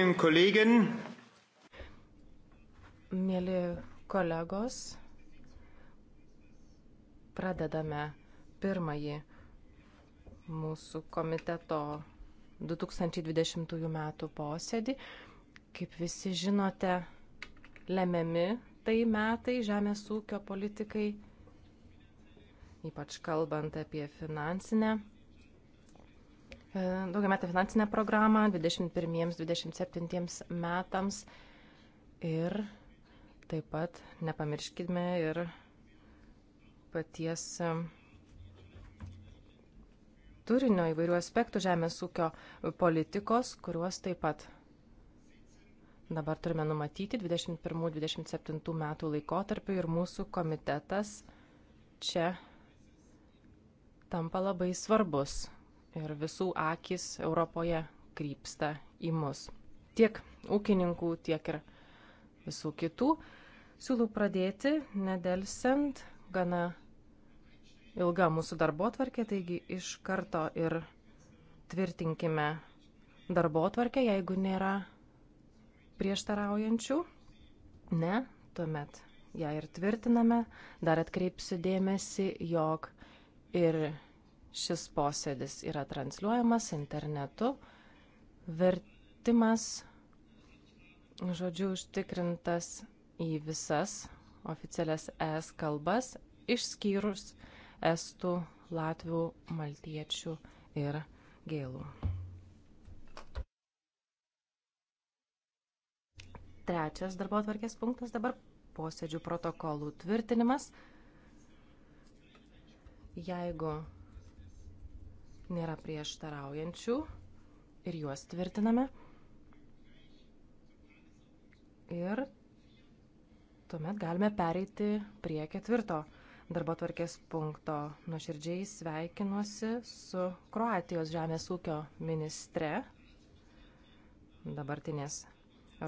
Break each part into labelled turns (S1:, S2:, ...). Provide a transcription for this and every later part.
S1: Mėly kolegos, pradedame pirmąjį mūsų komiteto 2020 m. posėdį. Kaip visi žinote, lemiami tai metai žemės ūkio politikai, ypač kalbant apie finansinę E, daugiametę finansinę programą 21-27 metams ir taip pat nepamirškime ir paties e, turinio įvairių aspektų žemės ūkio politikos, kuriuos taip pat dabar turime numatyti 21-27 metų laikotarpiu ir mūsų komitetas čia tampa labai svarbus ir visų akis Europoje krypsta į mus. Tiek ūkininkų, tiek ir visų kitų. Siūlau pradėti, nedelsiant, gana ilga mūsų darbo tvarkė, taigi iš karto ir tvirtinkime darbo tvarkę, jeigu nėra prieštaraujančių. Ne, tuomet ją ir tvirtiname. Dar atkreipsiu dėmesį, jog ir Šis posėdis yra transliuojamas internetu. Vertimas žodžiu užtikrintas į visas oficialias ES kalbas, išskyrus estų, latvių, maltiečių ir gėlų. Trečias darbo atvarkės punktas dabar - posėdžių protokolų tvirtinimas. Jeigu nėra prieštaraujančių ir juos tvirtiname. Ir tuomet galime pereiti prie ketvirto darbo tvarkės punkto. Nuoširdžiai sveikinuosi su Kroatijos žemės ūkio ministre, dabartinės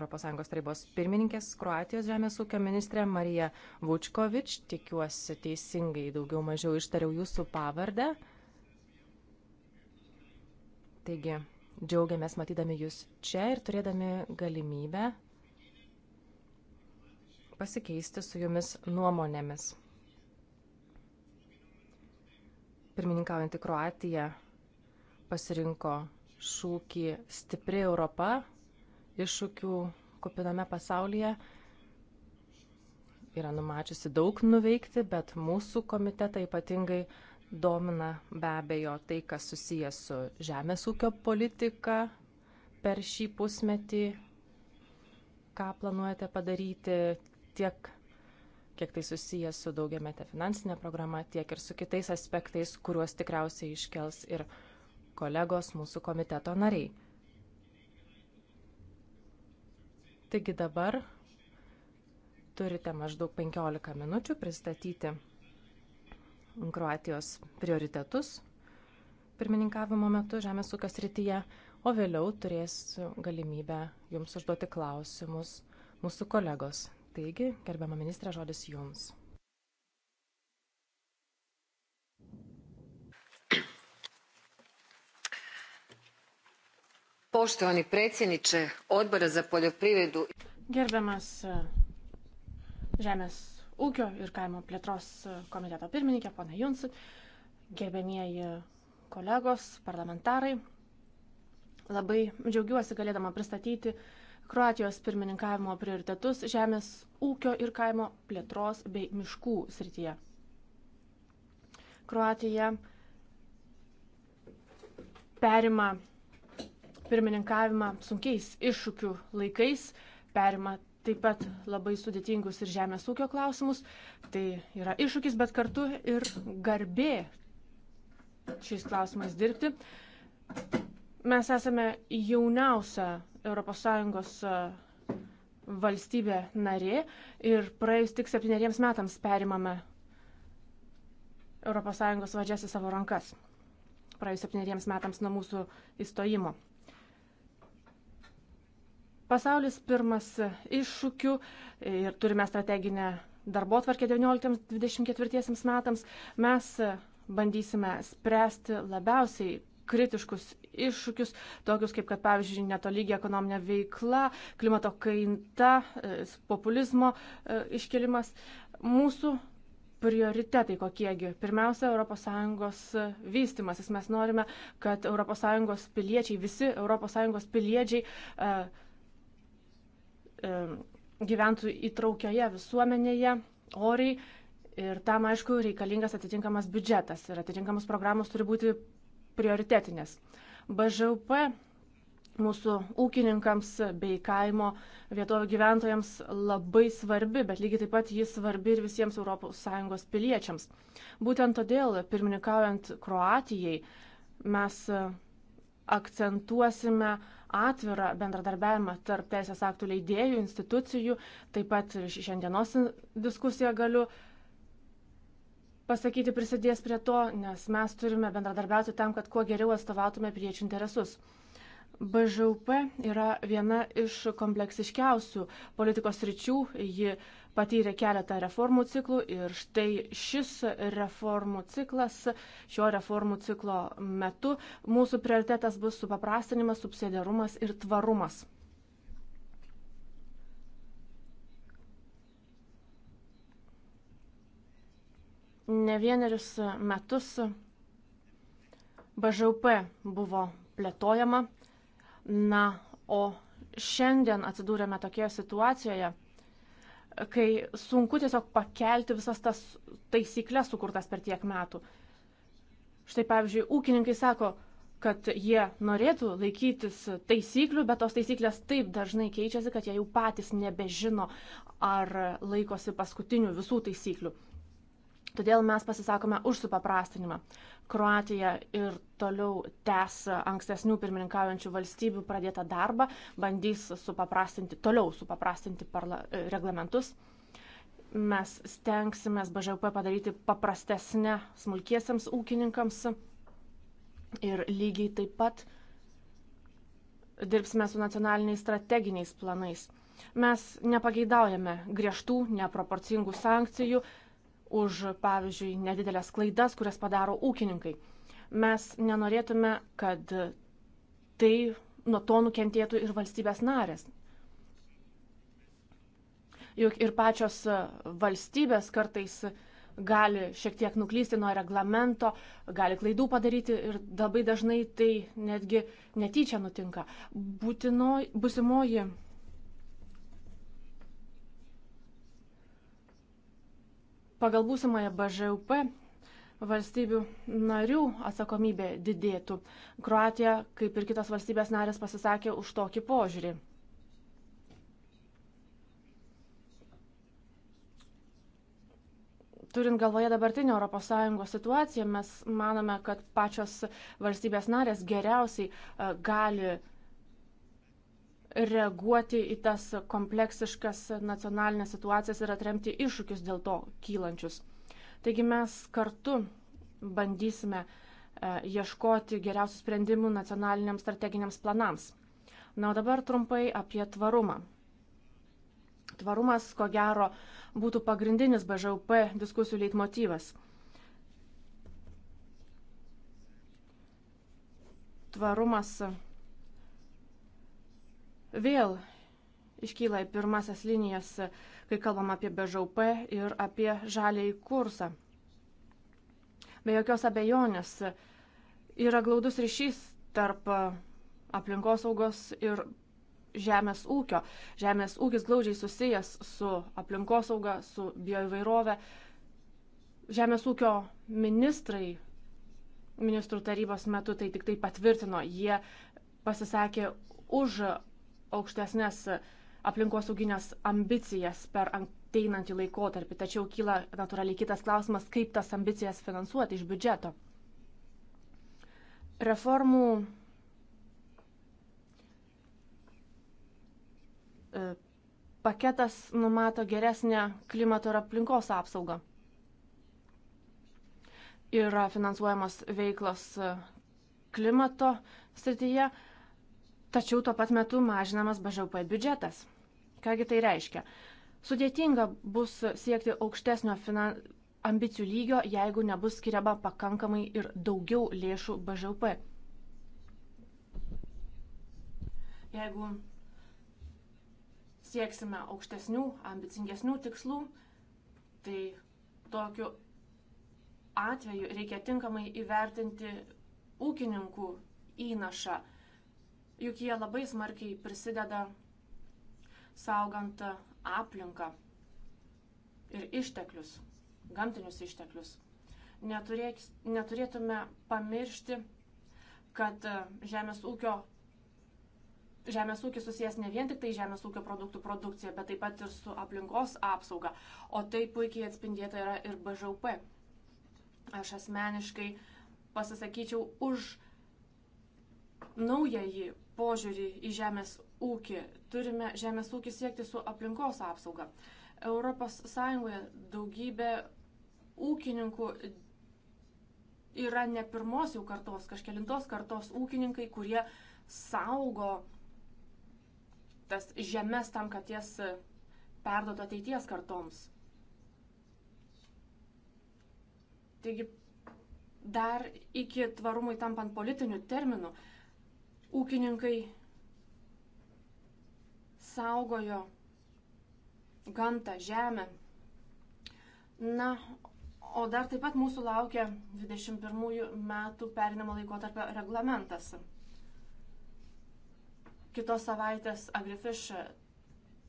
S1: ES tarybos pirmininkės Kroatijos žemės ūkio ministrė Marija Vučkovič. Tikiuosi teisingai daugiau mažiau ištariau jūsų pavardę. Taigi, džiaugiamės matydami jūs čia ir turėdami galimybę pasikeisti su jumis nuomonėmis. Pirmininkaujantį Kroatiją pasirinko šūkį Stipri Europa iššūkių kupiname pasaulyje. Yra numačiusi daug nuveikti, bet mūsų komitetą ypatingai uh, domina be abejo tai, kas susijęs su žemės ūkio politika per šį pusmetį, ką planuojate padaryti tiek kiek tai susijęs su daugiamete finansinė programa, tiek ir su kitais aspektais, kuriuos tikriausiai iškels ir kolegos mūsų komiteto nariai. Taigi dabar turite maždaug 15 minučių pristatyti Kroatijos prioritetus pirmininkavimo metu žemės ūkio srityje, o vėliau turės galimybę jums užduoti klausimus mūsų kolegos. Taigi, gerbiama ministrė, žodis jums.
S2: Poštovani predsjedniče Odbora za poljoprivredu.
S3: Gerbiamas eh, Žemės ūkio ir kaimo plėtros komiteto pirmininkė, pana Juns, gerbėmieji kolegos, parlamentarai. Labai džiaugiuosi galėdama pristatyti Kroatijos pirmininkavimo prioritetus žemės ūkio ir kaimo plėtros bei miškų srityje. Kroatija perima pirmininkavimą sunkiais iššūkių laikais, perima taip pat labai sudėtingus ir žemės ūkio klausimus. Tai yra iššūkis, bet kartu ir garbė šiais klausimais dirbti. Mes esame jauniausia ES valstybė narė ir praėjus tik septyneriems metams perimame ES valdžias į savo rankas. Praėjus septyneriems metams nuo mūsų įstojimo. Pasaulis pirmas iššūkių ir turime strateginę darbo tvarkę 19-24 metams. Mes bandysime spręsti labiausiai kritiškus iššūkius, tokius kaip, kad pavyzdžiui, netolygia ekonominė veikla, klimato kainta, e, populizmo e, iškelimas. Mūsų prioritetai kokiegi. Pirmiausia, ES e, vystimasis. Mes norime, kad ES piliečiai, visi ES piliečiai E, gyventų įtraukioje visuomenėje, oriai. Ir tam, aišku, reikalingas atitinkamas biudžetas ir atitinkamos programos turi būti prioritetinės. BŽUP mūsų ūkininkams bei kaimo vietovių gyventojams labai svarbi, bet lygiai taip pat jis svarbi ir visiems ES piliečiams. Būtent todėl, pirmininkaujant Kroatijai, mes akcentuosime uh, atvirą bendradarbiavimą tarp teisės aktų leidėjų, institucijų. Taip pat šiandienos diskusiją galiu pasakyti prisidės prie to, nes mes turime bendradarbiauti tam, kad kuo geriau atstovautume piliečių interesus. BŽUP yra viena iš kompleksiškiausių politikos ryčių, ji patyrė keletą reformų ciklų ir štai šis reformų ciklas, šio reformų ciklo metu mūsų prioritetas bus supaprastinimas, subsidiarumas ir tvarumas. Ne vienerius metus BŽP buvo plėtojama, na, o šiandien atsidūrėme tokioje situacijoje, kai sunku tiesiog pakelti visas tas taisyklės sukurtas per tiek metų. Štai pavyzdžiui, ūkininkai sako, kad jie norėtų laikytis taisyklių, bet tos taisyklės taip dažnai keičiasi, kad jie jau patys nebežino, ar laikosi paskutinių visų taisyklių. Todėl mes pasisakome už supaprastinimą. Kroatija ir toliau tęs ankstesnių pirmininkaujančių valstybių pradėtą darbą, bandys supaprastinti, toliau supaprastinti parla, reglamentus. Mes stengsime BŽP padaryti paprastesnę smulkiesiams ūkininkams ir lygiai taip pat dirbsime su nacionaliniais strateginiais planais. Mes nepageidaujame griežtų, neproporcingų sankcijų, už, pavyzdžiui, nedidelės klaidas, kurias padaro ūkininkai. Mes nenorėtume, kad tai nuo to nukentėtų ir valstybės narės. Juk ir pačios valstybės kartais gali šiek tiek nuklysti nuo reglamento, gali klaidų padaryti ir labai dažnai tai netgi netyčia nutinka. Būtino, busimoji pagal būsimąją BŽUP valstybių narių atsakomybė didėtų. Kroatija, kaip ir kitos valstybės narės, pasisakė už tokį požiūrį. Turint galvoje dabartinę ES situaciją, mes manome, kad pačios valstybės narės geriausiai e, gali reaguoti į tas kompleksiškas nacionalinės situacijas ir atremti iššūkius dėl to kylančius. Taigi mes kartu bandysime e, ieškoti geriausių sprendimų nacionaliniams strateginiams planams. Na, o dabar trumpai apie tvarumą. Tvarumas, ko gero, būtų pagrindinis BŽUP diskusijų leitmotyvas. Tvarumas vėl iškyla į pirmasis linijas, kai kalbam apie BŽP ir apie žaliai kursą. Be jokios abejonės yra glaudus ryšys tarp aplinkosaugos ir žemės ūkio. Žemės ūkis glaudžiai susijęs su aplinkosauga, su bioįvairove. Žemės ūkio ministrai ministrų tarybos metu tai tik tai patvirtino. Jie pasisakė už aukštesnės aplinkosauginės ambicijas per ateinantį laikotarpį, tačiau kyla natūraliai kitas klausimas, kaip tas ambicijas finansuoti iš biudžeto. Reformų e, paketas numato geresnę klimato ir aplinkos apsaugą. Yra finansuojamos veiklos e, klimato srityje, tačiau tuo pat metu mažinamas BŽP biudžetas. Kągi tai reiškia? Sudėtinga bus siekti aukštesnio finan... ambicijų lygio, jeigu nebus skiriama pakankamai ir daugiau lėšų BŽP. Jeigu sieksime aukštesnių, ambicingesnių tikslų, tai tokiu atveju reikia tinkamai įvertinti ūkininkų įnašą juk jie labai smarkiai prisideda saugant aplinką ir išteklius, gamtinius išteklius. Neturėk, neturėtume pamiršti, kad e, žemės ūkio žemės ūkis susijęs ne vien tik tai žemės ūkio produktų produkcija, bet taip pat ir su aplinkos apsauga, o tai puikiai atspindėta yra ir BŽUP. Aš asmeniškai pasisakyčiau už naująjį požiūrį į žemės ūkį. Turime žemės ūkį siekti su aplinkos apsauga. ES daugybė ūkininkų yra ne pirmos jau kartos, kažkelintos kartos ūkininkai, kurie saugo tas žemės tam, kad jas perduotų ateities kartoms. Taigi dar iki tvarumui tampant politiniu terminu, uh, Ūkininkai saugojo gamtą, žemę. Na, o dar taip pat mūsų laukia 21 metų perinimo laikotarpio reglamentas. Kitos savaitės Agrifish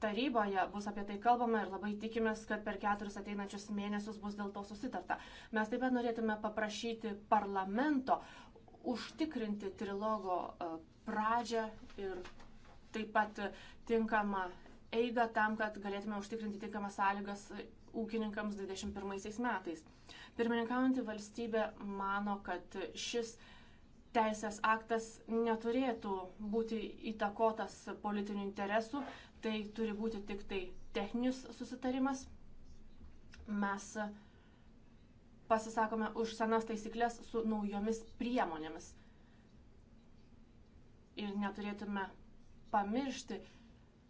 S3: taryboje bus apie tai kalbama ir labai tikimės, kad per keturis ateinančius mėnesius bus dėl to susitarta. Mes taip pat norėtume paprašyti parlamento užtikrinti trilogo e, pradžią ir taip pat tinkamą eigą tam, kad galėtume užtikrinti tinkamas sąlygas ūkininkams 21 metais. Pirmininkaujantį valstybę mano, kad šis teisės aktas neturėtų būti įtakotas politinių interesų, tai turi būti tik tai techninis susitarimas. Mes uh, pasisakome už senas taisyklės su naujomis priemonėmis. Ir neturėtume pamiršti,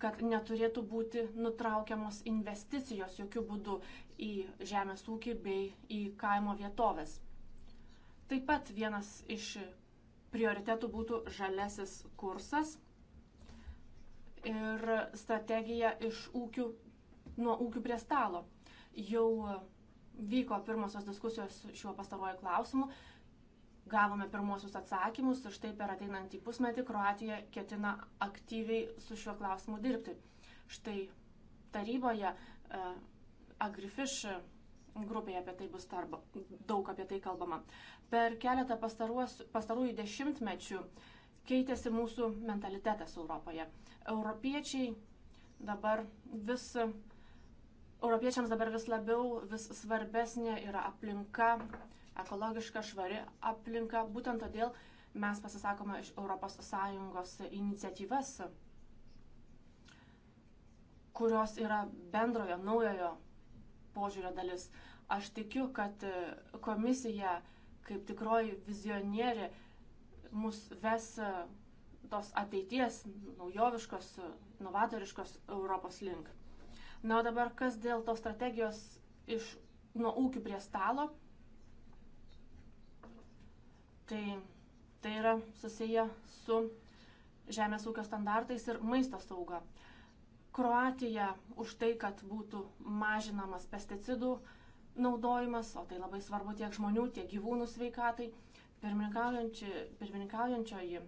S3: kad neturėtų būti nutraukiamos investicijos jokių būdų į žemės ūkį bei į kaimo vietovės. Taip pat vienas iš prioritetų būtų žalesis kursas ir strategija iš ūkių, nuo ūkių prie stalo. Jau vyko pirmosios diskusijos šiuo pastaruoju klausimu. Gavome pirmosius atsakymus ir štai per ateinantį pusmetį Kroatija ketina aktyviai su šiuo klausimu dirbti. Štai taryboje uh, Agrifish grupėje apie tai bus tarba, daug apie tai kalbama. Per keletą pastaruos, pastarųjų dešimtmečių keitėsi mūsų mentalitetas Europoje. Europiečiai dabar vis uh, Europiečiams dabar vis labiau, vis svarbesnė yra aplinka, ekologiška, švari aplinka. Būtent todėl mes pasisakome iš ES iniciatyvas, kurios yra bendrojo, naujojo požiūrio dalis. Aš tikiu, kad komisija, kaip tikroji vizionierė, mus ves tos ateities, naujoviškos, novatoriškos Europos link. Na, o dabar kas dėl tos strategijos iš nuo ūkių prie stalo? Tai, tai yra susiję su žemės ūkio standartais ir maisto sauga. Kroatija už tai, kad būtų mažinamas pesticidų naudojimas, o tai labai svarbu tiek žmonių, tiek gyvūnų sveikatai. Pirmininkaujančioji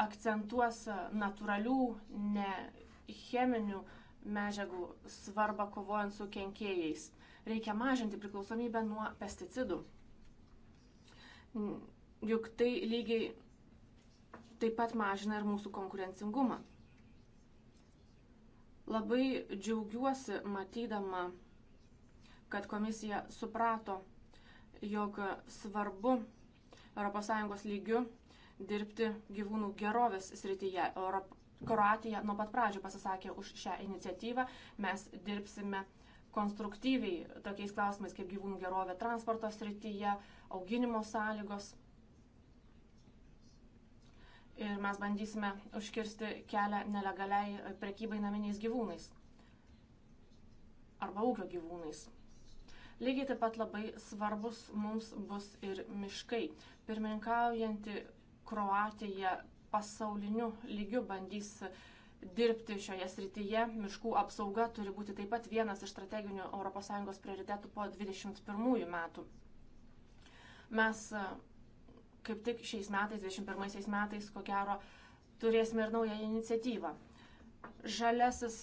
S3: akcentuos natūralių, ne cheminių medžiagų svarbą kovojant su kenkėjais. Reikia mažinti priklausomybę nuo pesticidų. Juk tai lygiai taip pat mažina ir mūsų konkurencingumą. Labai džiaugiuosi matydama, kad komisija suprato, jog svarbu ES lygių dirbti gyvūnų gerovės srityje. Europ... Kroatija nuo pat pradžių pasisakė už šią iniciatyvą. Mes dirbsime konstruktyviai tokiais klausimais kaip gyvūnų gerovė transporto srityje, auginimo sąlygos. Ir mes bandysime užkirsti kelią nelegaliai prekybai naminiais gyvūnais arba ūkio gyvūnais. Lygiai taip pat labai svarbus mums bus ir miškai. Pirmininkaujanti Kroatija pasauliniu lygiu bandys dirbti šioje srityje. Miškų apsauga turi būti taip pat vienas iš strateginių ES prioritetų po 2021 metų. Mes e, kaip tik šiais metais, 21 metais, ko gero, turėsime ir naują iniciatyvą. Žaliasis,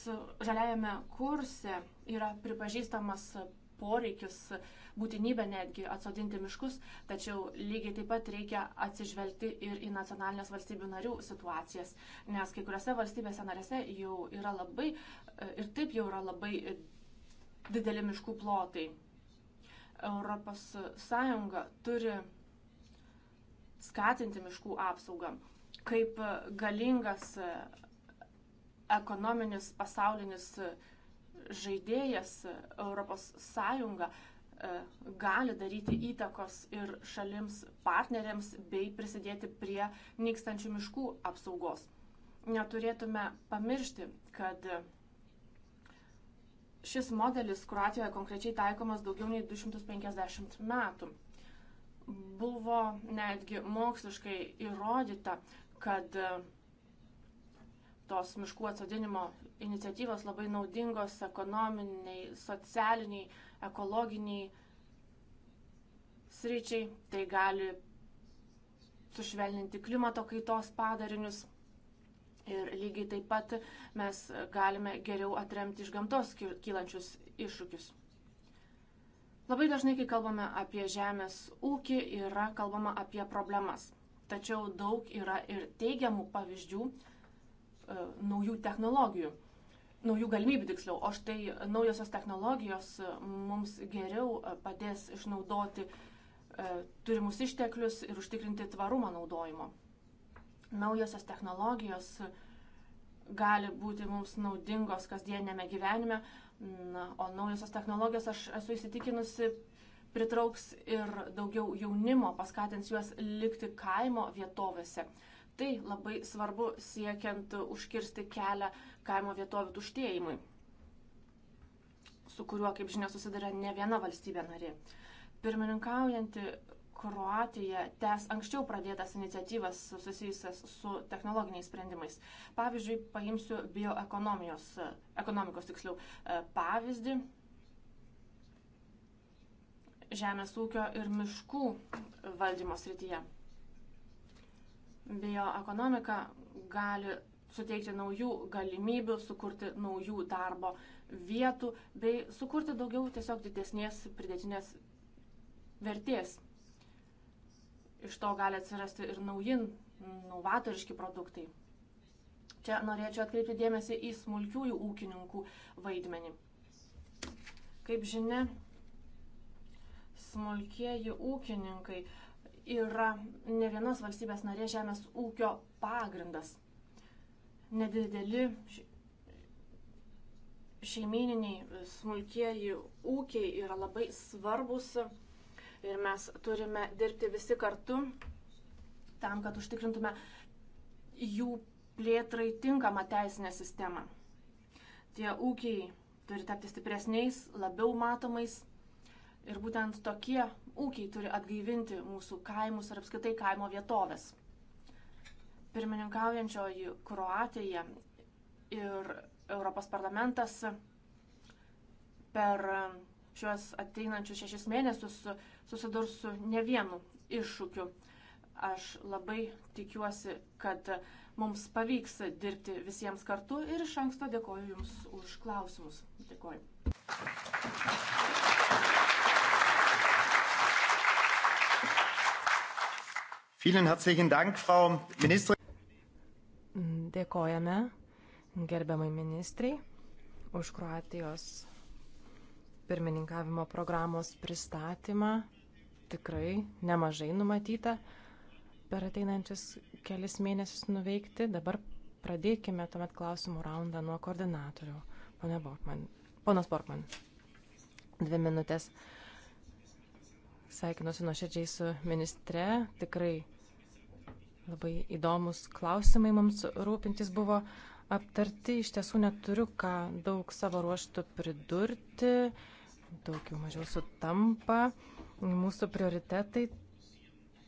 S3: žaliajame kurse yra pripažįstamas poreikis uh, būtinybę netgi atsodinti miškus, tačiau lygiai taip pat reikia atsižvelgti ir į nacionalinės valstybių narių situacijas, nes kai kuriuose valstybėse narėse jau yra labai e, ir taip jau yra labai e, dideli miškų plotai. Europos Sąjunga turi skatinti miškų apsaugą kaip e, galingas ekonominis pasaulinis žaidėjas Europos Sąjunga E, gali daryti įtakos ir šalims partneriams bei prisidėti prie nykstančių miškų apsaugos. Neturėtume pamiršti, kad šis modelis Kroatijoje konkrečiai taikomas daugiau nei 250 metų. Buvo netgi moksliškai įrodyta, kad tos miškų atsodinimo iniciatyvos labai naudingos ekonominiai, socialiniai, ekologiniai sričiai. Tai gali sušvelninti klimato kaitos padarinius. Ir lygiai taip pat mes galime geriau atremti iš gamtos kylančius iššūkius. Labai dažnai, kai kalbame apie žemės ūkį, yra kalbama apie problemas. Tačiau daug yra ir teigiamų pavyzdžių e, naujų technologijų naujų galimybių tiksliau, o štai naujosios technologijos mums geriau e, padės išnaudoti e, turimus išteklius ir užtikrinti tvarumą naudojimo. Naujosios technologijos gali būti mums naudingos kasdienėme gyvenime, na, o naujosios technologijos, aš esu įsitikinusi, pritrauks ir daugiau jaunimo, paskatins juos likti kaimo vietovėse. Uh, Tai labai svarbu siekiant užkirsti kelią kaimo vietovių tuštėjimui, su kuriuo, kaip žinia, susiduria ne viena valstybė narė. Pirmininkaujanti Kroatija tęs anksčiau pradėtas iniciatyvas susijusias su technologiniais sprendimais. Pavyzdžiui, paimsiu bioekonomijos, ekonomikos tiksliau, e, pavyzdį žemės ūkio ir miškų valdymo srityje. Bioekonomika gali suteikti naujų galimybių, sukurti naujų darbo vietų bei sukurti daugiau tiesiog didesnės pridėtinės vertės. Iš to gali atsirasti ir nauji, novatoriški produktai. Čia norėčiau atkreipti dėmesį į smulkiųjų ūkininkų vaidmenį. Kaip žinia, smulkieji ūkininkai uh, yra ne vienos valstybės narės žemės ūkio pagrindas. Nedideli šeimininiai smulkieji ūkiai yra labai svarbus ir mes turime dirbti visi kartu tam, kad užtikrintume jų plėtrai tinkamą teisinę sistemą. Tie ūkiai turi tapti stipresniais, labiau matomais Ir būtent tokie ūkiai turi atgaivinti mūsų kaimus ir apskaitai kaimo vietovės. Pirmininkaujančioji Kroatija ir Europos parlamentas per šiuos ateinančius šešis mėnesius susidurs su ne vienu iššūkiu. Aš labai tikiuosi, kad mums pavyks dirbti visiems kartu ir iš anksto dėkoju Jums už klausimus. Dėkoju.
S4: Vielen herzlichen Dank, Frau Ministerin.
S1: Dėkojame gerbiamai ministrai už Kroatijos pirmininkavimo programos pristatymą. Tikrai nemažai numatyta per ateinančius kelis mėnesius nuveikti. Dabar pradėkime tuomet klausimų raundą nuo koordinatorių. Pone Bortman. Ponas Bortman. Dvi minutės. Uh, Sveikinuosi nuoširdžiai su ministre. Tikrai labai įdomus klausimai mums rūpintis buvo aptarti. Iš tiesų neturiu ką daug savo ruoštų pridurti. Daugiau mažiau sutampa mūsų prioritetai.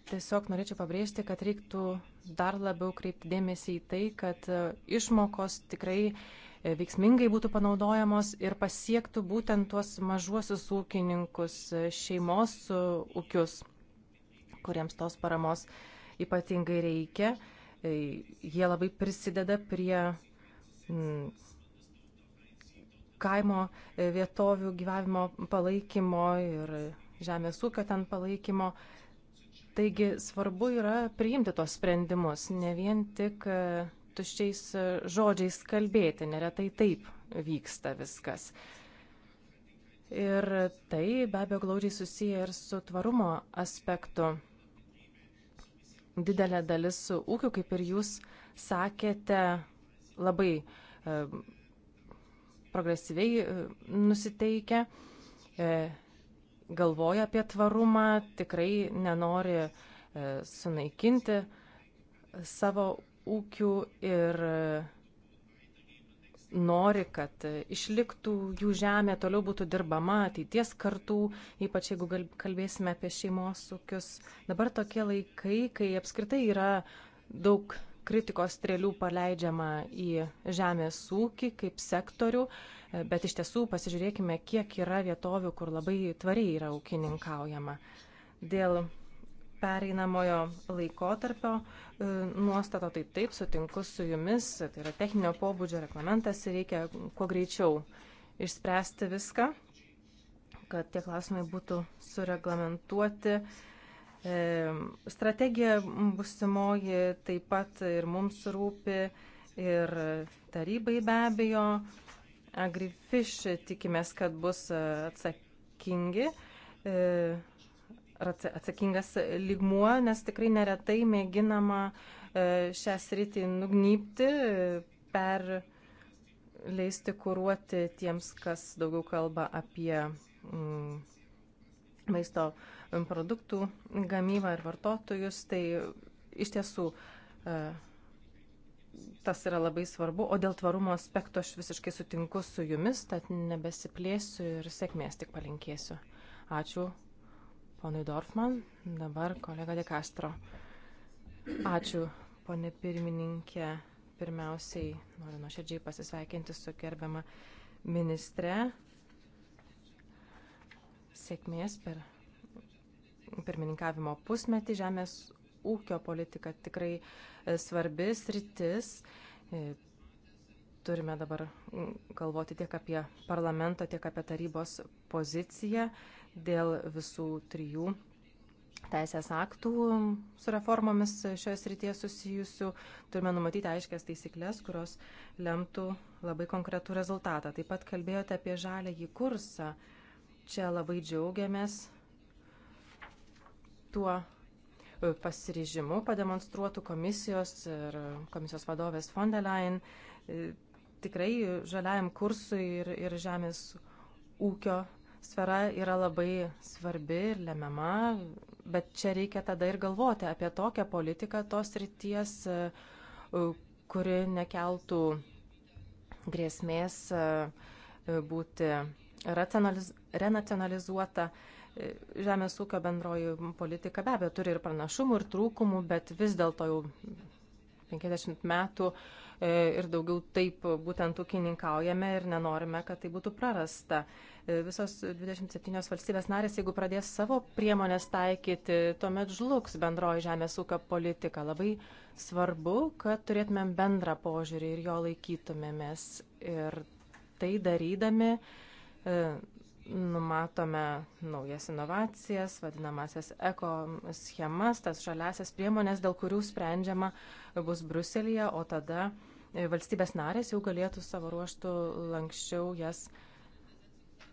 S1: Tiesiog norėčiau pabrėžti, kad reiktų dar labiau kreipti dėmesį į tai, kad e, išmokos tikrai veiksmingai būtų panaudojamos ir pasiektų būtent tuos mažuosius ūkininkus, šeimos ūkius, kuriems tos paramos ypatingai reikia. Jie labai prisideda prie mm, kaimo e, vietovių gyvavimo palaikymo ir žemės ūkio ten palaikymo. Taigi svarbu yra priimti tos sprendimus, ne vien tik e, tuščiais e, žodžiais kalbėti, neretai taip vyksta viskas. Ir tai be abejo glaudžiai susiję ir su tvarumo aspektu. Didelė dalis ūkių, kaip ir jūs sakėte, labai e, progresyviai e, nusiteikia, e, galvoja apie tvarumą, tikrai nenori e, sunaikinti savo ūkių ir e, nori, kad e, išliktų jų žemė, toliau būtų dirbama ateities kartų, ypač jeigu kalbėsime apie šeimos ūkius. Dabar tokie laikai, kai apskritai yra daug kritikos strėlių paleidžiama į žemės ūkį kaip sektorių, e, bet iš tiesų pasižiūrėkime, kiek yra vietovių, kur labai tvariai yra ūkininkaujama. Dėl pereinamojo laikotarpio e, nuostato, tai taip sutinku su jumis, tai yra techninio pobūdžio reglamentas ir reikia kuo greičiau išspręsti viską, kad tie klausimai būtų sureglamentuoti. E, strategija busimoji taip pat ir mums rūpi ir tarybai be abejo. Agrifish tikimės, kad bus atsakingi e, atsakingas lygmuo, nes tikrai neretai mėginama e, šią sritį nugnypti, per leisti kūruoti tiems, kas daugiau kalba apie mm, maisto produktų gamybą ir vartotojus. Tai iš tiesų e, tas yra labai svarbu, o dėl tvarumo aspekto aš visiškai sutinku su jumis, tad nebesiplėsiu ir sėkmės tik palinkėsiu. Ačiū ponui Dorfman, dabar kolega De Castro. Ačiū, ponė pirmininkė. Pirmiausiai noriu nuoširdžiai pasisveikinti su gerbiama ministre. Sėkmės per pirmininkavimo pusmetį žemės ūkio politika tikrai e, svarbis rytis. E, turime dabar galvoti tiek apie parlamento, tiek apie tarybos poziciją dėl visų trijų teisės aktų su reformomis šioje srityje susijusių. Turime numatyti aiškias taisyklės, kurios lemtų labai konkretų rezultatą. Taip pat kalbėjote apie žalėjį kursą. Čia labai džiaugiamės tuo pasiryžimu pademonstruotų komisijos ir komisijos vadovės von der Leyen tikrai žaliajam kursui ir, ir žemės ūkio sfera yra labai svarbi ir lemiama, bet čia reikia tada ir galvoti apie tokią politiką tos ryties, e, kuri nekeltų grėsmės e, būti renacionalizuota. E, žemės ūkio bendroji politika be abejo turi ir pranašumų, ir trūkumų, bet vis dėlto jau 50 metų uh, E, ir daugiau taip būtent ūkininkaujame ir nenorime, kad tai būtų prarasta. E, visos 27 valstybės narės, jeigu pradės savo priemonės taikyti, tuomet žlugs bendroji žemės ūkio politika. Labai svarbu, kad turėtumėm bendrą požiūrį ir jo laikytumėmės. Ir tai darydami e, numatome naujas inovacijas, vadinamasias eko schemas, tas žaliasias priemonės, dėl kurių sprendžiama bus Bruselėje, o tada E, valstybės narės jau galėtų savo ruoštų lankščiau jas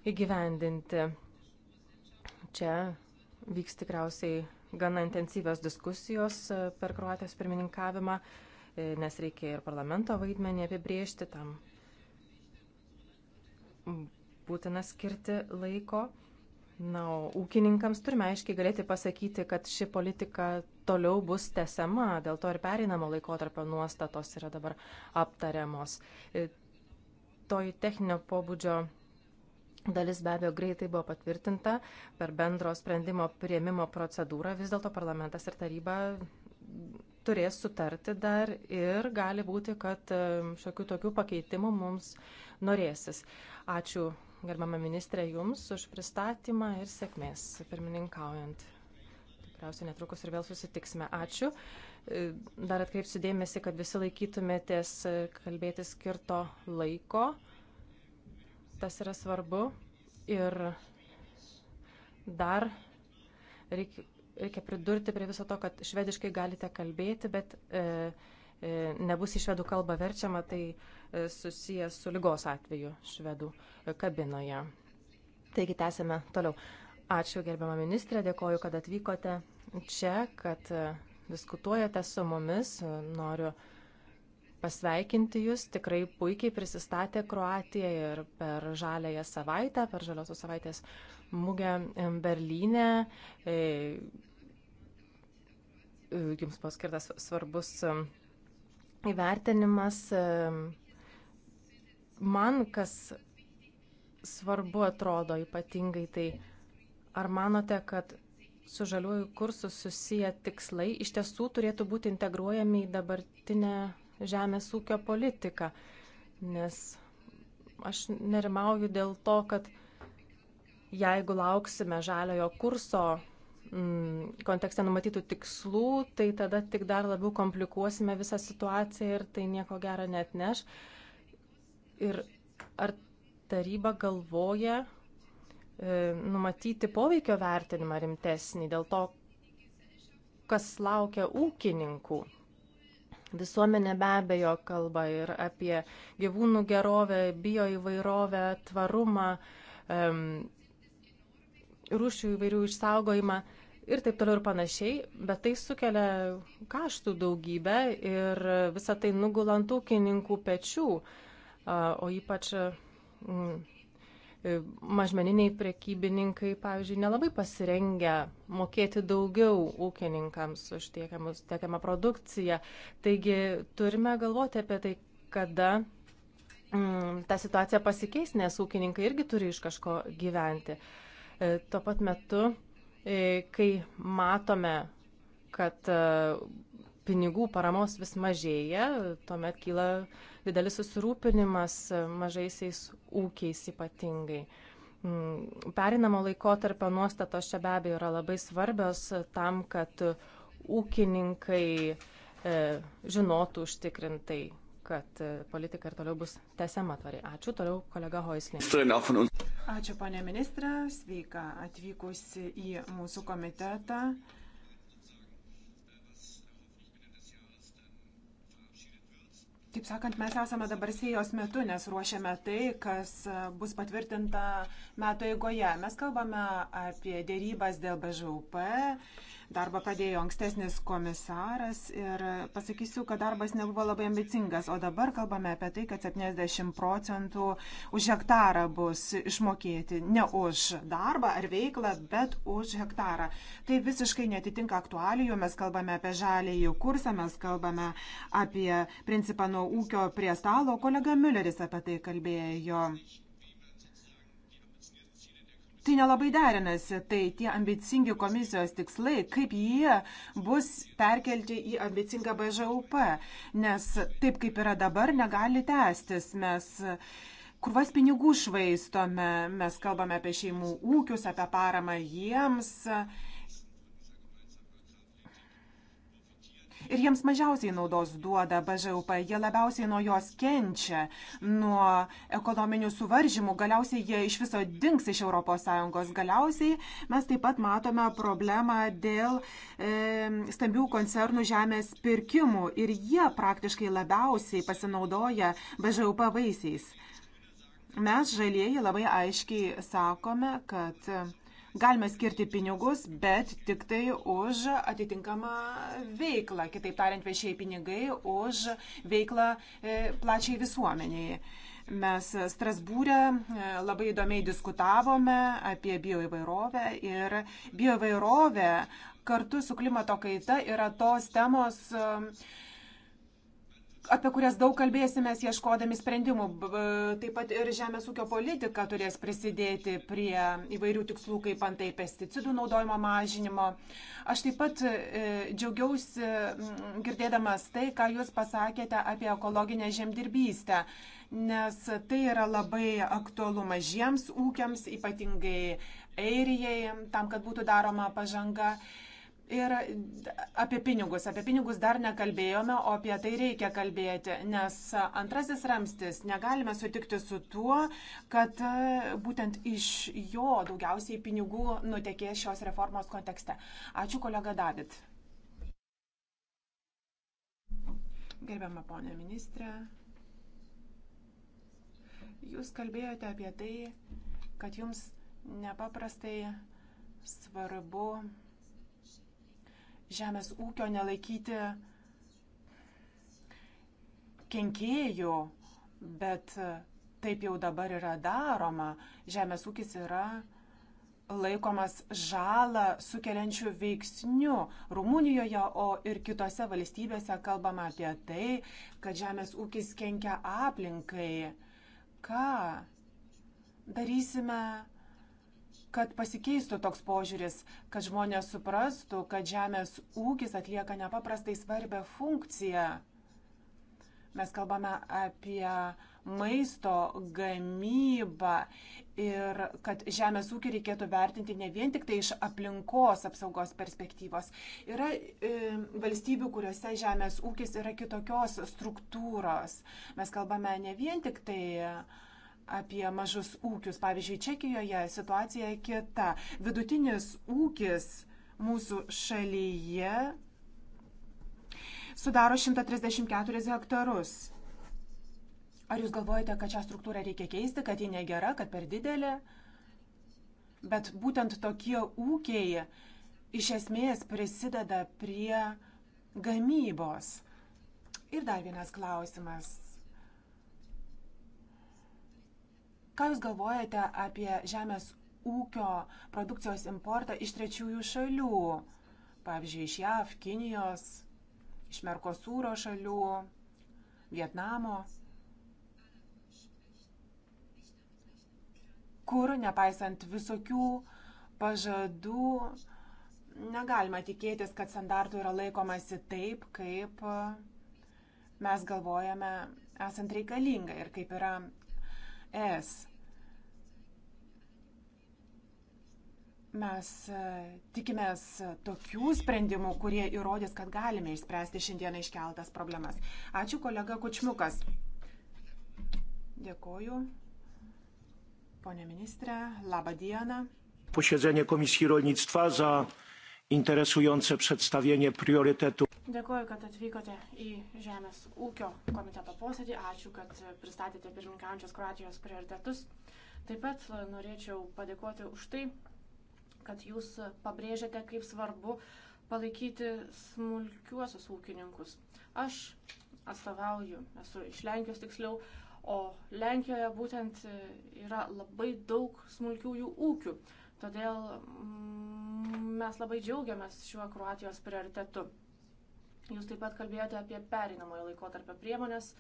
S1: įgyvendinti. Čia vyks tikriausiai gana intensyvios diskusijos e, per Kroatijos pirmininkavimą, e, nes reikia ir parlamento vaidmenį apibriežti tam būtina skirti laiko. Na, o ūkininkams turime aiškiai galėti pasakyti, kad ši politika toliau bus tesama, dėl to ir pereinamo laikotarpio nuostatos yra dabar aptariamos. E, Toji techninio pobūdžio dalis be abejo greitai buvo patvirtinta per bendro sprendimo prieimimo procedūrą, vis dėlto parlamentas ir taryba turės sutarti dar ir gali būti, kad e, šiokių tokių pakeitimų mums norėsis. Ačiū, gerbama ministrė, Jums už pristatymą ir sėkmės pirmininkaujant tikriausiai netrukus ir vėl susitiksime. Ačiū. E, dar atkreipsiu dėmesį, kad visi laikytumėtės e, kalbėti skirto laiko. Tas yra svarbu. Ir dar reikia, reikia pridurti prie viso to, kad švediškai galite kalbėti, bet e, e, nebus į švedų kalbą verčiama, tai e, susijęs su lygos atveju švedų e, kabinoje. Taigi tęsime toliau. Ačiū gerbiamą ministrę, dėkoju, kad atvykote čia, kad e, diskutuojate su mumis. E, noriu pasveikinti Jūs. Tikrai puikiai prisistatė Kroatija ir per žalėją savaitę, per žaliosios savaitės mugę e, Berlyne. Jums paskirtas svarbus įvertinimas. Man kas svarbu atrodo ypatingai, tai ar manote, kad su žaliuoju kursu susiję tikslai iš tiesų turėtų būti integruojami į dabartinę žemės ūkio politiką, nes aš nerimauju dėl to, kad jeigu lauksime žaliojo kurso mm, kontekste numatytų tikslų, tai tada tik dar labiau komplikuosime visą situaciją ir tai nieko gero net neš. Ir ar taryba galvoja E, numatyti poveikio vertinimą rimtesnį dėl to, kas laukia ūkininkų. Visuomenė be abejo kalba ir apie gyvūnų gerovę, bioįvairovę, tvarumą, rūšių įvairių išsaugojimą ir taip toliau ir panašiai, bet tai sukelia kaštų daugybę ir visą tai nugulant ūkininkų pečių, o ypač mm, E, mažmeniniai prekybininkai, pavyzdžiui, nelabai pasirengę mokėti daugiau ūkininkams už tiekiamą produkciją. Taigi turime galvoti apie tai, kada mm, ta situacija pasikeis, nes ūkininkai irgi turi iš kažko gyventi. E, tuo pat metu, e, kai matome, kad e, pinigų paramos vis mažėja, tuomet kyla didelis susirūpinimas mažaisiais ūkiais ypatingai. Mm, perinamo laikotarpio nuostatos čia be abejo yra labai svarbios tam, kad ūkininkai e, žinotų užtikrintai,
S5: kad e, politika ir toliau bus tęsiama tvariai. Ačiū, toliau kolega Hoislė. Ačiū, panė ministrė, sveika atvykusi į mūsų komitetą. Taip sakant, mes esame dabar sėjos metu, nes ruošiame tai, kas e, bus patvirtinta metų eigoje. Mes kalbame apie dėrybas dėl BŽUP, Darbą pradėjo ankstesnis komisaras ir pasakysiu, kad darbas nebuvo labai ambicingas, o dabar kalbame apie tai, kad 70 procentų už hektarą bus išmokėti ne už darbą ar veiklą, bet už hektarą. Tai visiškai netitinka aktualijų, mes kalbame apie žalėjų kursą, mes kalbame apie principą nuo ūkio prie stalo, kolega Mülleris apie tai kalbėjo tai nelabai derinasi. Tai tie ambicingi komisijos tikslai, kaip jie bus perkelti į ambicingą BŽUP, nes taip kaip yra dabar, negali tęstis. Mes kurvas pinigų švaistome, mes kalbame apie šeimų ūkius, apie paramą jiems. ir jiems mažiausiai naudos duoda BŽUP, jie labiausiai nuo jos kenčia, nuo ekonominių suvaržymų, galiausiai jie iš viso dinks iš ES. Galiausiai mes taip pat matome problemą dėl e, stambių koncernų žemės pirkimų ir jie praktiškai labiausiai pasinaudoja BŽUP vaisiais. Mes žalieji labai aiškiai sakome, kad Galime skirti pinigus, bet tik tai už atitinkamą veiklą. Kitaip tariant, viešiai pinigai už veiklą e, plačiai visuomeniai. Mes Strasbūrė e, labai įdomiai diskutavome apie bioįvairovę ir bioįvairovė kartu su klimato kaita yra tos temos, uh, apie kurias daug kalbėsime, ieškodami sprendimų. Taip pat ir žemės ūkio politika turės prisidėti prie įvairių tikslų, kaip antai pesticidų naudojimo mažinimo. Aš taip pat e, džiaugiausi girdėdamas tai, ką Jūs pasakėte apie ekologinę žemdirbystę, nes tai yra labai aktualu mažiems ūkiams, ypatingai Airijai, tam, kad būtų daroma pažanga. Ir apie pinigus. Apie pinigus dar nekalbėjome, o apie tai reikia kalbėti, nes antrasis ramstis negalime sutikti su tuo, kad būtent iš jo daugiausiai pinigų nutekės šios reformos kontekste. Ačiū kolega David. Gerbiama ponė ministrė, jūs kalbėjote apie tai, kad jums nepaprastai svarbu žemės ūkio nelaikyti kenkėjų, bet taip jau dabar yra daroma. Žemės ūkis yra laikomas žalą sukeliančių veiksnių. Rumunijoje, o ir kitose valstybėse kalbama apie tai, kad žemės ūkis kenkia aplinkai. Ką darysime kad pasikeistų toks požiūris, kad žmonės suprastų, kad žemės ūkis atlieka nepaprastai svarbę funkciją. Mes kalbame apie maisto gamybą ir kad žemės ūkį reikėtų vertinti ne vien tik tai iš aplinkos apsaugos perspektyvos. Yra e, valstybių, kuriuose žemės ūkis yra kitokios struktūros. Mes kalbame ne vien tik tai e, apie mažus ūkius. Pavyzdžiui, Čekijoje situacija kita. Vidutinis ūkis mūsų šalyje sudaro 134 hektarus. Ar jūs galvojate, kad šią struktūrą reikia keisti, kad ji negera, kad per didelė? Bet būtent tokie ūkiai iš esmės prisideda prie gamybos. Ir dar vienas klausimas Ką Jūs galvojate apie žemės ūkio produkcijos importą iš trečiųjų šalių, pavyzdžiui, iš JAV, Kinijos, iš Merkosūro šalių, Vietnamo? kur, nepaisant visokių pažadų, negalima tikėtis, kad standartų yra laikomasi taip, kaip mes galvojame esant reikalinga ir kaip yra es Mes e, tikimės e, tokių sprendimų, kurie įrodys, kad galime išspręsti šiandieną iškeltas problemas. Ačiū kolega Kučmiukas. Dėkoju. Pone ministrė,
S3: laba diena.
S6: Posiedzenie Komisijai Rolnictva za interesujące przedstawienie priorytetu.
S3: Dėkuoju, kad atvykote į Žemės ūkio komiteto posėdį. Ačiū, kad pristatėte pirmininkaujančios Kroatijos prioritetus. Taip pat norėčiau padėkoti už tai, kad jūs pabrėžiate, kaip svarbu palaikyti smulkiuosius ūkininkus. Aš atstovauju, esu iš Lenkijos tiksliau, o Lenkijoje būtent yra labai daug smulkiųjų ūkių. Todėl mm, mes labai džiaugiamės šiuo Kroatijos prioritetu. Jūs taip pat kalbėjote apie perinamojo laikotarpio priemonės.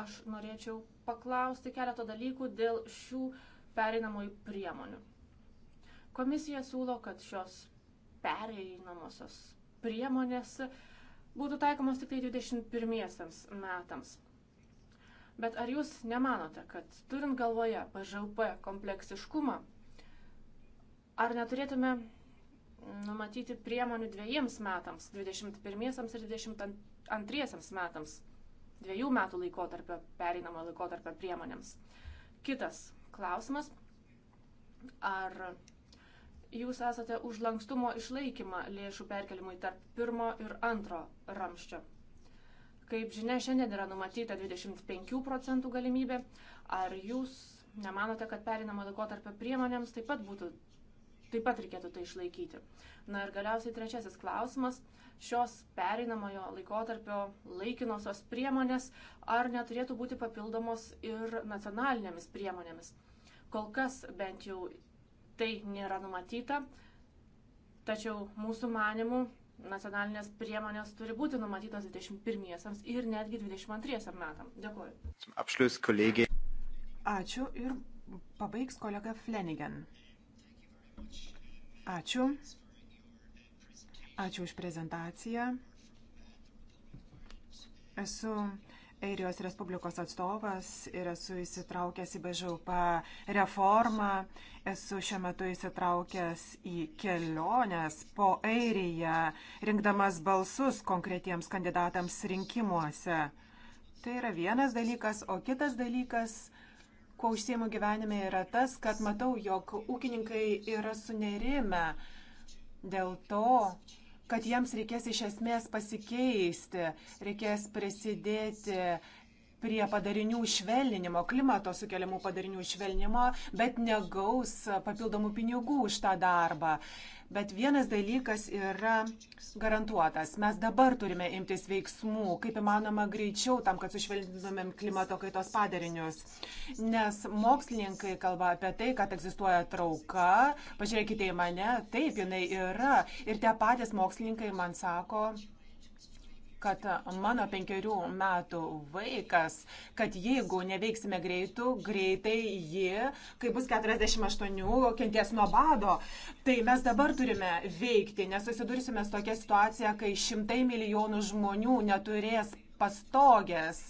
S3: Aš norėčiau paklausti keletą dalykų dėl šių pereinamojų priemonių. Komisija siūlo, kad šios pereinamosios priemonės būtų taikomos tik tai 21 metams. Bet ar jūs nemanote, kad turint galvoje BŽP kompleksiškumą, ar neturėtume numatyti priemonių dviejiems metams, 21 ir 22 metams, dviejų metų laikotarpio, pereinamo laikotarpio priemonėms? Kitas klausimas. Ar jūs esate už lankstumo išlaikymą lėšų perkelimui tarp pirmo ir antro ramščio. Kaip žinia, šiandien yra numatyta 25 procentų galimybė. Ar jūs nemanote, kad perinamo laikotarpio priemonėms taip pat būtų taip pat reikėtų tai išlaikyti. Na ir galiausiai trečiasis klausimas. Šios pereinamojo laikotarpio laikinosios priemonės ar neturėtų būti papildomos ir nacionalinėmis priemonėmis? Kol kas bent jau tai nėra numatyta. Tačiau mūsų manimų nacionalinės priemonės turi būti numatytos 21-iesiams ir netgi 22-iesiam metam. Dėkuoju.
S4: Apšlius kolegė.
S3: Ačiū ir pabaigs kolega Flanagan.
S5: Ačiū. Ačiū už prezentaciją. Esu Airijos Respublikos atstovas ir esu įsitraukęs į BŽUP reformą, esu šiuo metu įsitraukęs į keliones po Airiją, rinkdamas balsus konkretiems kandidatams rinkimuose. Tai yra vienas dalykas, o kitas dalykas, kuo užsiemu gyvenime, yra tas, kad matau, jog ūkininkai yra sunerime dėl to, kad jiems reikės iš esmės pasikeisti, reikės prisidėti prie padarinių švelninimo, klimato sukeliamų padarinių švelninimo, bet negaus papildomų pinigų už tą darbą. Bet vienas dalykas yra garantuotas. Mes dabar turime imtis veiksmų, kaip įmanoma greičiau, tam, kad sušvelnintumėm klimato kaitos padarinius. Nes mokslininkai kalba apie tai, kad egzistuoja trauka. Pažiūrėkite į mane, taip jinai yra. Ir tie patys mokslininkai man sako, kad mano penkerių metų vaikas, kad jeigu neveiksime greitų, greitai ji, kai bus 48, kenties nuo bado. Tai mes dabar turime veikti, nes susidursime su tokia situacija, kai šimtai milijonų žmonių neturės pastogės,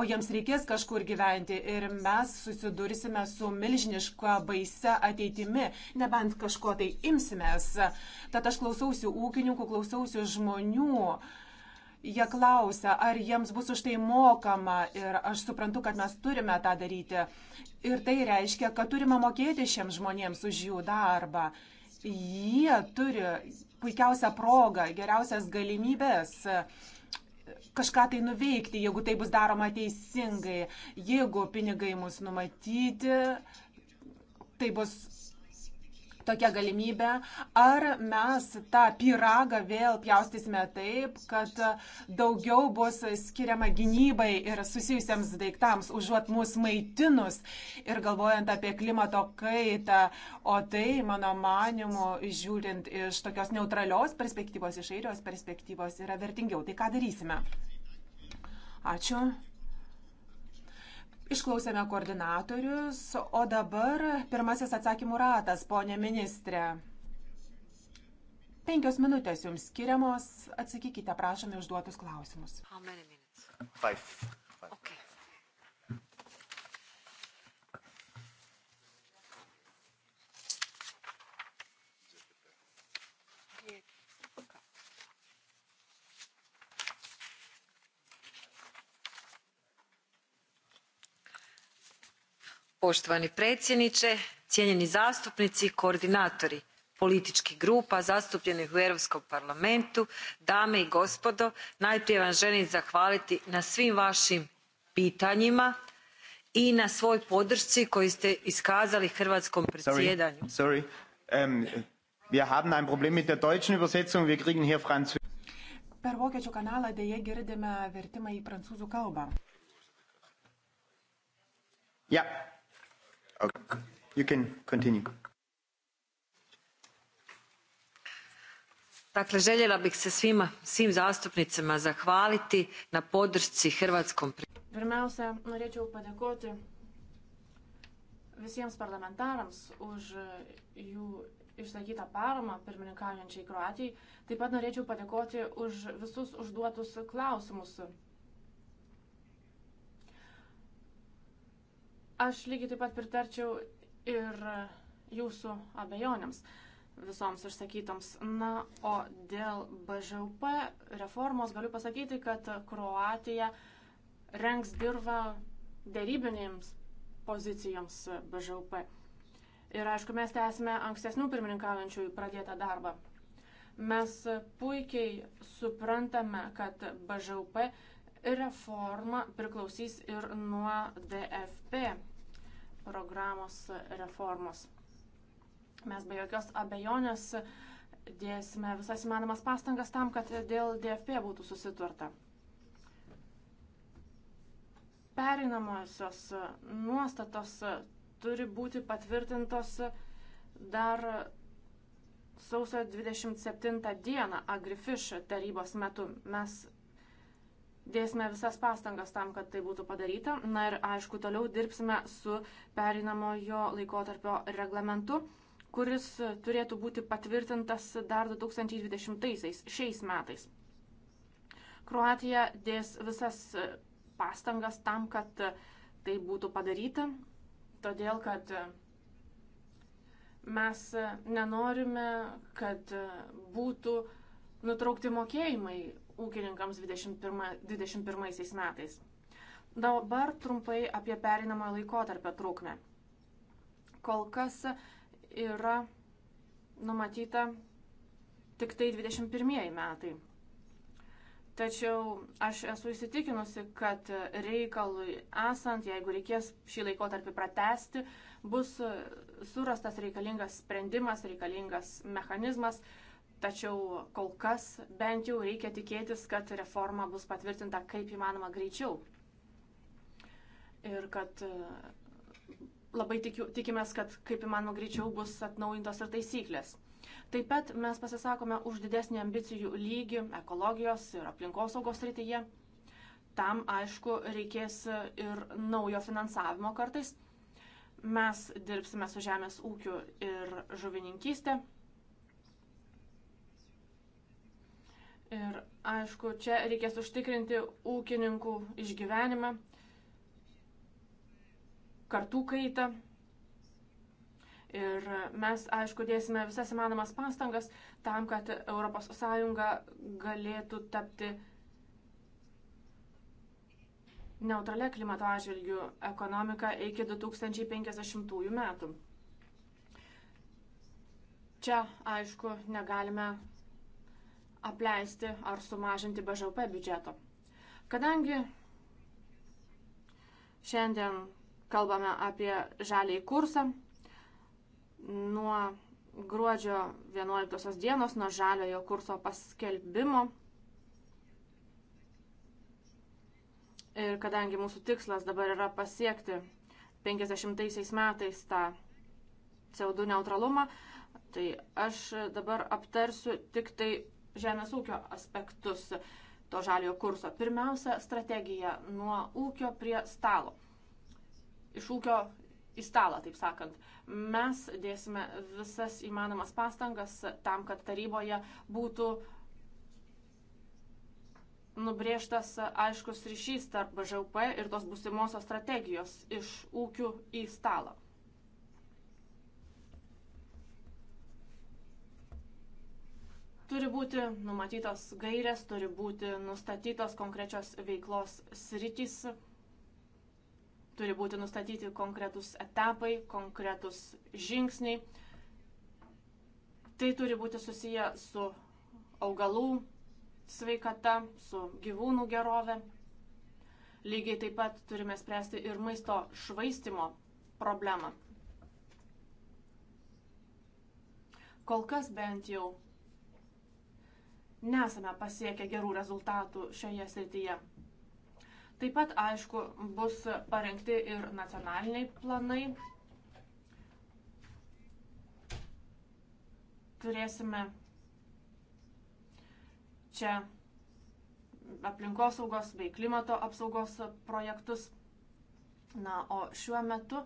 S5: o jiems reikės kažkur gyventi ir mes susidursime su milžiniška baise ateitimi, nebent kažko tai imsimės. Tad aš klausausi ūkininkų, klausausi žmonių. Uh, Jie klausia, ar jiems bus už tai mokama ir aš suprantu, kad mes turime tą daryti. Ir tai reiškia, kad turime mokėti šiems žmonėms už jų darbą. Jie turi puikiausią progą, geriausias galimybės kažką tai nuveikti, jeigu tai bus daroma teisingai, jeigu pinigai mus numatyti, tai bus tokia galimybė, ar mes tą pyragą vėl pjaustysime taip, kad daugiau bus skiriama gynybai ir susijusiems daiktams, užuot mūsų maitinus ir galvojant apie klimato kaitą. O tai, mano manimu, žiūrint iš tokios neutralios perspektyvos, iš airijos perspektyvos, yra vertingiau. Tai ką darysime? Ačiū. Išklausėme koordinatorius, o dabar pirmasis atsakymų ratas, ponė ministrė. Penkios minutės jums skiriamos. Atsakykite, prašome, užduotus klausimus.
S4: Five.
S2: poštovani predsjedniče cijenjeni zastupnici koordinatori političkih grupa zastupljenih u europskom parlamentu dame i gospodo najprije vam želim zahvaliti na svim vašim pitanjima i na svoj podršci koju ste iskazali hrvatskom predsjedanju.
S5: Per vokiečių kanalą dėje girdime vertimą į prancūzų kalbą.
S1: Ja, Okay. You can continue.
S2: Dakle, željela bih se svima, svim zastupnicima zahvaliti na podršci Hrvatskom.
S3: Pirmiausia, norėčiau padėkoti visiems parlamentarams už jų išsakytą paramą pirmininkaujančiai Kroatijai. Taip pat norėčiau padėkoti už visus užduotus klausimus Aš lygiai taip pat pritarčiau ir jūsų abejonėms visoms išsakytoms. Na, o dėl BŽUP reformos galiu pasakyti, kad Kroatija rengs dirbą dėrybinėms pozicijoms BŽUP. Ir aišku, mes tęsime ankstesnių pirmininkaujančių pradėtą darbą. Mes puikiai suprantame, kad BŽUP reforma priklausys ir nuo DFP programos reformos. Mes be jokios abejonės dėsime visas įmanomas pastangas tam, kad dėl DFP būtų susiturta. Pereinamosios nuostatos turi būti patvirtintos dar sausio 27 dieną Agrifish tarybos metu. Mes dėsime visas pastangas tam, kad tai būtų padaryta. Na ir aišku, toliau dirbsime su perinamojo laikotarpio reglamentu, kuris turėtų būti patvirtintas dar 2020 šiais metais. Kroatija dės visas pastangas tam, kad tai būtų padaryta, todėl kad mes nenorime, kad būtų nutraukti mokėjimai ūkininkams 21, 21 metais. Dabar trumpai apie perinamojo laikotarpio trukmę. Kol kas yra numatyta tik tai 21 metai. Tačiau aš esu įsitikinusi, kad reikalui esant, jeigu reikės šį laikotarpį pratesti, bus surastas reikalingas sprendimas, reikalingas mechanizmas, Tačiau kol kas bent jau reikia tikėtis, kad reforma bus patvirtinta kaip įmanoma greičiau. Ir kad e, labai tikiu, tikimės, kad kaip įmanoma greičiau bus atnaujintos ir taisyklės. Taip pat mes pasisakome už didesnį ambicijų lygį ekologijos ir aplinkosaugos rytyje. Tam, aišku, reikės ir naujo finansavimo kartais. Mes dirbsime su žemės ūkiu ir žuvininkystė. Ir aišku, čia reikės užtikrinti ūkininkų išgyvenimą, kartų kaitą. Ir mes, aišku, dėsime visas įmanomas pastangas tam, kad ES galėtų tapti neutralia klimato atžvilgių ekonomika iki 2050 metų. Čia, aišku, negalime apleisti ar sumažinti BŽP biudžeto. Kadangi šiandien kalbame apie žalį kursą, nuo gruodžio 11 dienos, nuo žaliojo kurso paskelbimo, ir kadangi mūsų tikslas dabar yra pasiekti 50 metais tą CO2 neutralumą, tai aš dabar aptarsiu tik tai žemės ūkio aspektus to žaliojo kurso. Pirmiausia, strategija nuo ūkio prie stalo. Iš ūkio į stalą, taip sakant. Mes dėsime visas įmanomas pastangas tam, kad taryboje būtų nubrėžtas aiškus ryšys tarp BŽUP ir tos būsimosios strategijos iš ūkių į stalą. Turi būti numatytos gairės, turi būti nustatytos konkrečios veiklos sritys, turi būti nustatyti konkretus etapai, konkretus žingsniai. Tai turi būti susiję su augalų sveikata, su gyvūnų gerove. Lygiai taip pat turime spręsti ir maisto švaistimo problemą. Kol kas bent jau nesame pasiekę gerų rezultatų šioje srityje. Taip pat, aišku, bus parengti ir nacionaliniai planai. Turėsime čia aplinkosaugos bei klimato apsaugos projektus. Na, o šiuo metu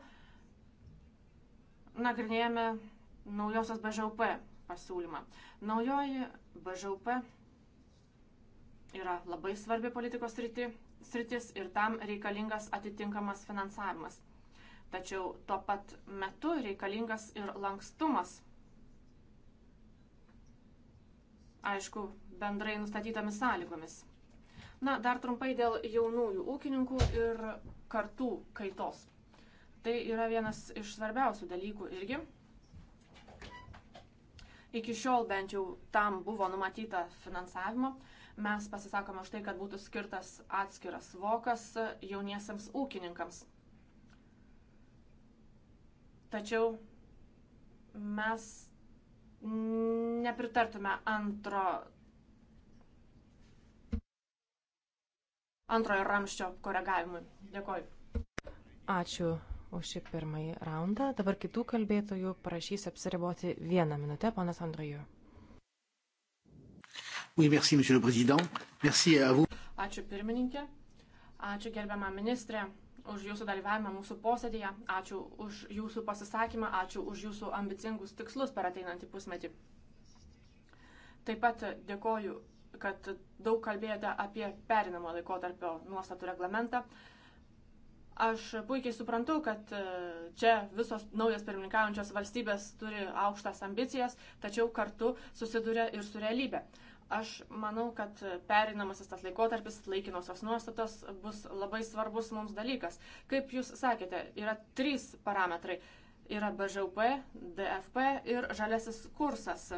S3: nagrinėjame naujosios BŽP pasiūlymą. Naujoji BŽUP yra labai svarbi politikos ryti, sritis ir tam reikalingas atitinkamas finansavimas. Tačiau tuo pat metu reikalingas ir lankstumas. Aišku, bendrai nustatytomis sąlygomis. Na, dar trumpai dėl jaunųjų ūkininkų ir kartų kaitos. Tai yra vienas iš svarbiausių dalykų irgi. Iki šiol bent jau tam buvo numatyta finansavimo. Mes pasisakome už tai, kad būtų skirtas atskiras vokas jauniesiams ūkininkams. Tačiau mes nepritartume antro, antrojo ramščio koregavimui. Dėkoju.
S1: Ačiū už šį pirmąjį raundą. Dabar kitų kalbėtojų prašys apsiriboti vieną minutę, ponas Andrėjų.
S4: Oui, merci, monsieur le président. Merci à vous.
S3: Ačiū pirmininkė. Ačiū gerbiamą ministrę už jūsų dalyvavimą mūsų posėdėje. Ačiū už jūsų pasisakymą. Ačiū už jūsų ambicingus tikslus per ateinantį pusmetį. Taip pat dėkoju, kad daug kalbėjote apie perinamo laikotarpio nuostatų reglamentą. Uh, Aš puikiai suprantu, kad e, čia visos naujas pirmininkaujančios valstybės turi aukštas ambicijas, tačiau kartu susiduria ir su realybė. Aš manau, kad perinamasis tas laikotarpis, laikinosios nuostatos bus labai svarbus mums dalykas. Kaip jūs sakėte, yra trys parametrai. Yra BŽP, DFP ir žalesis kursas.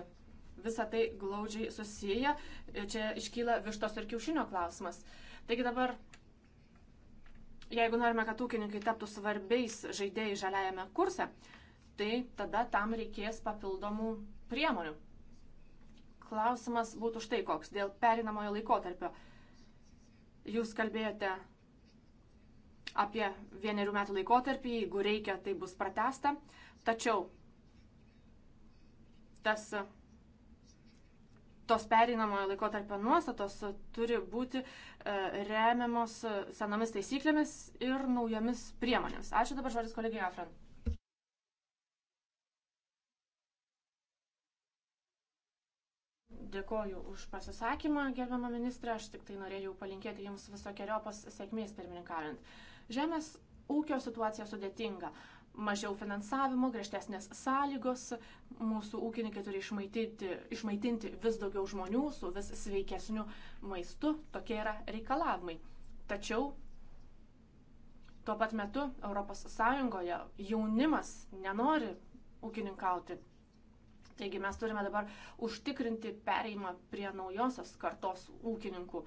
S3: Visa tai glaudžiai susiję. Čia iškyla vištos ir kiaušinio klausimas. Taigi dabar Jeigu norime, kad ūkininkai taptų svarbiais žaidėjai žaliajame kurse, tai tada tam reikės papildomų priemonių. Klausimas būtų štai koks dėl perinamojo laikotarpio. Jūs kalbėjote apie vienerių metų laikotarpį, jeigu reikia, tai bus pratesta. Tačiau tas tos pereinamojo laikotarpio nuostatos turi būti e, remiamos e, senomis taisyklėmis ir naujomis priemonėmis. Ačiū dabar žodis kolegijai Afran. Dėkoju už pasisakymą, gerbiamą ministrę. Aš tik tai norėjau palinkėti Jums visokiojopas sėkmės pirmininkaujant. Žemės ūkio situacija sudėtinga mažiau finansavimo, griežtesnės sąlygos, mūsų ūkininkai turi išmaitinti, išmaitinti vis daugiau žmonių su vis sveikesniu maistu, tokie yra reikalavimai. Tačiau tuo pat metu ES jaunimas nenori ūkininkauti. Taigi mes turime dabar užtikrinti pereimą prie naujosios kartos ūkininkų.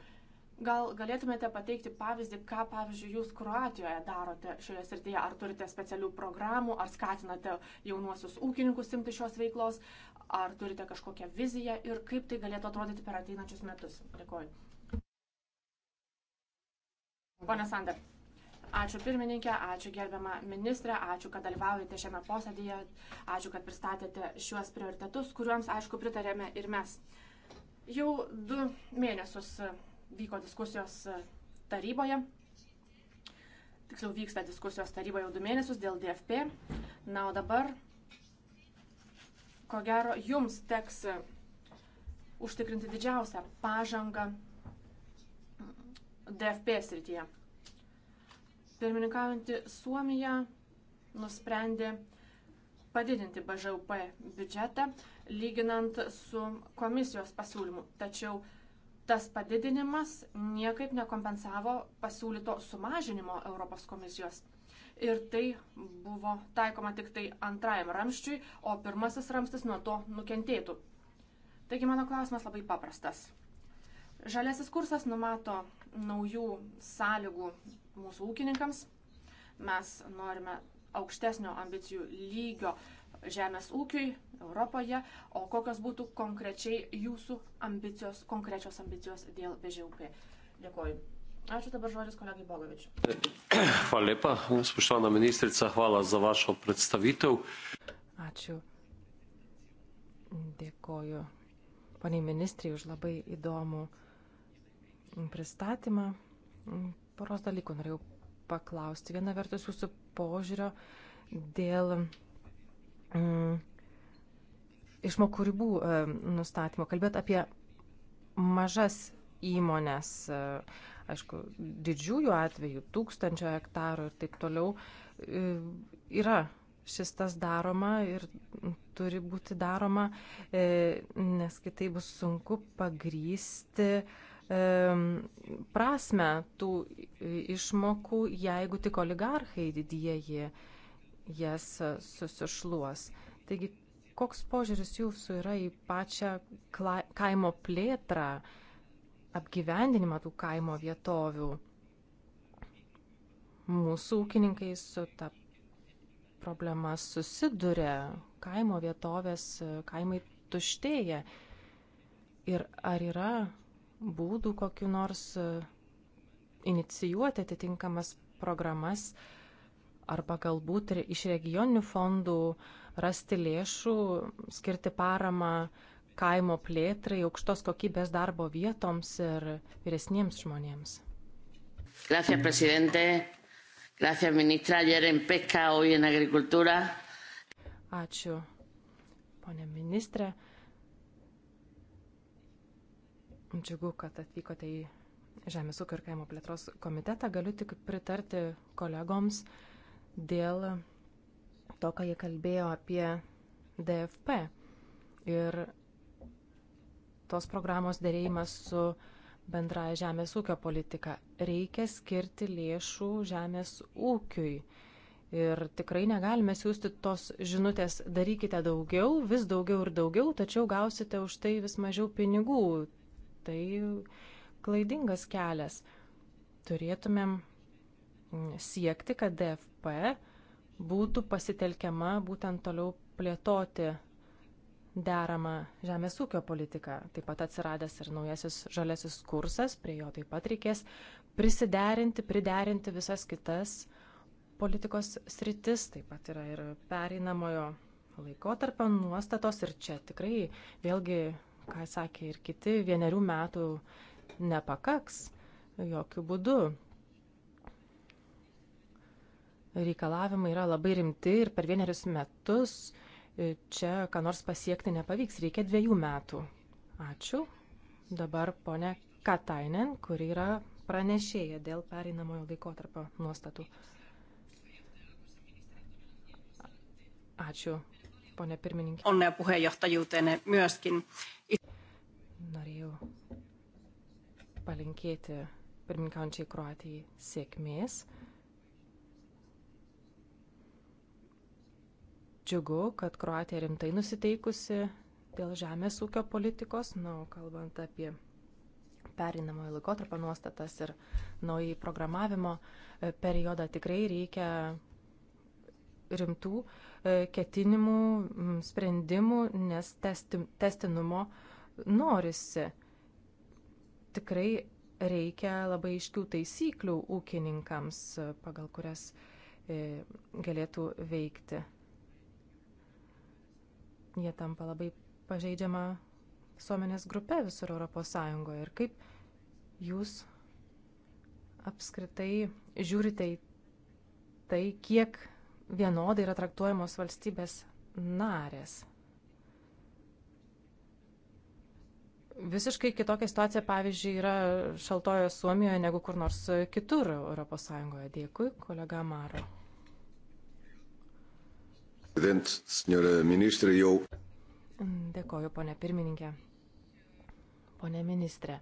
S3: Gal galėtumėte pateikti pavyzdį, ką, pavyzdžiui, jūs Kroatijoje darote šioje srityje? Ar turite specialių programų, ar skatinate jaunuosius ūkininkus simti šios veiklos, ar turite kažkokią viziją ir kaip tai galėtų atrodyti per ateinančius metus? Dėkuoju. Pone Sander, ačiū pirmininkė, ačiū gerbiama ministrė, ačiū, kad dalyvaujate šiame posėdėje, ačiū, kad pristatėte šiuos prioritetus, kuriuoms, aišku, pritarėme ir mes. Jau du mėnesius vyko diskusijos e, taryboje. Tiksliau vyksta diskusijos taryboje jau du mėnesius dėl DFP. Na, o dabar, ko gero, jums teks e, užtikrinti didžiausią pažangą mm, DFP srityje. Pirmininkaujanti Suomija nusprendė padidinti BŽUP biudžetą lyginant su komisijos pasiūlymu. Tačiau tas padidinimas niekaip nekompensavo pasiūlyto sumažinimo Europos komisijos. Ir tai buvo taikoma tik tai antrajam ramščiui, o pirmasis ramstis nuo to nukentėtų. Taigi mano klausimas labai paprastas. Žaliasis kursas numato naujų sąlygų mūsų ūkininkams. Mes norime aukštesnio ambicijų lygio žemės ūkiui Europoje, o kokios būtų konkrečiai jūsų ambicijos, konkrečios ambicijos dėl BŽUP. Dėkoju. Ačiū dabar žodis kolegai Bogovičiu.
S4: Hvala lepa, spoštovana ministrica, hvala za vašo predstavitev. Ačiū.
S1: Dėkoju poniai ministrijai už labai įdomų pristatymą. Poros dalykų norėjau paklausti. Viena vertus jūsų požiūrio dėl mm, išmokų ribų e, nustatymo, kalbėt apie mažas įmonės, e, aišku, didžiųjų atvejų, tūkstančio hektarų ir taip toliau, e, yra šis tas daroma ir turi būti daroma, e, nes kitaip bus sunku pagrysti e, prasme tų išmokų, jeigu tik oligarchai didieji e, jas e, susišluos. Taigi, koks požiūris jūsų yra į pačią kaimo plėtrą, apgyvendinimą tų kaimo vietovių? Mūsų ūkininkai su ta problema susiduria, kaimo vietovės, e, kaimai tuštėja. Ir ar yra būdų kokiu nors e, inicijuoti atitinkamas programas, uh, arba galbūt ir iš regioninių fondų rasti lėšų, skirti paramą kaimo plėtrai, aukštos kokybės darbo vietoms ir vyresniems žmonėms.
S3: Gracias, presidente. Gracias, ministra. Ayer en pesca, hoy en agricultura.
S1: Ačiū, ponė ministrė. Džiugu, kad atvykote į Žemės ūkio ir kaimo plėtros komitetą. Galiu tik pritarti kolegoms, uh, dėl to, ką jie kalbėjo apie DFP ir tos programos dėrėjimas su bendraja žemės ūkio politika. Reikia skirti lėšų žemės ūkiui. Ir tikrai negalime siūsti tos žinutės, darykite daugiau, vis daugiau ir daugiau, tačiau gausite už tai vis mažiau pinigų. Tai klaidingas kelias. Turėtumėm siekti, kad DFP būtų pasitelkiama būtent toliau plėtoti deramą žemės ūkio politiką. Taip pat atsiradęs ir naujasis žalesis kursas, prie jo taip pat reikės prisiderinti, priderinti visas kitas politikos sritis, taip pat yra ir pereinamojo laikotarpio nuostatos ir čia tikrai vėlgi, ką sakė ir kiti, vienerių metų nepakaks jokių būdų reikalavimai yra labai rimti ir per vienerius metus e, čia ką nors pasiekti nepavyks, reikia dviejų metų. Ačiū. Dabar ponė Katainen, kuri yra pranešėja dėl pereinamojo laikotarpio nuostatų. Ačiū, ponė pirmininkė. Onnea puheenjohtajuuteenne myöskin. Norėjau palinkėti pirmininkaujančiai Kroatijai sėkmės. Džiugu, kad Kroatija rimtai nusiteikusi dėl žemės ūkio politikos, na, nu, kalbant apie perinamojo laikotarpio nuostatas ir naują programavimo e, periodą, tikrai reikia rimtų e, ketinimų, sprendimų, nes testi, testinumo norisi. Tikrai reikia labai iškių taisyklių ūkininkams, pagal kurias e, galėtų veikti jie tampa labai pažeidžiama visuomenės grupė visur Europos Sąjungoje. Ir kaip jūs apskritai žiūrite į tai, kiek vienodai yra traktuojamos valstybės narės? Visiškai kitokia situacija, pavyzdžiui, yra šaltojo Suomijoje negu kur nors kitur Europos Sąjungoje. Dėkui, kolega Maro.
S6: Presidente, senhora ministra, eu.
S1: Dėkoju, ponė pirmininkė. Pone ministrė.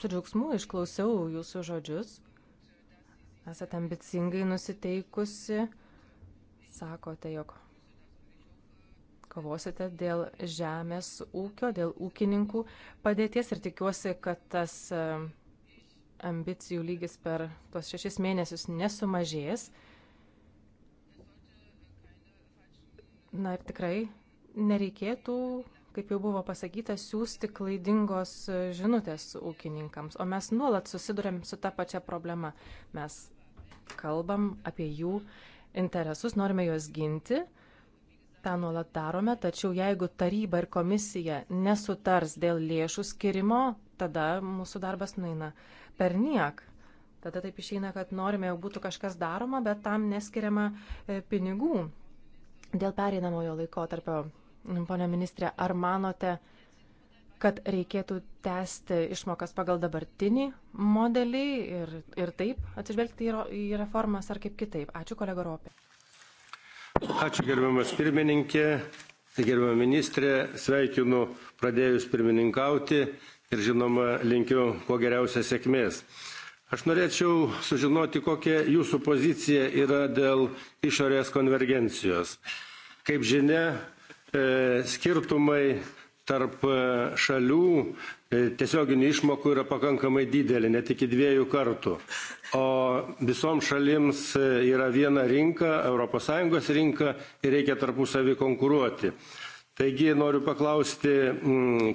S1: Su džiaugsmu išklausiau jūsų žodžius. Esate ambicingai nusiteikusi. Sakote, jog kovosite dėl žemės ūkio, dėl ūkininkų padėties ir tikiuosi, kad tas e, ambicijų lygis per tuos šešis mėnesius nesumažės Na ir tikrai nereikėtų, kaip jau buvo pasakyta, siūsti klaidingos žinutės ūkininkams, o mes nuolat susidurėm su ta pačia problema. Mes kalbam apie jų interesus, norime juos ginti, tą nuolat darome, tačiau jeigu taryba ir komisija nesutars dėl lėšų skirimo, tada mūsų darbas nueina per niek. Tada taip išeina, kad norime, jog būtų kažkas daroma, bet tam neskiriama e, pinigų. Dėl pereinamojo laikotarpio, ponia ministrė, ar manote, kad reikėtų tęsti išmokas pagal dabartinį modelį ir, ir taip atsižvelgti į reformas ar kaip kitaip? Ačiū, kolega Ropė.
S6: Ačiū, gerbiamas pirmininkė, gerbiamą ministrė, sveikinu pradėjus pirmininkauti ir žinoma linkiu kuo geriausios sėkmės. Aš norėčiau sužinoti, kokia jūsų pozicija yra dėl išorės konvergencijos. Kaip žinia, e, skirtumai tarp e, šalių e, tiesioginių išmokų yra pakankamai didelė, net iki dviejų kartų. O visoms šalims yra viena rinka, ES rinka ir reikia tarpusavį konkuruoti. Taigi noriu paklausti,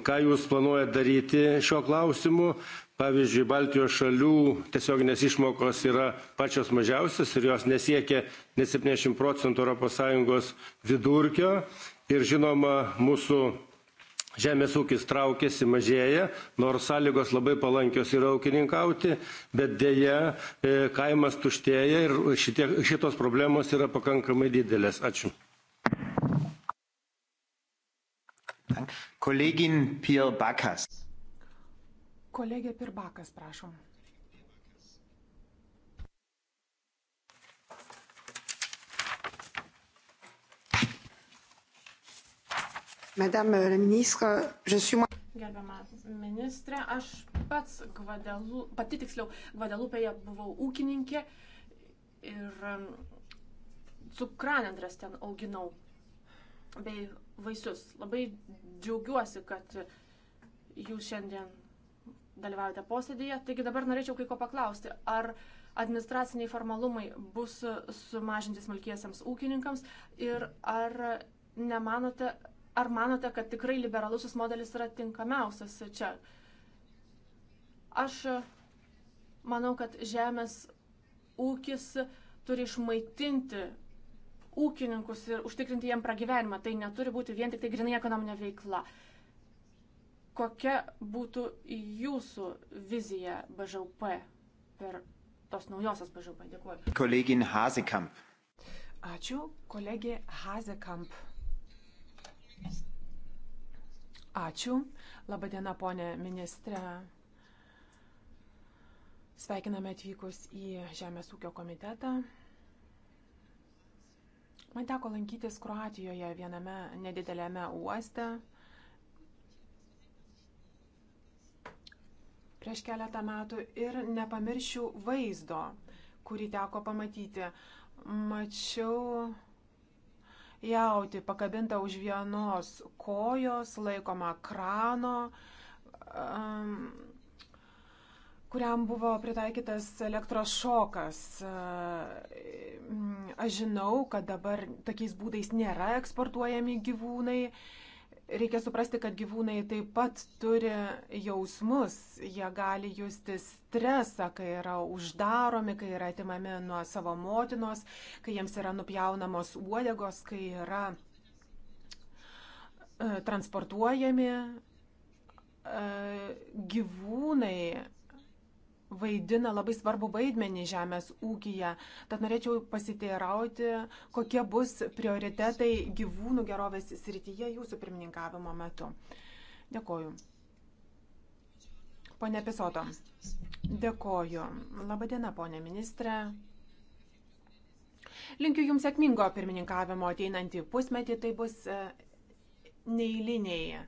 S6: ką Jūs planuojate daryti šiuo klausimu, pavyzdžiui baltijos šalių tiesioginės išmokos yra pačios mažiausios ir jos nesiekia net septyniasdešimt procentų europos sąjungos vidurkio ir žinoma mūsų žemės ūkis traukiasi mažėja nors sąlygos labai palankios yra ūkininkauti bet deja e, kaimas tuštėja ir šitie šitos problemos yra pakankamai didelės ačiū Kollegin Pir
S4: Bakas.
S5: Kolegė Pirbakas, prašom. Madame la ministre, je suis moi.
S3: Gerbiama ministrė, aš pats Gvadelu, pati tiksliau Gvadelupėje buvau ūkininkė ir um, cukranendres ten auginau bei vaisius. Labai džiaugiuosi, kad jūs šiandien dalyvaujate posėdėje. Taigi dabar norėčiau kai ko paklausti. Ar administraciniai formalumai bus sumažinti smulkiesiams ūkininkams ir ar nemanote, ar manote, kad tikrai liberalusis modelis yra tinkamiausias čia? Aš manau, kad žemės ūkis turi išmaitinti ūkininkus ir užtikrinti jiem pragyvenimą. Tai neturi būti vien tik tai grinai ekonominė veikla. Uh, Kokia būtų jūsų vizija BŽP per tos naujosios BŽP? Dėkuoju.
S6: Kolegin Hazekamp.
S3: Ačiū, kolegė
S5: Hazekamp. Ačiū. Labadiena, ponė ministrė. Sveikiname atvykus į Žemės ūkio komitetą. Man teko lankytis Kroatijoje viename nedidelėme uoste. prieš keletą metų ir nepamiršiu vaizdo, kurį teko pamatyti. Mačiau jauti pakabintą už vienos kojos, laikoma krano, um, kuriam buvo pritaikytas elektros šokas. Aš žinau, kad dabar tokiais būdais nėra eksportuojami gyvūnai Reikia suprasti, kad gyvūnai taip pat turi jausmus, jie gali justi stresą, kai yra uždaromi, kai yra atimami nuo savo motinos, kai jiems yra nupjaunamos uodegos, kai yra e, transportuojami e, gyvūnai vaidina labai svarbu vaidmenį žemės ūkija. Tad norėčiau pasiteirauti, kokie bus prioritetai gyvūnų gerovės srityje jūsų pirmininkavimo metu. Dėkoju. Pone Pisoto, dėkoju. Labadiena, ponė ministrė. Linkiu Jums sėkmingo pirmininkavimo ateinantį pusmetį, tai bus e, neįliniai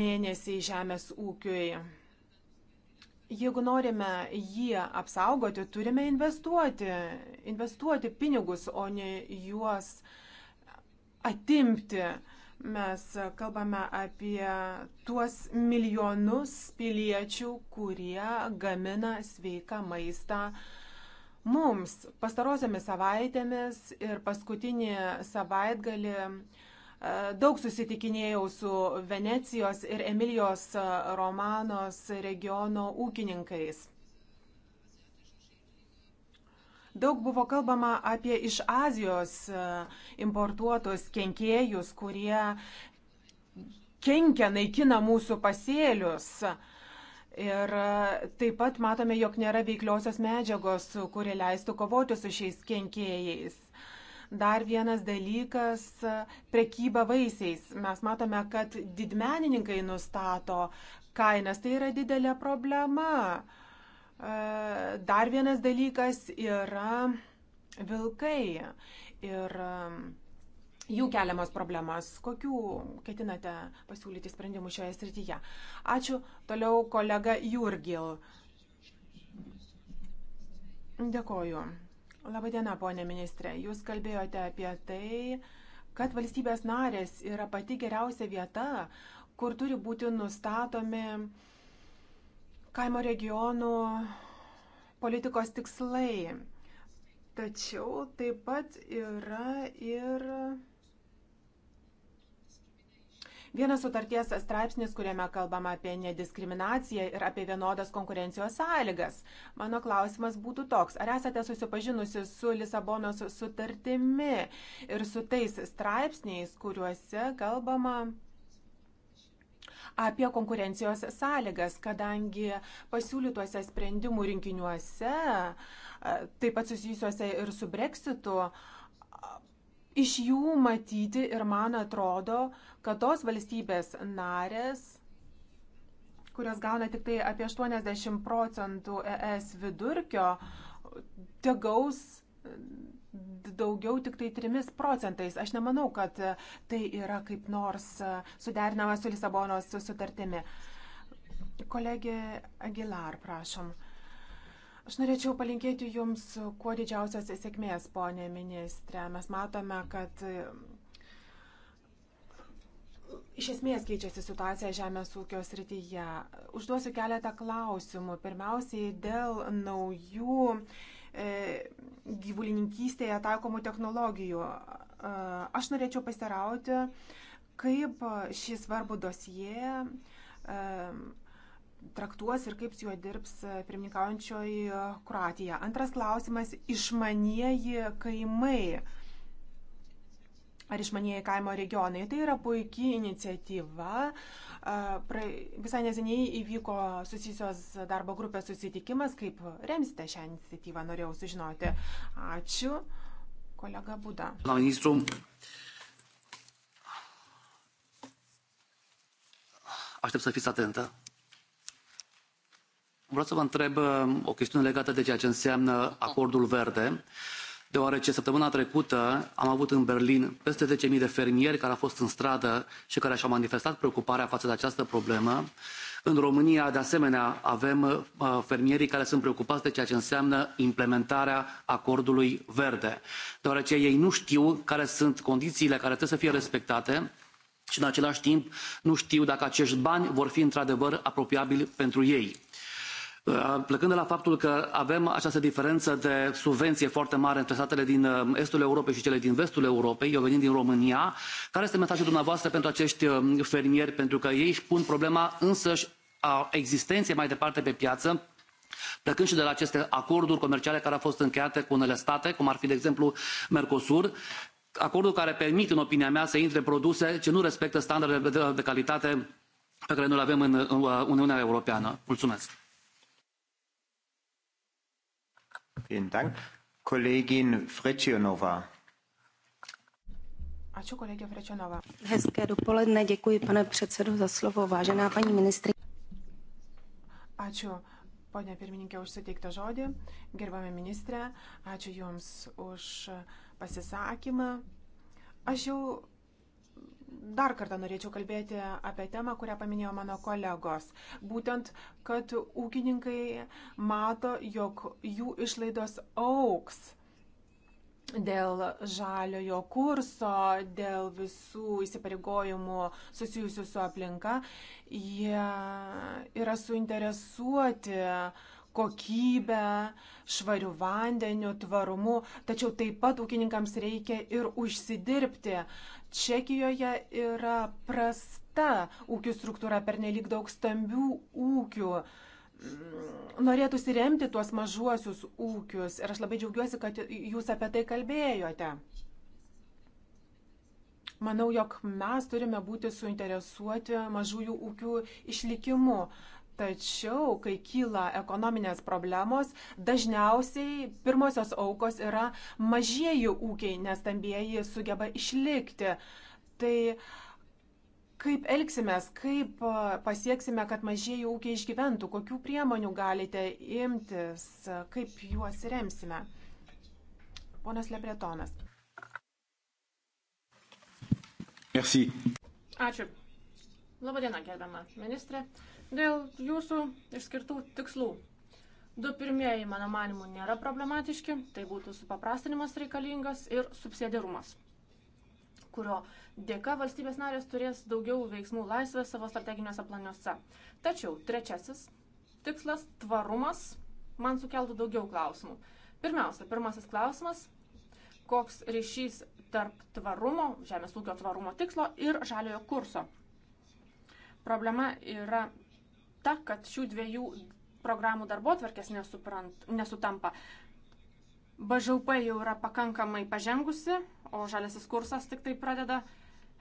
S5: mėnesiai žemės ūkiui. Jeigu norime jį apsaugoti, turime investuoti, investuoti pinigus, o ne juos atimti. Mes kalbame apie tuos milijonus piliečių, kurie gamina sveiką maistą mums pastarosiamis savaitėmis ir paskutinį savaitgalį E, daug susitikinėjau su Venecijos ir Emilijos e, Romanos regiono ūkininkais. Daug buvo kalbama apie iš Azijos e, importuotus kenkėjus, kurie kenkia, naikina mūsų pasėlius. Ir taip pat matome, jog nėra veikliosios medžiagos, kuri leistų kovoti su šiais kenkėjais. Dar vienas dalykas - prekyba vaisiais. Mes matome, kad didmenininkai nustato kainas. Tai yra didelė problema. E, dar vienas dalykas yra vilkai ir e, jų keliamas problemas. Kokių ketinate pasiūlyti sprendimų šioje srityje? Ačiū. Toliau kolega Jurgil. Dėkoju. Labadiena, ponė ministrė. Jūs kalbėjote apie tai, kad valstybės narės yra pati geriausia vieta, kur turi būti nustatomi kaimo regionų politikos tikslai. Tačiau taip pat yra ir Vienas sutarties straipsnis, kuriame kalbama apie nediskriminaciją ir apie vienodas konkurencijos sąlygas. Mano klausimas būtų toks, ar esate susipažinusi su Lisabonos sutartimi ir su tais straipsniais, kuriuose kalbama apie konkurencijos sąlygas, kadangi pasiūlytuose sprendimų rinkiniuose, taip pat susijusiuose ir su breksitu, iš jų matyti ir man atrodo, kad tos valstybės narės, kurios gauna tik tai apie 80 procentų ES vidurkio, tegaus daugiau tik tai 3 procentais. Aš nemanau, kad tai yra kaip nors suderinama su Lisabonos sutartimi. Kolegė Aguilar, prašom. Aš norėčiau palinkėti Jums kuo didžiausios sėkmės, ponė ministrė. Mes matome, kad iš esmės keičiasi situacija žemės ūkio srityje. Užduosiu keletą klausimų. Pirmiausiai dėl naujų e, gyvulininkystėje taikomų technologijų. E, aš norėčiau pasirauti, kaip šį svarbų dosiją e, traktuos ir kaip su juo dirbs pirmininkaujančioji Kroatija. Antras klausimas - išmanieji kaimai ar išmanieji kaimo regionai. Tai yra puikiai iniciatyva. Visai neseniai įvyko susijusios darbo grupės susitikimas. Kaip remsite šią iniciatyvą, norėjau sužinoti. Ačiū, kolega Buda.
S4: Ministru. Aștept să fiți atentă. Vreau să vă întreb um, o chestiune legată de ceea ce înseamnă acordul verde. Uh, deoarece săptămâna trecută am avut în berlin peste zece zero de fermieri care au fost în stradă și care și au manifestat preocuparea față de această problemă. în românia de asemenea avem uh, fermierii care sunt preocupați de ceea ce înseamnă implementarea acordului verde deoarece ei nu știu care sunt condițiile care trebuie să fie respectate și în același timp nu știu dacă acești bani vor fi într adevăr apropiabili pentru ei Uh, plecând de la faptul că avem această diferență de subvenție foarte mare între statele din uh, estul Europei și cele din vestul Europei, eu venind din România, care este mesajul dumneavoastră pentru acești uh, fermieri? Pentru că ei își pun problema însăși a existenței mai departe pe piață, plecând și de la aceste acorduri comerciale care au fost încheiate cu unele state, cum ar fi, de exemplu, Mercosur, acorduri care permit, în opinia mea, să intre produse ce nu respectă standardele de calitate pe care noi le avem în Uniunea Europeană. Mulțumesc!
S6: Vielen Dank. Kollegin Frečionova.
S5: Ačiū, kolegė Frečionova.
S1: Hezké dopoledne, děkuji, pane předsedo, za slovo, vážená paní
S6: ministrė.
S5: Ačiū, ponė pirmininkė, už suteiktą žodį. Gerbame ministrė, ačiū Jums už pasisakymą. Aš jau dar kartą norėčiau kalbėti apie temą, kurią paminėjo mano kolegos. Būtent, kad ūkininkai mato, jog jų išlaidos auks dėl žaliojo kurso, dėl visų įsipareigojimų susijusių su aplinka, jie yra suinteresuoti uh, kokybę, švariu vandeniu, tvarumu, tačiau taip pat ūkininkams reikia ir užsidirbti. Čekijoje yra prasta ūkių struktūra, pernelyg daug stambių ūkių norėtųsi remti tuos mažuosius ūkius ir aš labai džiaugiuosi, kad jūs apie tai kalbėjote. Manau, jog mes turime būti suinteresuoti mažųjų ūkių išlikimu. Tačiau, kai kyla ekonominės problemos, dažniausiai pirmosios aukos yra mažieji ūkiai, nes stambieji sugeba išlikti. Tai kaip elgsimės, kaip pasieksime, kad mažieji ūkiai išgyventų, kokių priemonių galite imtis, kaip juos remsime. Ponas Lebretonas.
S6: Merci.
S3: Ačiū. Labadiena, gerbiama ministrė. Dėl jūsų išskirtų tikslų. Du pirmieji, mano manimu, nėra problematiški, tai būtų supaprastinimas reikalingas ir subsidiarumas, kurio dėka valstybės narės turės daugiau veiksmų laisvės savo strateginiuose planuose. Tačiau trečiasis tikslas - tvarumas - man sukeltų daugiau klausimų. Pirmiausia, pirmasis klausimas - koks ryšys tarp tvarumo, žemės ūkio tvarumo tikslo ir žaliojo kurso. Problema yra ta, kad šių dviejų programų darbo tvarkės nesutampa. BŽP jau yra pakankamai pažengusi, o žalėsis kursas tik tai pradeda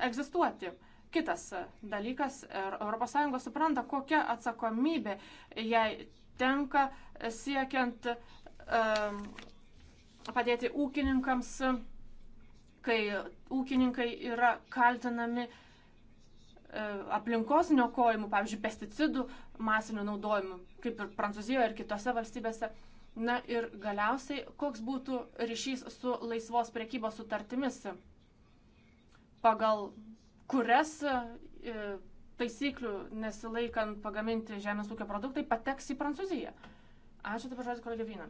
S3: egzistuoti. Kitas dalykas, ES er, supranta, kokia atsakomybė jai tenka siekiant um, padėti ūkininkams, kai ūkininkai yra kaltinami uh, E, aplinkos niokojimų, pavyzdžiui, pesticidų masinių naudojimų, kaip ir Prancūzijoje ir kitose valstybėse. Na ir galiausiai, koks būtų ryšys su laisvos priekybos sutartimis, pagal kurias e, taisyklių nesilaikant pagaminti žemės ūkio produktai pateks į Prancūziją. Ačiū dabar žodžiu kolegė Vyną.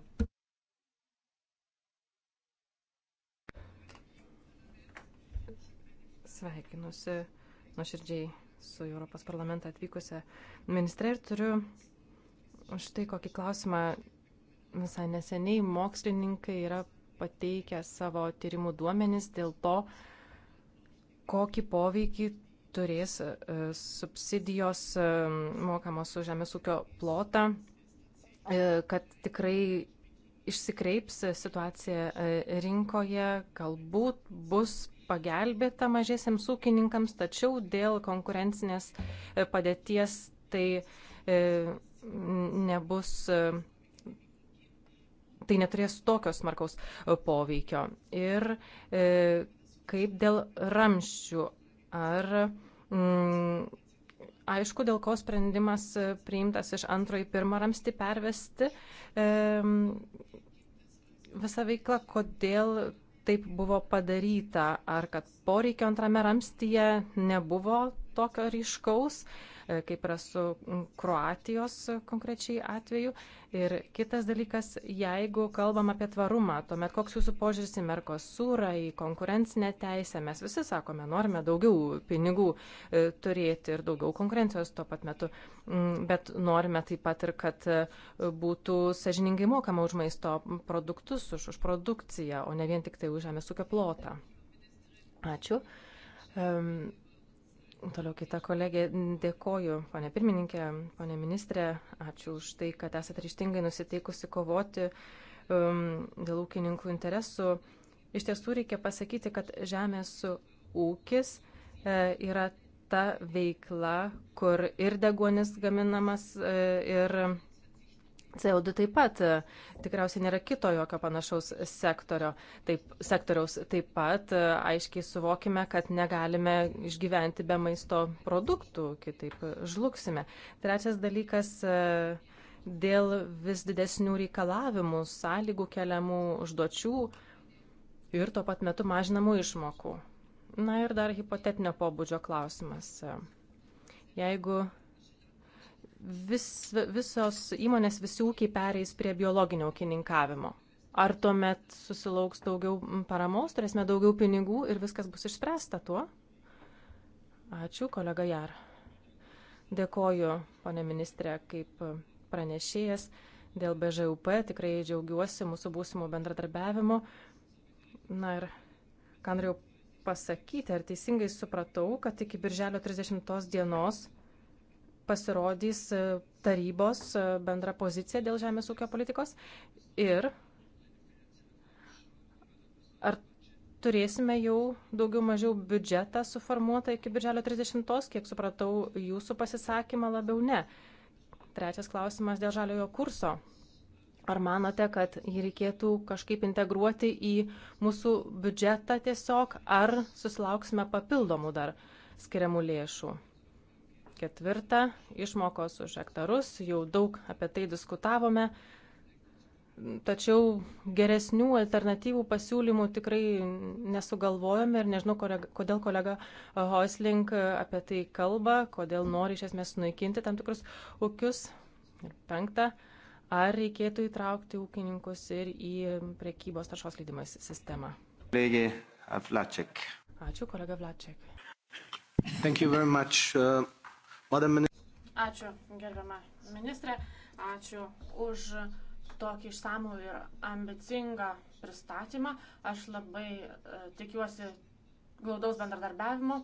S1: Sveikinuosi nuoširdžiai su Europos parlamentą atvykusią ministrę ir turiu štai kokį klausimą. Visai neseniai mokslininkai yra pateikę savo tyrimų duomenys dėl to, kokį poveikį turės e, subsidijos e, mokamos už žemės ūkio plotą, e, kad tikrai išsikreips situacija rinkoje, galbūt bus pagelbėta mažiesiams ūkininkams, tačiau dėl konkurencinės e, padėties tai e, nebus, e, tai neturės tokios markaus poveikio. Ir kaip dėl ramščių, ar mm, aišku, dėl ko sprendimas priimtas iš antro į pirmą ramstį pervesti e, visą veiklą, kodėl taip buvo padaryta, ar kad poreikio antrame ramstyje nebuvo tokio ryškaus. Uh, E, kaip yra su Kroatijos konkrečiai atveju. Ir kitas dalykas, jeigu kalbam apie tvarumą, tuomet koks jūsų požiūris į Merkosūrą, į konkurencinę teisę, mes visi sakome, norime daugiau pinigų e, turėti ir daugiau konkurencijos tuo pat metu, mm, bet norime taip pat ir, kad e, būtų sažiningai mokama už maisto produktus, už, už produkciją, o ne vien tik tai už žemės ūkio plotą. Ačiū. Um, Toliau kita kolegė, dėkoju, ponė pirmininkė, ponė ministrė, ačiū už tai, kad esate ryštingai nusiteikusi kovoti um, dėl ūkininkų interesų. Iš tiesų reikia pasakyti, kad žemės ūkis e, yra ta veikla, kur ir deguonis gaminamas, e, ir CO2 taip pat e, tikriausiai nėra kito jokio panašaus sektorio. Taip, sektoriaus taip pat e, aiškiai suvokime, kad negalime išgyventi be maisto produktų, kitaip žlugsime. Trečias dalykas e, dėl vis didesnių reikalavimų, sąlygų keliamų užduočių ir tuo pat metu mažinamų išmokų. Na ir dar hipotetinio pobūdžio klausimas. Jeigu vis, visos įmonės, visi ūkiai pereis prie biologinio ūkininkavimo. Ar tuomet susilauks daugiau paramos, turėsime daugiau pinigų ir viskas bus išspręsta tuo? Ačiū, kolega Jar. Dėkoju, ponė ministrė, kaip pranešėjas dėl BŽUP. Tikrai džiaugiuosi mūsų būsimo bendradarbiavimo. Na ir ką norėjau pasakyti, ar teisingai supratau, kad iki birželio 30 dienos pasirodys e, tarybos e, bendra pozicija dėl žemės ūkio politikos ir ar turėsime jau daugiau mažiau biudžetą suformuotą iki birželio 30, kiek supratau jūsų pasisakymą, labiau ne. Trečias klausimas dėl žaliojo kurso. Ar manote, kad jį reikėtų kažkaip integruoti į mūsų biudžetą tiesiog, ar susilauksime papildomų dar skiriamų lėšų? Ketvirta, išmokos už hektarus, jau daug apie tai diskutavome, tačiau geresnių alternatyvų pasiūlymų tikrai nesugalvojome ir nežinau, kodėl kolega Hoisling apie tai kalba, kodėl nori iš esmės sunaikinti tam tikrus ūkius. Ir penkta, ar reikėtų įtraukti ūkininkus ir į prekybos taršos leidimais sistemą.
S6: Kolegė Vlaček.
S1: Ačiū, kolega Vlaček.
S6: Thank you very much. Uh... Ačiū,
S3: gerbiama ministrė, ačiū už tokį išsamų ir ambicingą pristatymą. Aš labai uh, tikiuosi glaudaus bendradarbiavimo.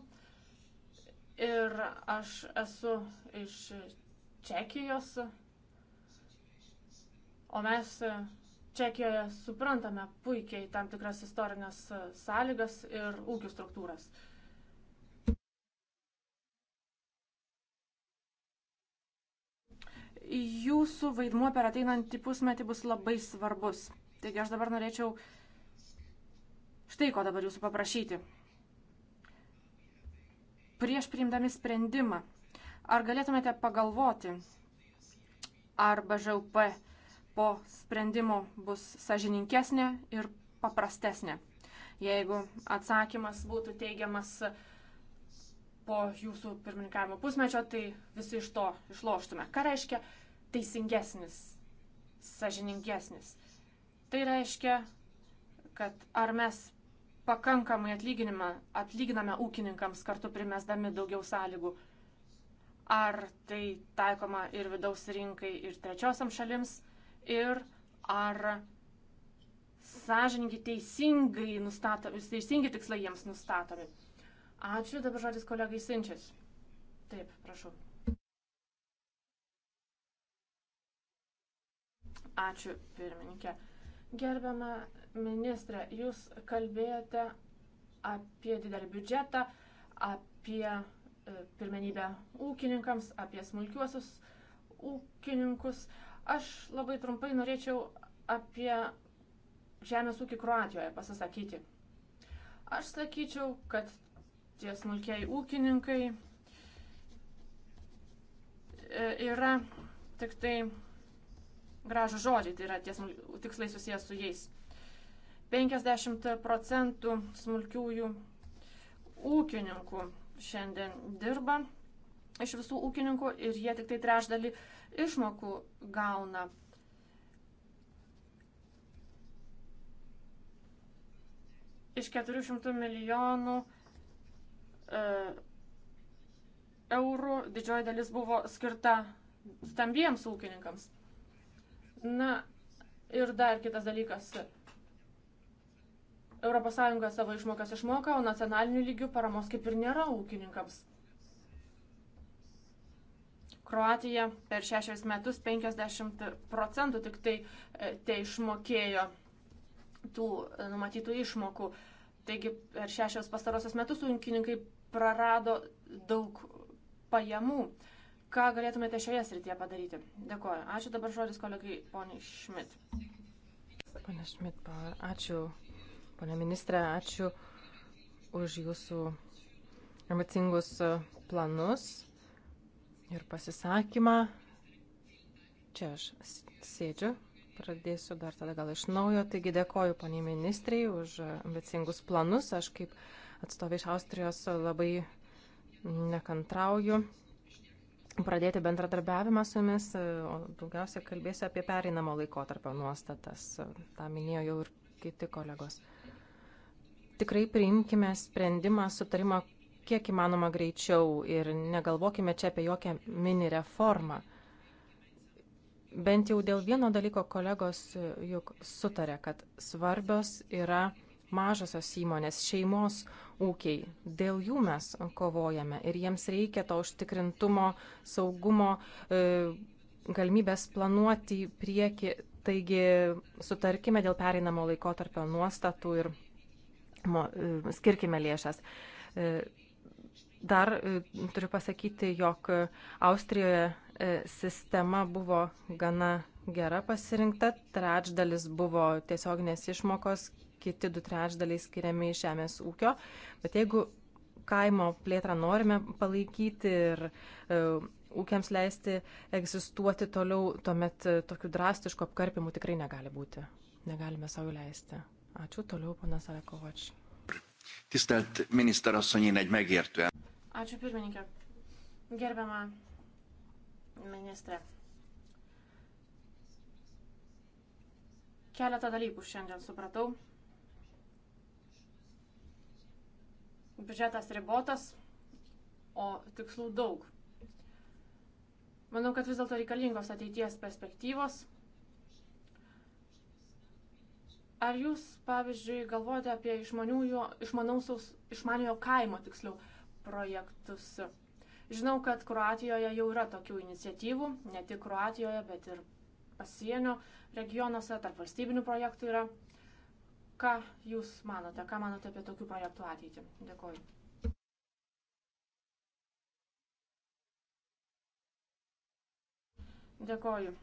S3: Ir aš esu iš Čekijos, o mes Čekijoje suprantame puikiai tam tikras istorinės sąlygas ir ūkių struktūras. Uh, jūsų vaidmuo per ateinantį pusmetį bus labai svarbus. Taigi aš dabar norėčiau štai ko dabar jūsų paprašyti. Prieš priimdami sprendimą, ar galėtumėte pagalvoti, ar BŽUP po sprendimo bus sažininkesnė ir paprastesnė? Jeigu atsakymas būtų teigiamas, uh, po jūsų pirmininkavimo pusmečio, tai visi iš to išloštume. Ką reiškia teisingesnis, sažiningesnis? Tai reiškia, kad ar mes pakankamai atlyginame ūkininkams kartu primesdami daugiau sąlygų, ar tai taikoma ir vidaus rinkai, ir trečiosiam šalims, ir ar sąžininkai teisingai, nustatomi, teisingi tikslai jiems nustatomi. Ačiū, dabar žodis kolegai Sinčias. Taip, prašau. Ačiū, pirmininkė. Gerbiama ministrė, jūs kalbėjote apie didelį biudžetą, apie e, pirmenybę ūkininkams, apie smulkiuosius ūkininkus. Aš labai trumpai norėčiau apie žemės ūkį Kroatijoje pasisakyti. Aš sakyčiau, kad tie smulkiai ūkininkai e, yra tik tai gražų žodžiai, tai yra tie tikslai susijęs su jais. 50 procentų smulkiųjų ūkininkų šiandien dirba iš visų ūkininkų ir jie tik tai trešdalį išmokų gauna. Iš 400 milijonų E, eurų didžioji dalis buvo skirta stambiems ūkininkams. Na ir dar kitas dalykas. ES savo išmokas išmoka, o nacionaliniu lygiu paramos kaip ir nėra ūkininkams. Kroatija per šešerius metus 50 procentų tik tai e, te išmokėjo tų e, numatytų išmokų. Uh, Taigi per šešios pastarosios metus ūkininkai prarado daug pajamų. Ką galėtumėte šioje srityje padaryti? Dėkuoju. Ačiū dabar žodis kolegai poniai Šmit.
S1: Pane Šmit, ačiū, pane ministrė, ačiū už jūsų ambicingus e, planus ir pasisakymą. Čia aš sėdžiu Pradėsiu dar tada gal iš naujo. Taigi dėkoju poniai ministrei už ambicingus planus. Aš kaip atstovai iš Austrijos labai nekantrauju pradėti bendradarbiavimą su jumis, o daugiausia kalbėsiu apie pereinamo laikotarpio nuostatas. Ta minėjo jau ir kiti kolegos. Tikrai priimkime sprendimą, sutarimą kiek įmanoma greičiau ir negalvokime čia apie jokią mini reformą bent jau dėl vieno dalyko kolegos e, juk sutarė, kad svarbios yra mažosios įmonės, šeimos ūkiai. Dėl jų mes kovojame ir jiems reikia to užtikrintumo, saugumo, e, galimybės planuoti prieki. Taigi sutarkime dėl pereinamo laikotarpio nuostatų ir mo, e, skirkime lėšas. Dar turiu pasakyti, jog Austrijoje E, sistema buvo gana gera pasirinkta. Trečdalis buvo tiesioginės išmokos, kiti du trečdaliai skiriami iš žemės ūkio. Bet jeigu kaimo plėtrą norime palaikyti ir e, ūkiams leisti egzistuoti toliau, tuomet e, tokių drastiškų apkarpimų tikrai negali būti. Negalime savo leisti. Ačiū toliau, panas Alekovač.
S4: Tistelt minister asszony, én egy megértően.
S3: Ačiū pirmininkė. Gerbiama ministrė. Keletą dalykų šiandien supratau. Biudžetas ribotas, o tikslų daug. Manau, kad vis dėlto reikalingos ateities perspektyvos. Ar jūs, pavyzdžiui, galvojate apie išmaniojo kaimo tiksliau projektus? Žinau, kad Kroatijoje jau yra tokių iniciatyvų, ne tik Kroatijoje, bet ir pasienio regionuose, tarp valstybinių projektų yra. Ką Jūs manote, ką manote apie tokių projektų ateitį? Dėkuoju. Dėkoju.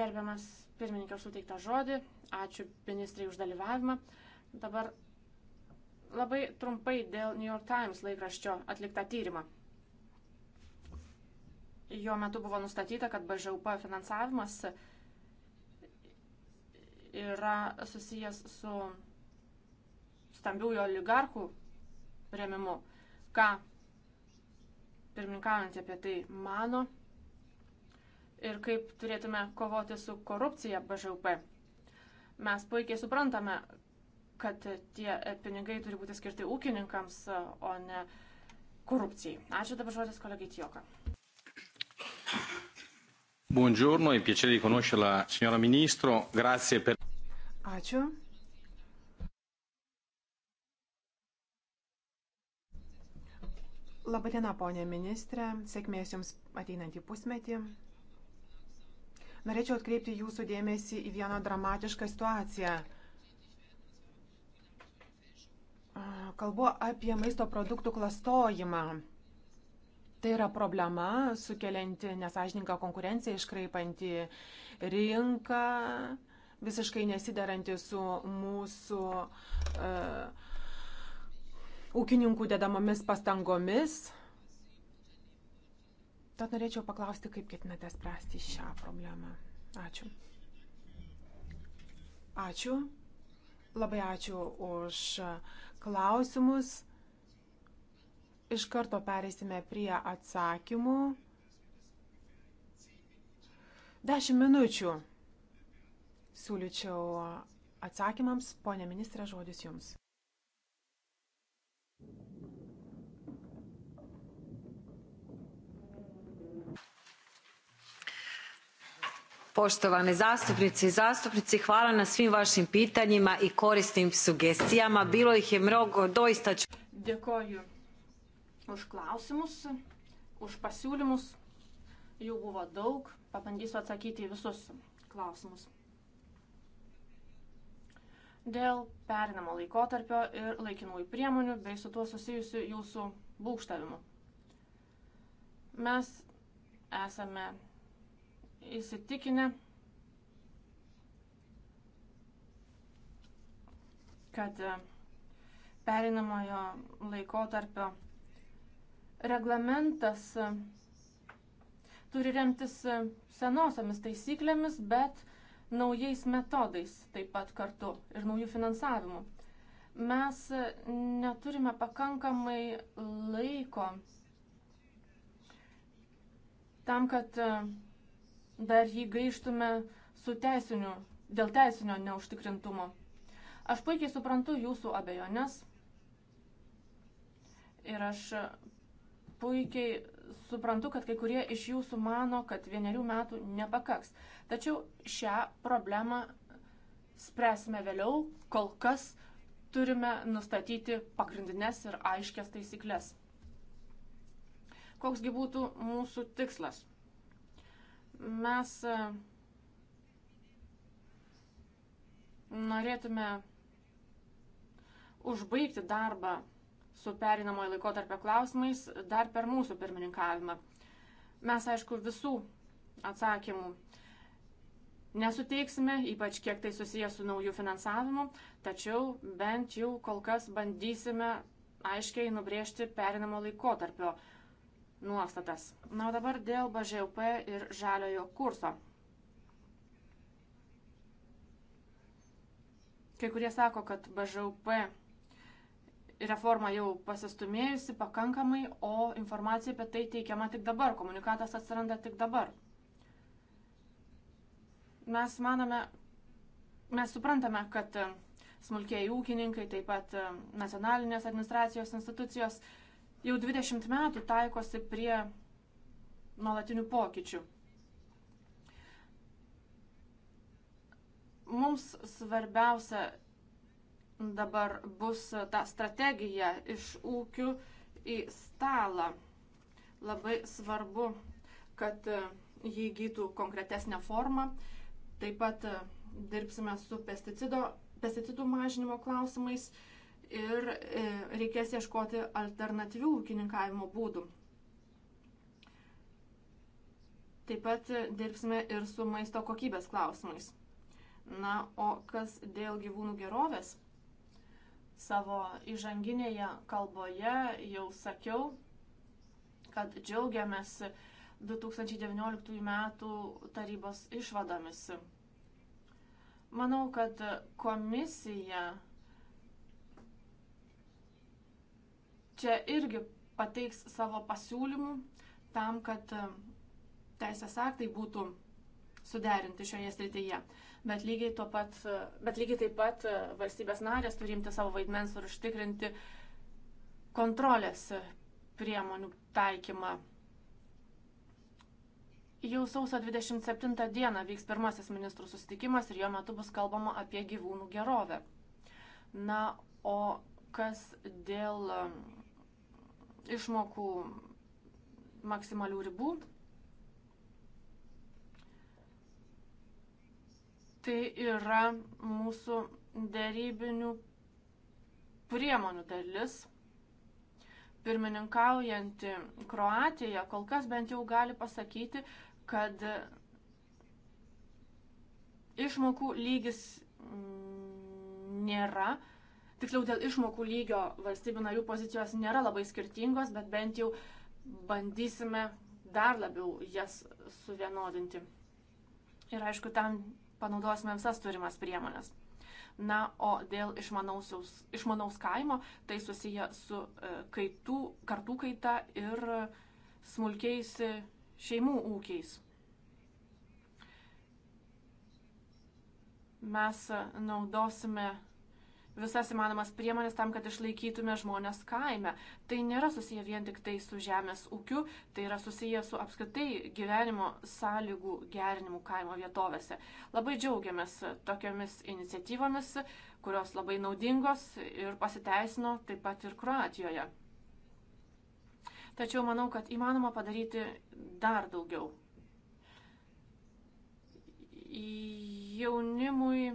S3: Gerbiamas pirmininkas suteikta žodį. Ačiū ministrai už dalyvavimą. Dabar Labai trumpai dėl New York Times laikraščio atliktą tyrimą. Jo metu buvo nustatyta, kad BŽUP finansavimas yra susijęs su stambiųjų oligarchų remimu. Ką pirmininkaujant apie tai mano ir kaip turėtume kovoti su korupcija BŽUP. Mes puikiai suprantame, kad tie e, pinigai turi būti skirti ūkininkams, e, o ne korupcijai. Ačiū dabar žodis kolegai Tijoka.
S6: Buongiorno, è piacere di conoscerla, signora Ministro. Grazie per.
S3: Ačiū.
S5: Labadiena, ponė ministrė, sėkmės Jums ateinantį pusmetį. Norėčiau atkreipti Jūsų dėmesį į vieną dramatišką situaciją. Kalbu apie maisto produktų klastojimą. Tai yra problema sukelianti nesažininką konkurenciją, iškraipanti rinką, visiškai nesideranti su mūsų uh, ūkininkų dedamomis pastangomis. Tad norėčiau paklausti, kaip ketinate spręsti šią problemą. Ačiū. Ačiū. Labai ačiū už klausimus. Iš karto pereisime prie atsakymų. Dešimt minučių siūlyčiau atsakymams. Pone ministrė, žodis jums.
S2: poštovane zastupnice i zastupnici hvala na svim vašim pitanjima i korisnim sugestijama bilo ih je mnogo doista ću
S3: dėkoju už klausimus už pasiūlymus jų buvo daug pabandysiu atsakyti į visus klausimus dėl perinamo laikotarpio ir laikinųjų priemonių bei su tuo susijusių jūsų būkštavimų mes esame įsitikinę, kad e, perinamojo laikotarpio reglamentas e, turi remtis e, senosiamis taisyklėmis, bet naujais metodais taip pat kartu ir naujų finansavimų. Mes neturime pakankamai laiko tam, kad dar jį gaištume su teisiniu, dėl teisinio neužtikrintumo. Aš puikiai suprantu jūsų abejonės ir aš puikiai suprantu, kad kai kurie iš jūsų mano, kad vienerių metų nepakaks. Tačiau šią problemą spręsime vėliau, kol kas turime nustatyti pagrindinės ir aiškias taisyklės. Koksgi būtų mūsų tikslas? Mes e, norėtume užbaigti darbą su perinamojo laikotarpio klausimais dar per mūsų pirmininkavimą. Mes, aišku, visų atsakymų nesuteiksime, ypač kiek tai susijęs su naujų finansavimu, tačiau bent jau kol kas bandysime aiškiai nubrėžti perinamo laikotarpio klausimus nuostatas. Na, o dabar dėl BŽUP ir žaliojo kurso. Kai kurie sako, kad BŽUP reforma jau pasistumėjusi pakankamai, o informacija apie tai teikiama tik dabar, komunikatas atsiranda tik dabar. Mes manome, mes suprantame, kad smulkiai ūkininkai, taip pat nacionalinės administracijos institucijos, uh, jau 20 metų taikosi prie nuolatinių pokyčių. Mums svarbiausia dabar bus ta strategija iš ūkių į stalą. Labai svarbu, kad jį gytų konkretesnę formą. Taip pat dirbsime su pesticido, pesticidų mažinimo klausimais ir e, reikės ieškoti alternatyvių ūkininkavimo būdų. Taip pat dirbsime ir su maisto kokybės klausimais. Na, o kas dėl gyvūnų gerovės? Savo įžanginėje kalboje jau sakiau, kad džiaugiamės 2019 m. tarybos išvadomis. Manau, kad komisija čia irgi pateiks savo pasiūlymų tam, kad e, teisės aktai būtų suderinti šioje srityje. Bet lygiai, pat, e, bet lygiai taip pat e, valstybės narės turi imti savo vaidmens ir užtikrinti kontrolės priemonių taikymą. Jau sausio 27 dieną vyks pirmasis ministrų susitikimas ir jo metu bus kalbama apie gyvūnų gerovę. Na, o kas dėl išmokų maksimalių ribų. Tai yra mūsų dėrybinių priemonių dalis. Pirmininkaujanti Kroatija kol kas bent jau gali pasakyti, kad išmokų lygis mm, nėra, tiksliau dėl išmokų lygio valstybių narių pozicijos nėra labai skirtingos, bet bent jau bandysime dar labiau jas suvienodinti. Ir aišku, tam panaudosime visas turimas priemonės. Na, o dėl išmanaus kaimo, tai susiję su e, kaitų, kartų kaita ir smulkiais e, šeimų ūkiais. Mes e, naudosime visas įmanomas priemonės tam, kad išlaikytume žmonės kaime. Tai nėra susiję vien tik tai su žemės ūkiu, tai yra susiję su apskritai gyvenimo sąlygų gerinimu kaimo vietovėse. Labai džiaugiamės tokiamis iniciatyvomis, kurios labai naudingos ir pasiteisino taip pat ir Kroatijoje. Tačiau manau, kad įmanoma padaryti dar daugiau. Jaunimui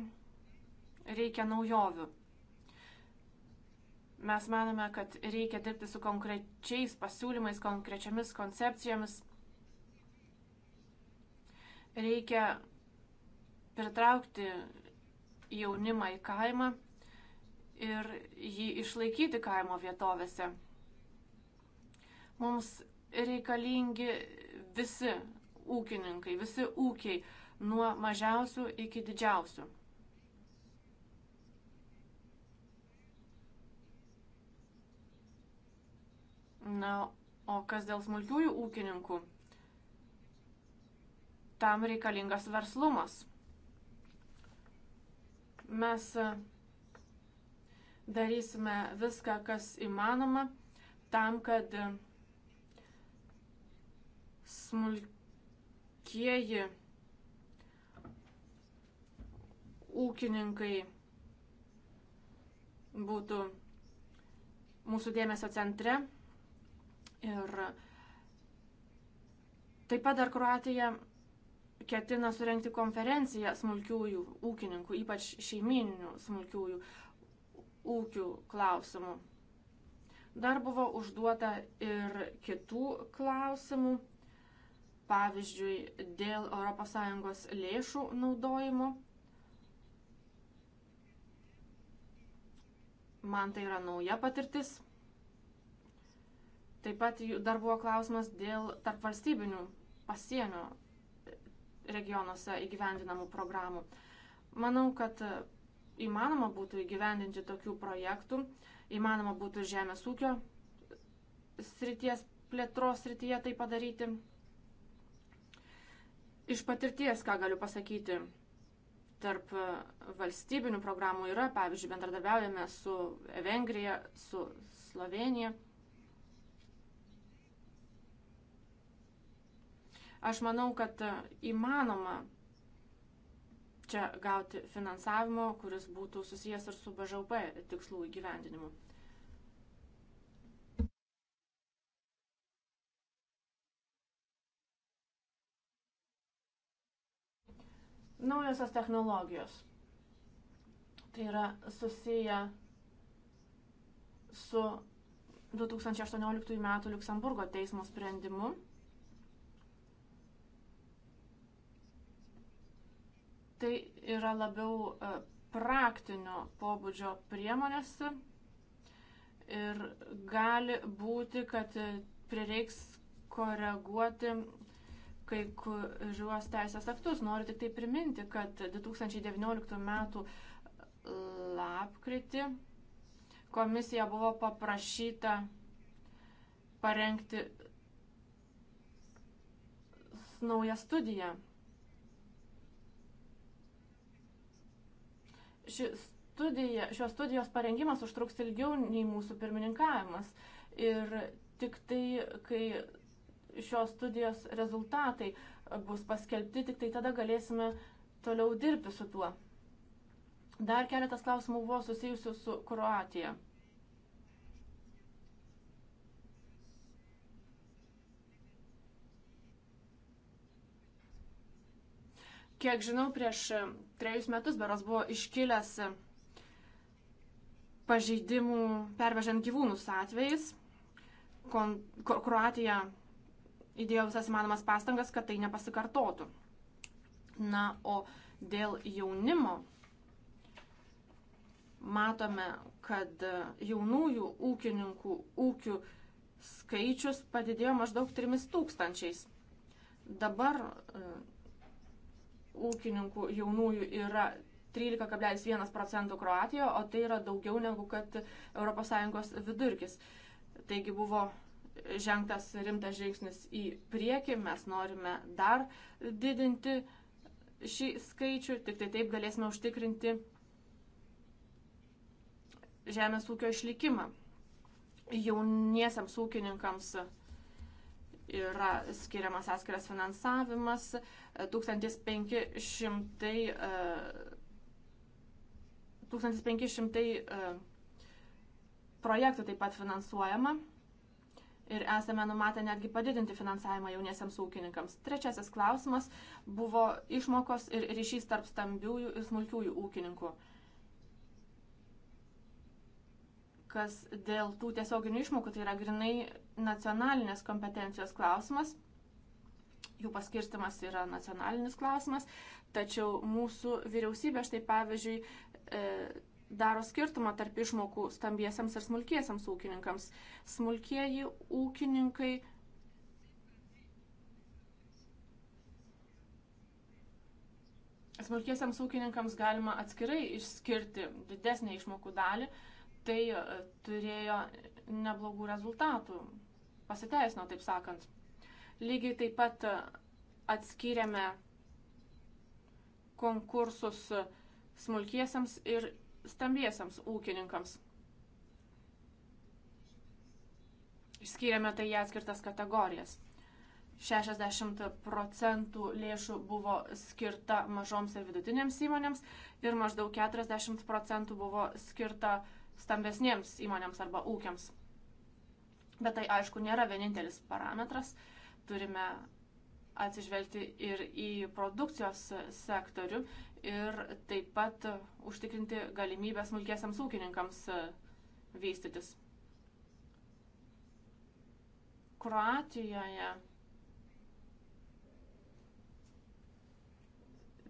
S3: reikia naujovių. Mes manome, kad reikia dirbti su konkrečiais pasiūlymais, konkrečiamis koncepcijomis. Reikia pritraukti jaunimą į kaimą ir jį išlaikyti kaimo vietovėse. Mums reikalingi visi ūkininkai, visi ūkiai, nuo mažiausių iki didžiausių. Na, o kas dėl smulkiųjų ūkininkų? Tam reikalingas verslumas. Mes e, darysime viską, kas įmanoma, tam, kad e, smulkieji ūkininkai būtų mūsų dėmesio centre. Ir taip pat dar Kroatija ketina surenkti konferenciją smulkiųjų ūkininkų, ypač šeimininių smulkiųjų ūkių klausimų. Dar buvo užduota ir kitų klausimų, pavyzdžiui, dėl ES lėšų naudojimo. Man tai yra nauja patirtis. Taip pat dar buvo klausimas dėl tarpvalstybinių pasienio regionuose įgyvendinamų programų. Manau, kad e, įmanoma būtų įgyvendinti tokių projektų, įmanoma būtų žemės ūkio srities plėtros srityje tai padaryti. Iš patirties, ką galiu pasakyti, tarp e, valstybinių programų yra, pavyzdžiui, bendradarbiaujame su Vengrija, su Slovenija. Aš manau, kad e, įmanoma čia gauti finansavimo, kuris būtų susijęs ir su BŽP tikslų įgyvendinimu. Naujosios technologijos. Tai yra susiję su 2018 m. Luksemburgo teismo sprendimu Tai yra labiau e, praktinio pobūdžio priemonės ir gali būti, kad e, prireiks koreguoti kai kuriuos teisės aktus. Noriu tik tai priminti, kad 2019 m. E, lapkritį komisija buvo paprašyta parengti naują studiją ši studija, šios studijos parengimas užtruks ilgiau nei mūsų pirmininkavimas. Ir tik tai, kai šios studijos rezultatai bus paskelbti, tik tai tada galėsime toliau dirbti su tuo. Dar keletas klausimų buvo susijusių su Kroatija. Kiek žinau, prieš trejus metus beros buvo iškilęs pažeidimų pervežant gyvūnus atvejais. Kon, ko, Kroatija įdėjo visas įmanomas pastangas, kad tai nepasikartotų. Na, o dėl jaunimo matome, kad jaunųjų ūkininkų ūkių skaičius padidėjo maždaug 3 tūkstančiais. Dabar e, ūkininkų jaunųjų yra 13,1 procentų Kroatijoje, o tai yra daugiau negu kad ES vidurkis. Taigi buvo žengtas rimtas žingsnis į priekį, mes norime dar didinti šį skaičių, tik tai taip galėsime užtikrinti žemės ūkio išlikimą. Jauniesiams ūkininkams yra skiriamas atskiras finansavimas, 1500, e, 1500 e, e, projektų taip pat finansuojama ir esame numatę netgi padidinti finansavimą jauniesiams ūkininkams. Trečiasis klausimas buvo išmokos ir ryšys tarp stambiųjų ir smulkiųjų ūkininkų. kas dėl tų tiesioginių išmokų, tai yra grinai nacionalinės kompetencijos klausimas, jų paskirstimas yra nacionalinis klausimas, tačiau mūsų vyriausybė štai pavyzdžiui e, daro skirtumą tarp išmokų stambiesiams ir smulkiesiams ūkininkams. Smulkieji ūkininkai Smulkiesiams ūkininkams galima atskirai išskirti didesnį išmokų dalį, tai e, turėjo neblogų rezultatų, pasiteisino, taip sakant. Lygiai taip pat e, atskyrėme konkursus e, smulkiesiams ir stambiesiams ūkininkams. Išskyrėme tai į atskirtas kategorijas. 60 procentų lėšų buvo skirta mažoms ir vidutinėms įmonėms ir maždaug 40 procentų buvo skirta uh, stambesniems įmonėms arba ūkiams. Bet tai aišku nėra vienintelis parametras. Turime atsižvelgti ir į produkcijos sektorių ir taip pat užtikrinti galimybę smulkiesiams ūkininkams vystytis. Kroatijoje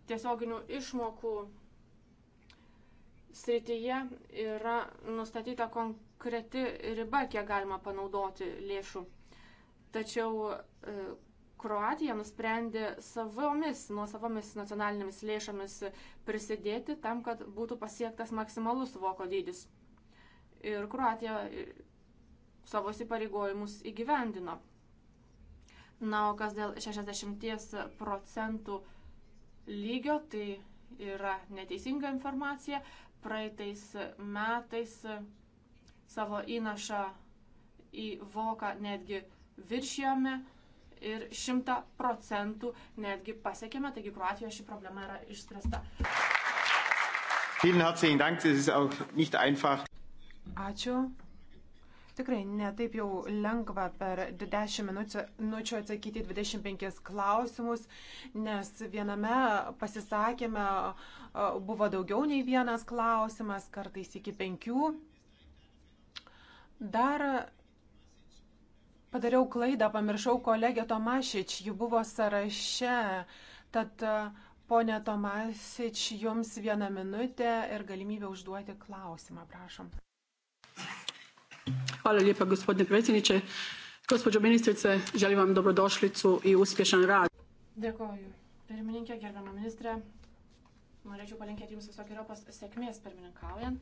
S3: tiesioginių išmokų srityje yra nustatyta konkreti riba, kiek galima panaudoti lėšų. Tačiau e, Kroatija nusprendė savomis, nuo savomis nacionalinėmis lėšomis prisidėti tam, kad būtų pasiektas maksimalus voko dydis. Ir Kroatija e, savo įpareigojimus įgyvendino. Na, o kas dėl 60 procentų lygio, tai yra neteisinga informacija praeitais metais savo įnašą į voką netgi viršijome ir 100 procentų netgi pasiekėme, taigi Kroatijoje ši problema yra išspręsta.
S5: Ačiū. Tikrai netaip jau lengva per 10 minučių atsakyti 25 klausimus, nes viename pasisakėme buvo daugiau nei vienas klausimas, kartais iki penkių. Dar padariau klaidą, pamiršau kolegę Tomašič, ji buvo sąraše, tad ponė Tomašič, jums vieną minutę ir galimybę užduoti klausimą, prašom.
S3: Hvala lijepa gospodine predsjedniče. Gospođo ministrice, želim vam dobrodošlicu i uspješan rad. Dėkoju. Pirmininkė, gerbama ministrė, norėčiau palinkėti Jums visokiojopas sėkmės pirmininkaujant.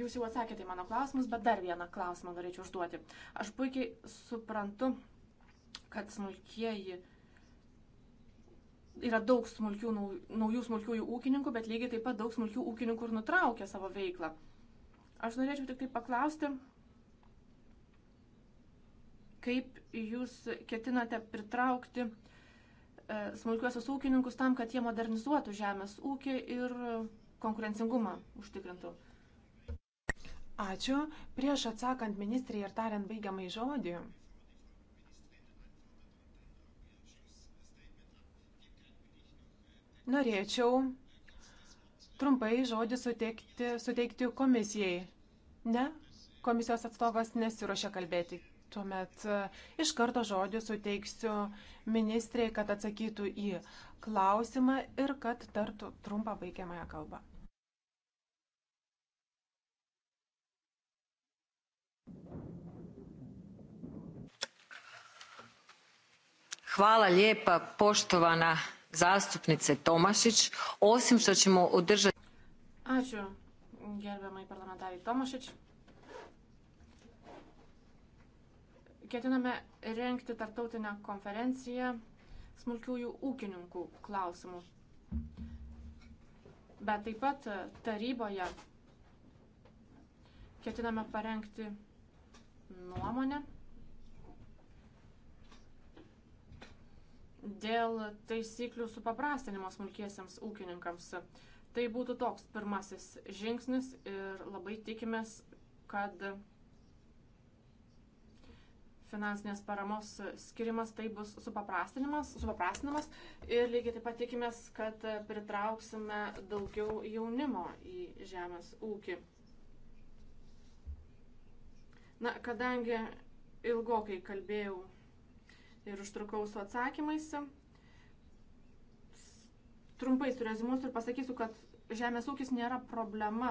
S3: Jūs jau atsakėte į mano klausimus, bet dar vieną klausimą norėčiau užduoti. Aš puikiai suprantu, kad smulkieji yra daug smulkių, naujų smulkiųjų ūkininkų, bet lygiai taip pat daug smulkių ūkininkų ir nutraukia savo veiklą. Aš norėčiau tik tai paklausti, kaip jūs ketinate pritraukti e, smulkiuosius ūkininkus tam, kad jie modernizuotų žemės ūkį ir konkurencingumą užtikrintų. Ačiū. Prieš atsakant ministrį ir tariant baigiamai
S5: žodį. Norėčiau trumpai žodį suteikti, suteikti komisijai. Ne, komisijos atstovas nesiuošia kalbėti. Tuomet e, iš karto žodį suteiksiu ministrei, kad atsakytų į klausimą ir kad tartų trumpą baigiamąją kalbą.
S2: Hvala lijepa poštovana zastupnice Tomašić, osim što ćemo održati...
S3: Ačiū, gerbiamai parlamentariai Tomašič. Ketiname renkti tarptautinę konferenciją smulkiųjų ūkininkų klausimų. Bet taip pat taryboje ketiname parengti nuomonę dėl taisyklių supaprastinimo smulkiesiems ūkininkams. Tai būtų toks pirmasis žingsnis ir labai tikimės, kad finansinės paramos skirimas tai bus supaprastinimas, supaprastinimas ir lygiai taip pat tikimės, kad pritrauksime daugiau jaunimo į žemės ūkį. Na, kadangi ilgokai kalbėjau ir užtrukau su atsakymais. Trumpai surezimuosiu ir pasakysiu, kad žemės ūkis nėra problema.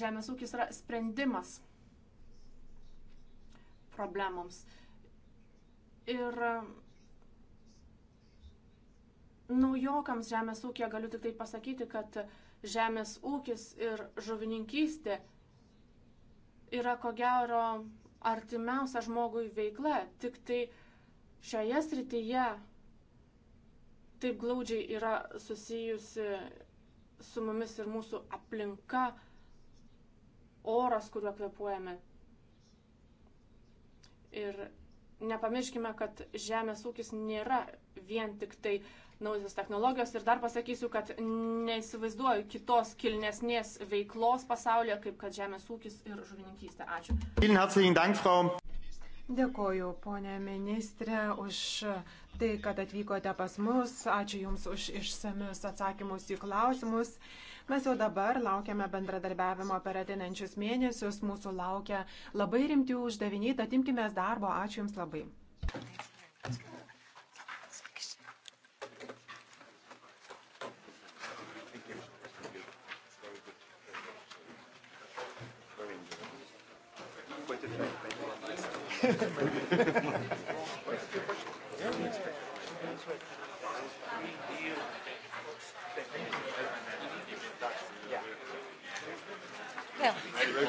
S3: Žemės ūkis yra sprendimas problemoms. Ir naujokams žemės ūkija galiu tik tai pasakyti, kad žemės ūkis ir žuvininkystė yra ko gero artimiausia žmogui veikla, tik tai šioje srityje taip glaudžiai yra susijusi su mumis ir mūsų aplinka, oras, kuriuo kvepuojame. Ir nepamirškime, kad žemės ūkis nėra vien tik tai naujos technologijos ir dar pasakysiu, kad neįsivaizduoju kitos kilnesnės veiklos pasaulyje, kaip kad žemės ūkis ir žuvininkystė.
S6: Ačiū.
S3: Dėkoju, ponė ministrė, už tai, kad atvykote
S5: pas mus. Ačiū Jums už išsamius atsakymus į klausimus. Mes jau dabar laukiame bendradarbiavimo per atinančius mėnesius, mūsų laukia labai rimti uždaviniai, tad imkime darbo. Ačiū Jums labai.
S6: Thank you.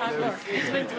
S6: hard work. It's been too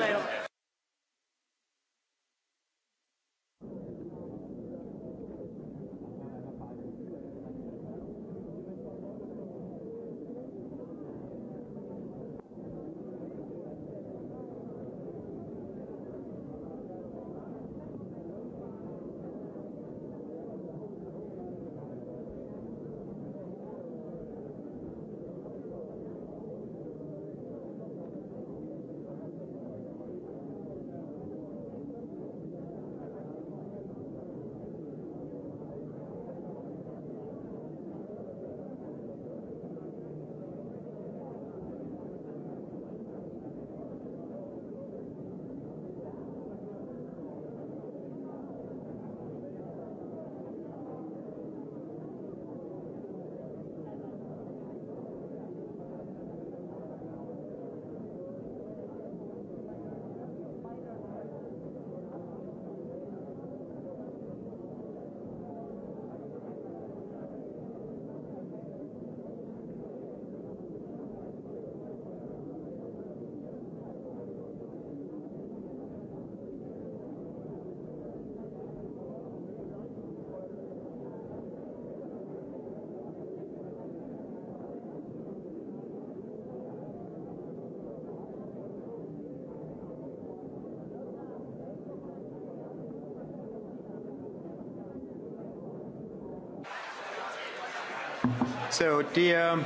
S4: So, dear,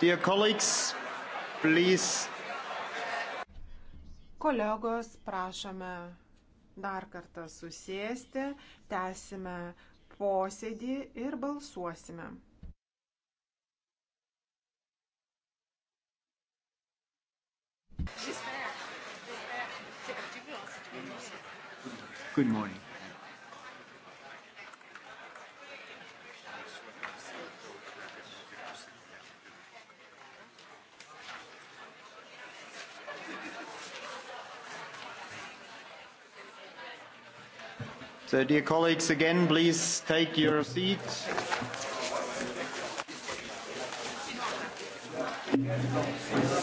S4: dear colleagues, please.
S5: Kolegos, prašome dar kartą susėsti, tęsime posėdį ir balsuosime.
S6: Good morning.
S4: So, dear colleagues, again, please take your seats. Yes.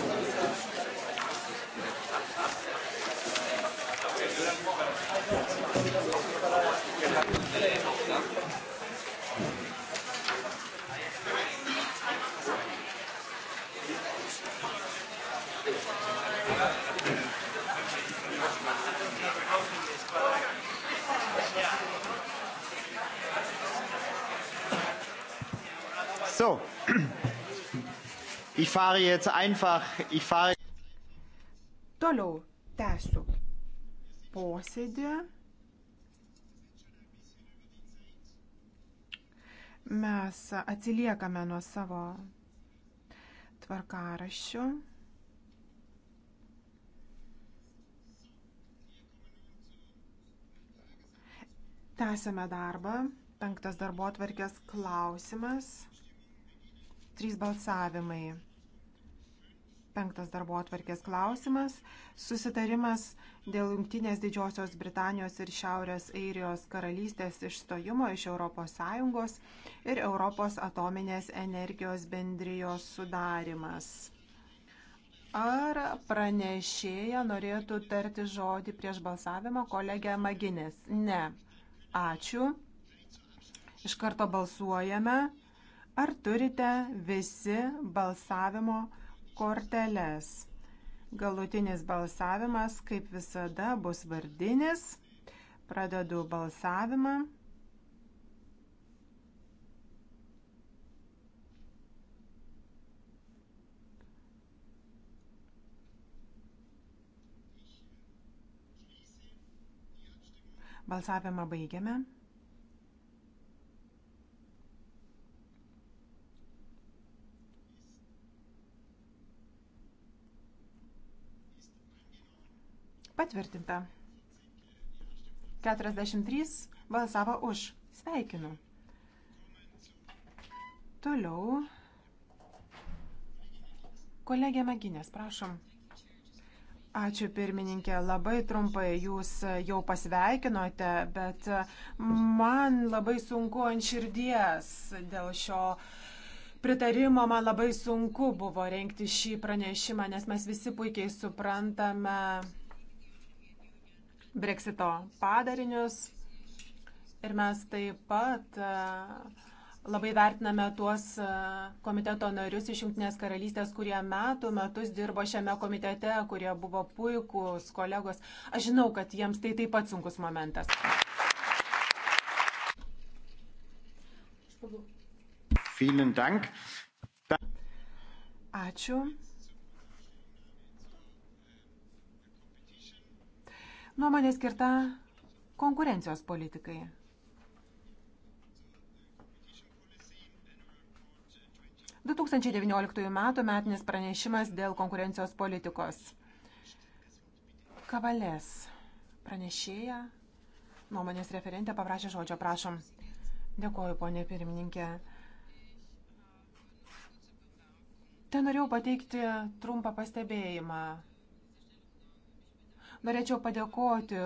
S4: Ich fahre jetzt einfach, ich fahre.
S5: Toliau tęsiu posėdį. Mes atsiliekame nuo savo tvarkaraščių. Tęsime darbą. Penktas darbo atvarkės klausimas. Trys balsavimai. Penktas darbo atvarkės klausimas - susitarimas dėl Junktinės Didžiosios Britanijos ir Šiaurės Airijos karalystės išstojimo iš ES ir Europos atominės energijos bendrijos sudarimas. Ar pranešėja norėtų tarti žodį prieš balsavimą kolegė Maginis? Ne. Ačiū. Iš karto balsuojame. Ar turite visi balsavimo? korteles. Galutinis balsavimas, kaip visada, bus vardinis. Pradedu balsavimą. Balsavimą baigiame. Patvirtinta. 43 balsavo už. Sveikinu. Toliau. Kolegė Maginės, prašom. Ačiū pirmininkė, labai trumpai jūs jau pasveikinote, bet man labai sunku ant širdies dėl šio pritarimo, man labai sunku buvo renkti šį pranešimą, nes mes visi puikiai suprantame breksito padarinius. Ir mes taip pat e, labai vertiname tuos e, komiteto narius iš Junktinės karalystės, kurie metų metus dirbo šiame komitete, kurie buvo puikūs kolegos. Aš žinau, kad jiems tai taip pat sunkus momentas. Ačiū. Nuomonė skirta konkurencijos politikai. Du 2019 metų metinis pranešimas dėl konkurencijos politikos. Kavalės pranešėja, nuomonės referentė paprašė žodžio, prašom. Dėkuoju, ponė pirmininkė. Ten norėjau pateikti trumpą pastebėjimą. Norėčiau padėkoti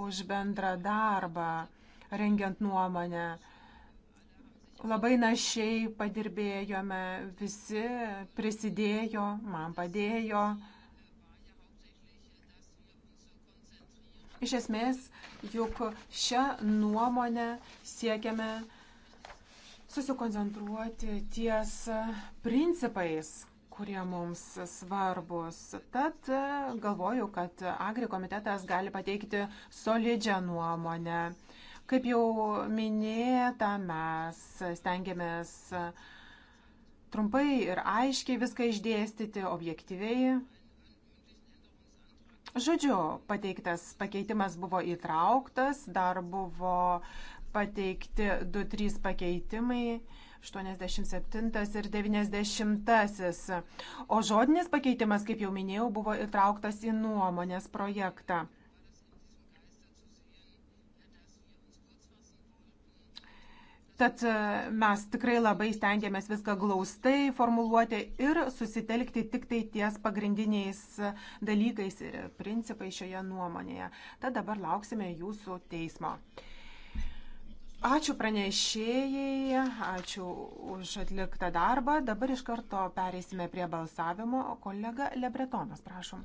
S5: už bendrą darbą, rengiant nuomonę. Labai našiai padirbėjome, visi prisidėjo, man padėjo. Iš esmės, juk šią nuomonę siekiame susikoncentruoti ties principais, kurie mums svarbus. Tad e, galvoju, kad Agri komitetas gali pateikti solidžią nuomonę. Kaip jau minėta, mes stengiamės trumpai ir aiškiai viską išdėstyti, objektyviai. Žodžiu, pateiktas pakeitimas buvo įtrauktas, dar buvo pateikti 2-3 pakeitimai. 87 ir 90. O žodinis pakeitimas, kaip jau minėjau, buvo įtrauktas į nuomonės projektą. Tad e, mes tikrai labai stengiamės viską glaustai formuluoti ir susitelkti tik tai ties pagrindiniais dalykais ir principais šioje nuomonėje. Tad dabar lauksime jūsų teismo. Ačiū pranešėjai, ačiū už atliktą darbą. Dabar iš karto pereisime prie balsavimo. Kolega Lebretonas, prašom.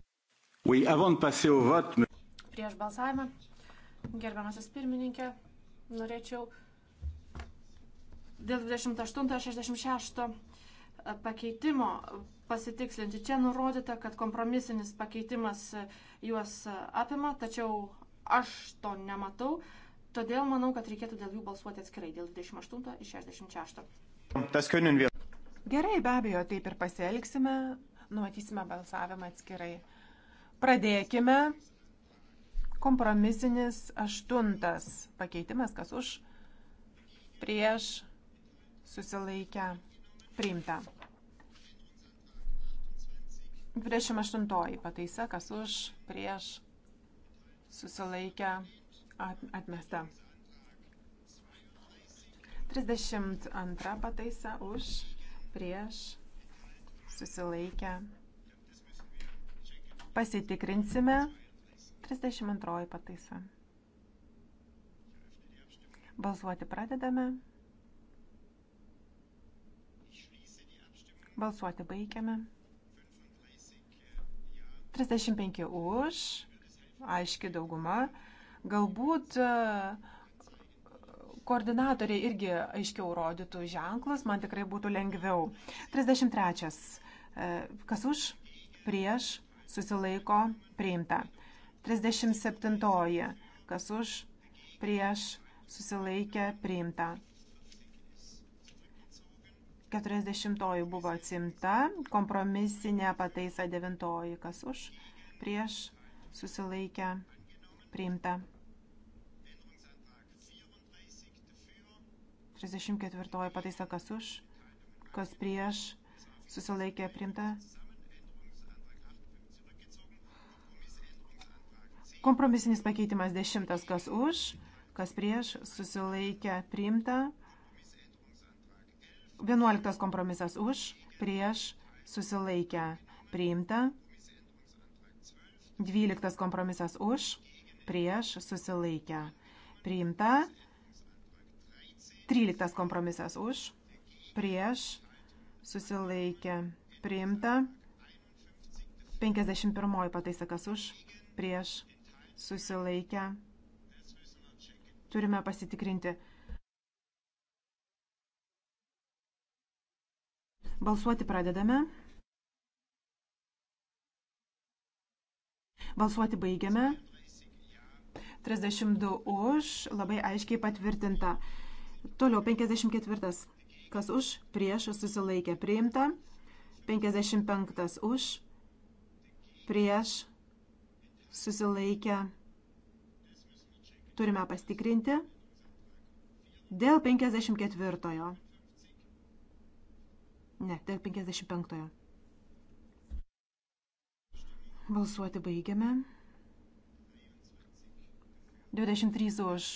S6: Oui, vote...
S3: Prieš balsavimą, gerbiamasis pirmininkė, norėčiau dėl 28-66 e, pakeitimo pasitikslinti. Čia nurodyta, kad kompromisinis pakeitimas e, juos e, apima, tačiau aš to nematau. Todėl manau, kad reikėtų dėl jų balsuoti atskirai, dėl 28 ir 66. Gerai, be abejo, taip ir pasielgsime,
S5: numatysime balsavimą atskirai. Pradėkime. Kompromisinis aštuntas pakeitimas, kas už, prieš, susilaikę, priimta. 28 pataisa, kas už, prieš, susilaikę, priimta Atmesta. 32 pataisa už, prieš, susilaikę. Pasitikrinsime. 32 pataisa. Balsuoti pradedame. Balsuoti baigiame. 35 už, aiški dauguma. Galbūt e, koordinatoriai irgi aiškiau rodytų ženklus, man tikrai būtų lengviau. 33. E, kas už, prieš, susilaiko, priimta. 37. Kas už, prieš, susilaikė, priimta. 40. buvo atsimta, kompromisinė pataisa 9. Kas už, prieš, susilaikė, priimta. 34 pataisa kas už, kas prieš, susilaikė priimta. Kompromisinis pakeitimas 10 kas už, kas prieš, susilaikė priimta. 11 kompromisas už, prieš, susilaikė priimta. 12 kompromisas už, prieš, susilaikė priimta. 13 kompromisas už, prieš, susilaikė, priimta. 51 pataisa kas už, prieš, susilaikę. Turime pasitikrinti. Balsuoti pradedame. Balsuoti baigiame. 32 už, labai aiškiai patvirtinta. Toliau 54. Kas už, prieš, susilaikė priimta. 55. Už, prieš, susilaikė. Turime pastikrinti. Dėl 54. Ne, dėl 55. Balsuoti baigiame. 23 už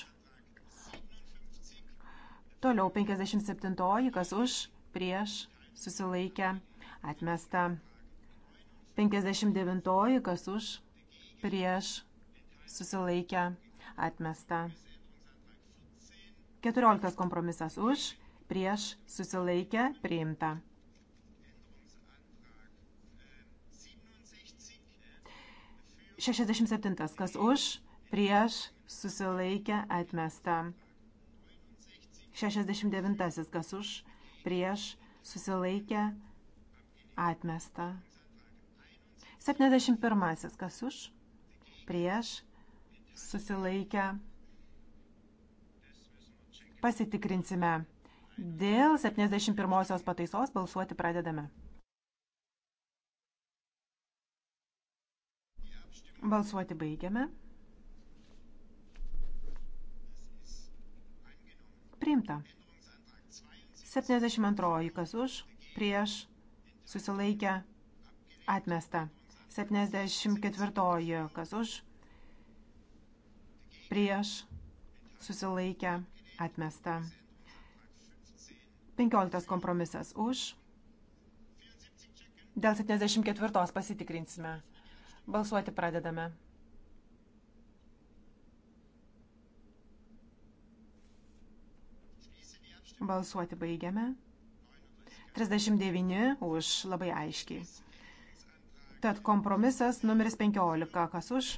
S5: Toliau 57, kas už, prieš, susilaikę, atmesta. 59, kas už, prieš, susilaikę, atmesta. 14 kompromisas už, prieš, susilaikę, priimta. 67, kas už, prieš, susilaikę, atmesta. 69. Kas už, prieš, susilaikę, atmesta. 71. Kas už, prieš, susilaikę. Pasitikrinsime. Dėl 71 pataisos balsuoti pradedame. Balsuoti baigiame. Priimta. 72. Kas už? Prieš. Susilaikę. Atmesta. 74. Kas už? Prieš. Susilaikę. Atmesta. 15. Kompromisas už. Dėl 74. pasitikrinsime. Balsuoti pradedame. Balsuoti baigiame. 39 už labai aiškiai. Tad kompromisas numeris 15. Kas už?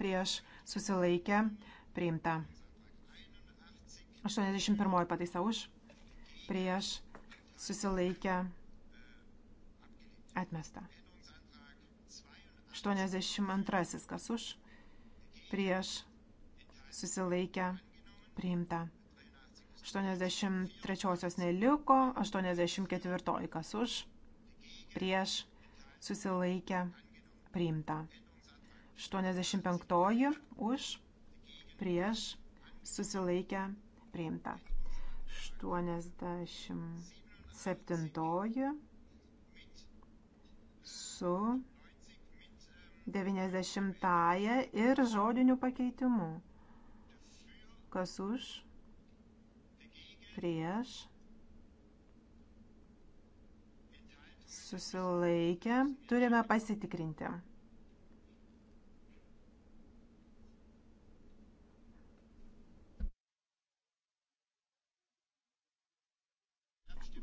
S5: Prieš susilaikę priimta. 81 pataisa už. Prieš susilaikę atmesta. 82 kas už. Prieš susilaikę priimta. 83 neliko, 84 kas už, prieš, susilaikę, priimta. 85 už, prieš, susilaikę, priimta. 87 su 90 ir žodiniu pakeitimu. Kas už? prieš, susilaikę, turime pasitikrinti.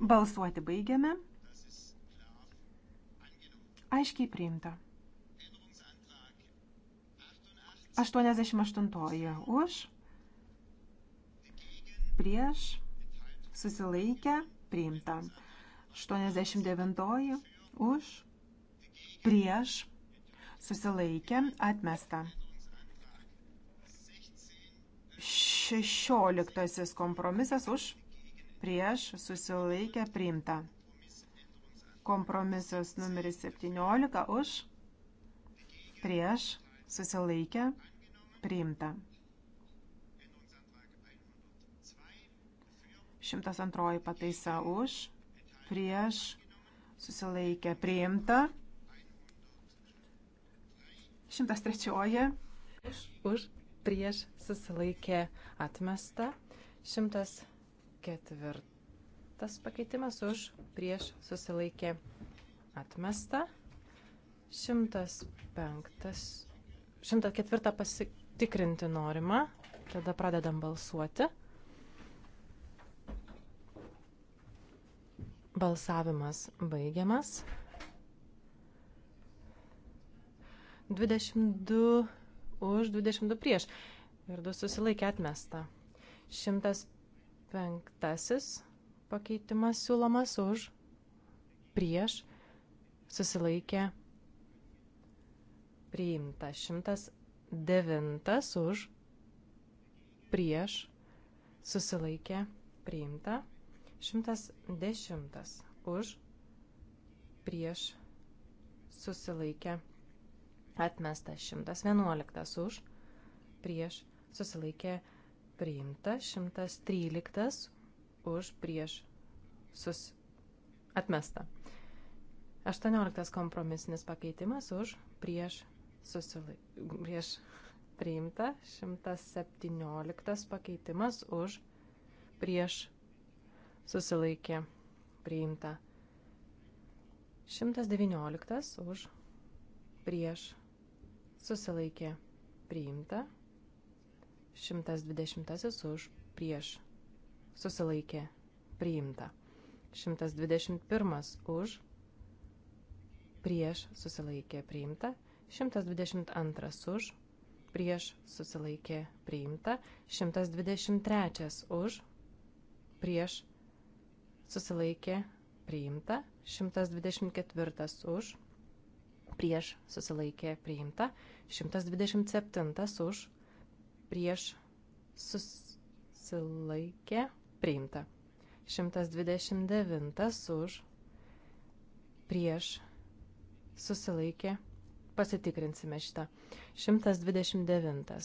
S5: Balsuoti baigiame. Aiškiai priimta. 88 už, prieš, susilaikę, priimta. 89 už, prieš, susilaikę, atmesta. 16 kompromisas už, prieš, susilaikę, priimta. Kompromisas numeris 17 už, prieš, susilaikę, priimta. 102 pataisa už, prieš, susilaikę priimta. 103
S1: už, prieš, susilaikė atmesta. 104 pakeitimas už, prieš, susilaikė atmesta. 105, 104 pasitikrinti norima. Tada pradedam balsuoti. Balsavimas baigiamas. 22 už, 22 prieš. Ir du susilaikė atmesta. 105 pakeitimas siūlomas už, prieš, susilaikė priimta. 109 už, prieš, susilaikė priimta. 110 už, prieš, susilaikę, atmesta. 111 už, prieš, susilaikė, priimta. 113 už, prieš, sus, atmesta. 18 kompromisinis pakeitimas už, prieš, susilai, prieš, priimta. 117 pakeitimas už, prieš, susilaikę susilaikė priimta. 119 už prieš susilaikė priimta. 120 už prieš susilaikė priimta. 121 už prieš susilaikė priimta. 122 už prieš susilaikė priimta. 123 už prieš susilaikė priimta, 124 už, prieš susilaikė priimta, 127 už, prieš susilaikė priimta, 129 už, prieš susilaikė, pasitikrinsime šitą, 129.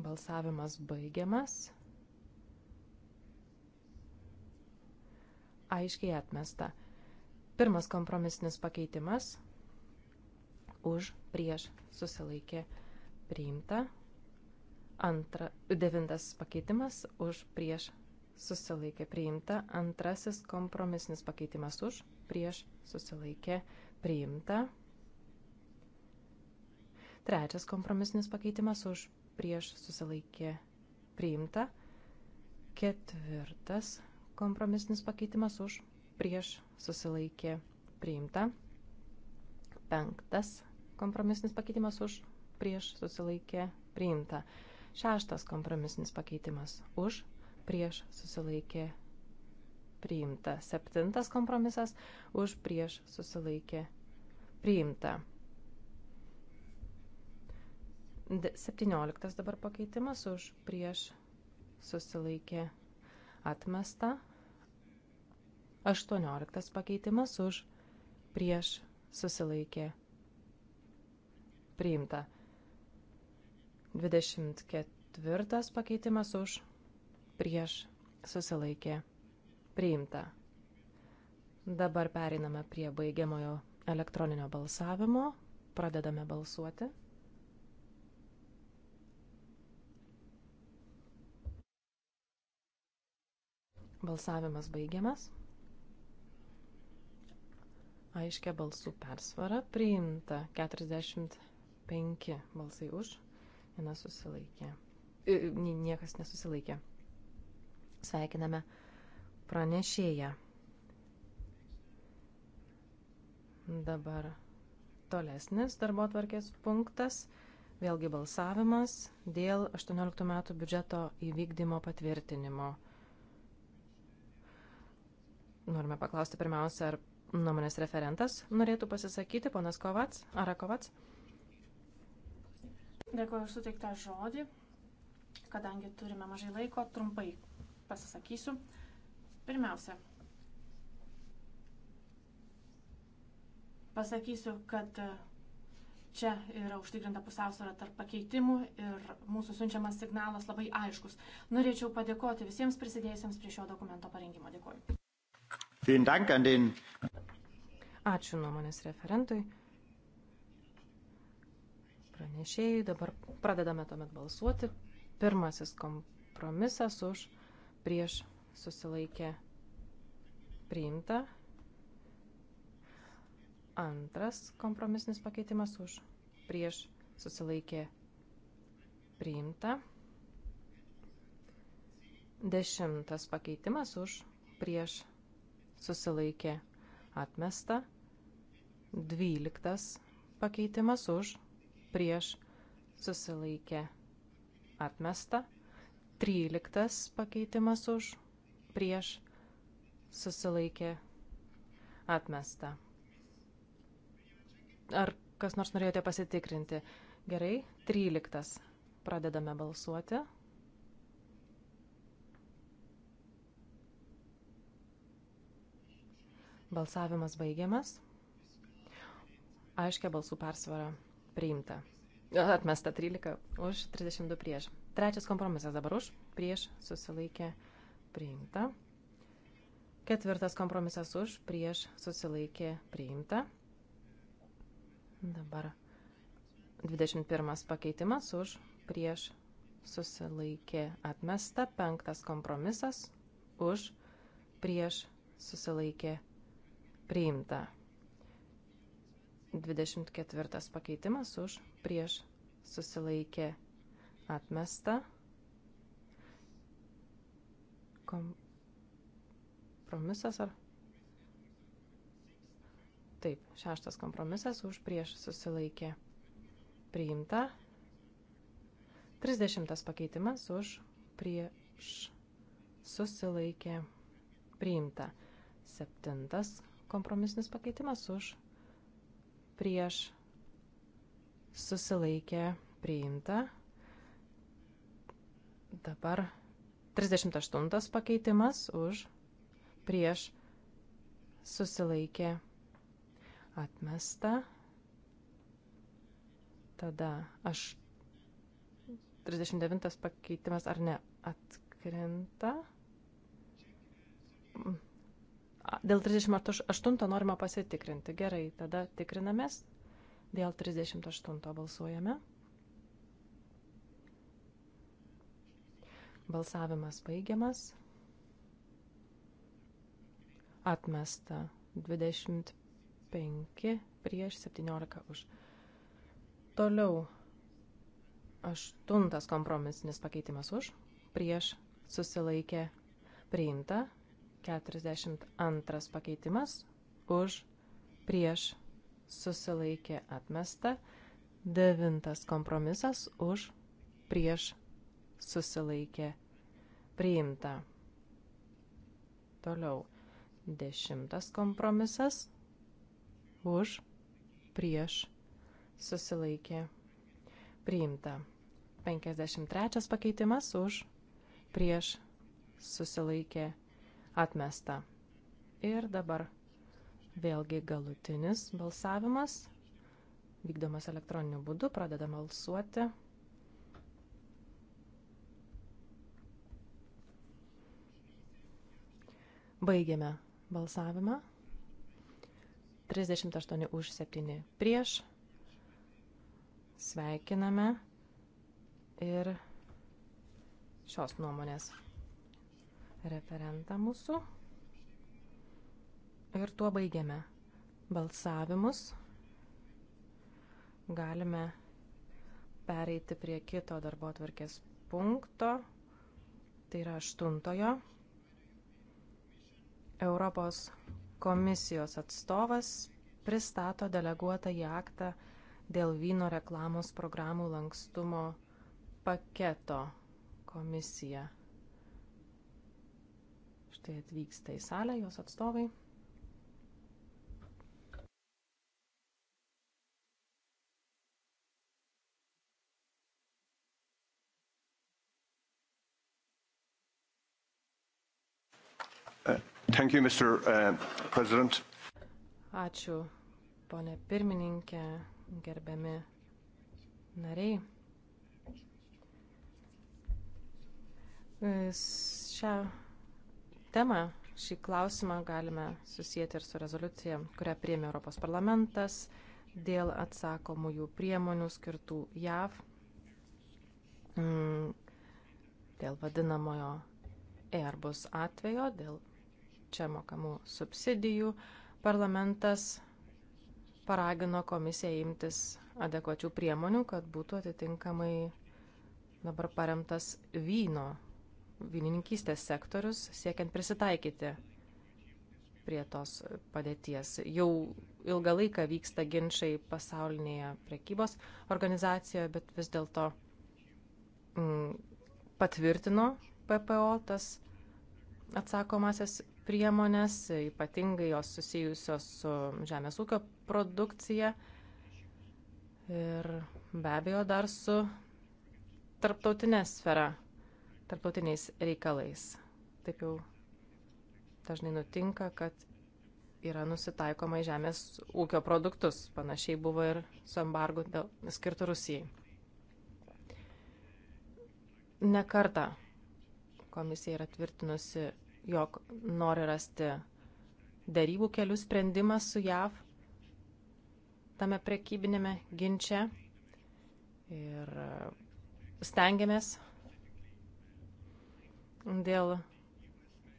S1: Balsavimas baigiamas. Aiškiai atmesta. Pirmas kompromisinis pakeitimas. Už, prieš, susilaikė, priimta. Antra, devintas pakeitimas. Už, prieš, susilaikė, priimta. Antrasis kompromisinis pakeitimas. Už, prieš, susilaikė, priimta. Trečias kompromisinis pakeitimas. Už, prieš susilaikė priimta. Ketvirtas kompromisinis pakeitimas už prieš susilaikė priimta. Penktas kompromisinis pakeitimas už prieš susilaikė priimta. Šeštas kompromisinis pakeitimas už prieš susilaikė priimta. Septintas kompromisas už prieš susilaikė priimta. 17 dabar pakeitimas už prieš susilaikė atmesta. 18 pakeitimas už prieš susilaikė priimta. 24 pakeitimas už prieš susilaikė priimta. Dabar periname prie baigiamojo elektroninio balsavimo. Pradedame balsuoti. Balsavimas baigiamas. Aiškia balsų persvara priimta 45 balsai už, viena susilaikė. E, niekas nesusilaikė. Sveikiname pranešėją. Dabar tolesnis darbo atvarkės punktas vėlgi balsavimas dėl 18 metų biudžeto įvykdymo patvirtinimo. Norime paklausti pirmiausia, ar nuomonės referentas norėtų pasisakyti, ponas Kovats, Arakovats.
S3: Dėkuoju už suteiktą žodį. Kadangi turime mažai laiko, trumpai pasisakysiu. Pirmiausia, pasakysiu, kad čia yra užtikrinta pusiausvara tarp pakeitimų ir mūsų siunčiamas signalas labai aiškus. Norėčiau padėkoti visiems prisidėjusiems prie šio dokumento parengimo. Dėkuoju.
S1: Ačiū nuomonės referentui. Pranešėjai, dabar pradedame tuomet balsuoti. Pirmasis kompromisas už prieš susilaikė priimta. Antras kompromisinis pakeitimas už prieš susilaikė priimta. Dešimtas pakeitimas už prieš susilaikė atmesta. Dvyliktas pakeitimas už, prieš susilaikė atmesta. Tryliktas pakeitimas už, prieš susilaikė atmesta. Ar kas nors norėjote pasitikrinti? Gerai, tryliktas. Pradedame balsuoti. Balsavimas baigiamas. Aiškia balsų persvara priimta. Atmesta 13 už, 32 prieš. Trečias kompromisas dabar už, prieš susilaikė priimta. Ketvirtas kompromisas už, prieš susilaikė priimta. Dabar 21 pakeitimas už, prieš susilaikė atmesta. Penktas kompromisas už, prieš susilaikė priimta priimta. 24 pakeitimas už prieš susilaikė atmesta. Kompromisas ar? Taip, šeštas kompromisas už prieš susilaikė priimta. 30 pakeitimas už prieš susilaikė priimta. Septintas Kompromisinis pakeitimas už, prieš, susilaikė, priimta. Dabar 38 pakeitimas už, prieš, susilaikė, atmesta. Tada aš 39 pakeitimas ar ne atkrenta. Mm Dėl 38 norima pasitikrinti. Gerai, tada tikrinamės. Dėl 38 balsuojame. Balsavimas baigiamas. Atmesta 25 prieš 17 už. Toliau aštuntas kompromisinis pakeitimas už, prieš susilaikė priimta 42 pakeitimas už prieš susilaikė atmesta. Devintas kompromisas už prieš susilaikė priimta. Toliau. Dešimtas kompromisas už prieš susilaikė priimta. 53 pakeitimas už prieš susilaikė atmesta. Ir dabar vėlgi galutinis balsavimas, vykdomas elektroniniu būdu, pradedame balsuoti. Baigiame balsavimą. 38 už 7 prieš. Sveikiname ir šios nuomonės referentą mūsų. Ir tuo baigiame balsavimus. Galime pereiti prie kito darbo atvarkės punkto, tai yra aštuntojo. Europos komisijos atstovas pristato deleguotą į aktą dėl vyno reklamos programų lankstumo paketo komisija. Štai atvyksta į salę jos atstovai. Uh, thank you, Mr. Uh, President. Ačiū, ponė pirmininkė, gerbiami nariai. Šią temą, šį klausimą galime susijęti ir su rezoliucija, kurią priėmė Europos parlamentas dėl atsakomųjų priemonių skirtų JAV, mm, dėl vadinamojo Airbus atvejo, dėl čia mokamų subsidijų. Parlamentas paragino komisiją imtis adekvačių priemonių, kad būtų atitinkamai dabar paremtas vyno vynininkystės sektorius, siekiant prisitaikyti prie tos padėties. Jau ilgą laiką vyksta ginčiai pasaulinėje prekybos organizacijoje, bet vis dėlto mm, patvirtino PPO tas atsakomasias priemonės, ypatingai jos susijusios su žemės ūkio produkcija ir be abejo dar su tarptautinė sfera tarptautiniais reikalais. Taip jau dažnai nutinka, kad yra nusitaikoma į žemės ūkio produktus. Panašiai buvo ir su embargu skirtu Rusijai. Nekarta komisija yra tvirtinusi, jog nori rasti darybų kelių sprendimą su JAV tame prekybinėme ginče. Ir e, stengiamės dėl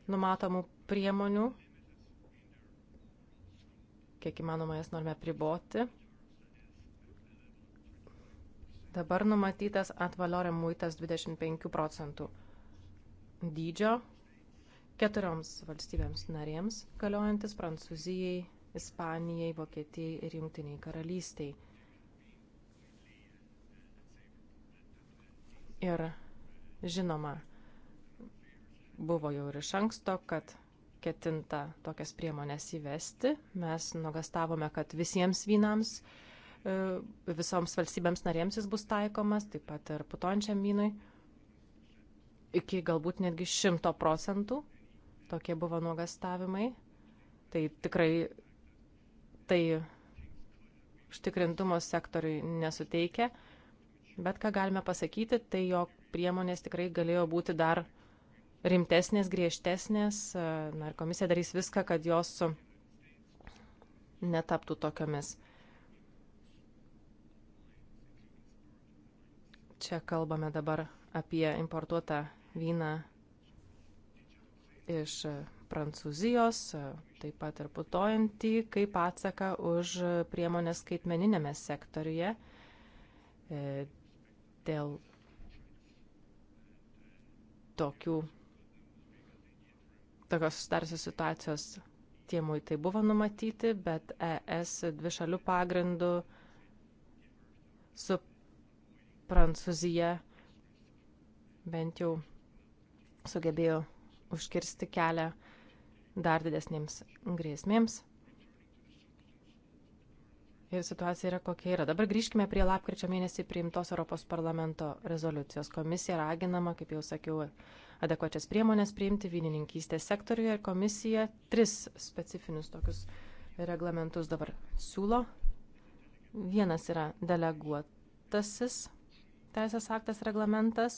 S1: numatomų priemonių, kiek įmanoma jas norime priboti. Dabar numatytas atvalorė muitas 25 procentų dydžio keturioms valstybėms narėms, galiojantis Prancūzijai, Ispanijai, Vokietijai ir Jungtiniai karalystiai. Ir žinoma, buvo jau ir iš anksto, kad ketinta tokias priemonės įvesti. Mes nuogastavome, kad visiems vynams, e, visoms valstybėms narėms jis bus taikomas, taip pat ir putončiam vynui, iki galbūt netgi šimto procentų. Tokie buvo nuogastavimai. Tai tikrai tai užtikrintumo sektoriui nesuteikia. Bet ką galime pasakyti, tai jog priemonės tikrai galėjo būti dar uh, rimtesnės, griežtesnės. E, na ir komisija darys viską, kad jos netaptų tokiamis. Čia kalbame dabar apie importuotą vyną iš e, Prancūzijos, e, taip pat ir putojantį, kaip atsaką už priemonės skaitmeninėme sektoriuje dėl tokių tokios susidariusios situacijos tie muitai buvo numatyti, bet ES dvi šalių pagrindų su Prancūzija bent jau sugebėjo užkirsti kelią dar didesnėms grėsmėms. Ir situacija yra kokia yra. Dabar grįžkime prie lapkričio mėnesį priimtos Europos parlamento rezoliucijos. Komisija raginama, kaip jau sakiau, adekvačias priemonės priimti vynininkystės sektoriuje ir komisija tris specifinius tokius reglamentus dabar siūlo. Vienas yra deleguotasis teisės aktas reglamentas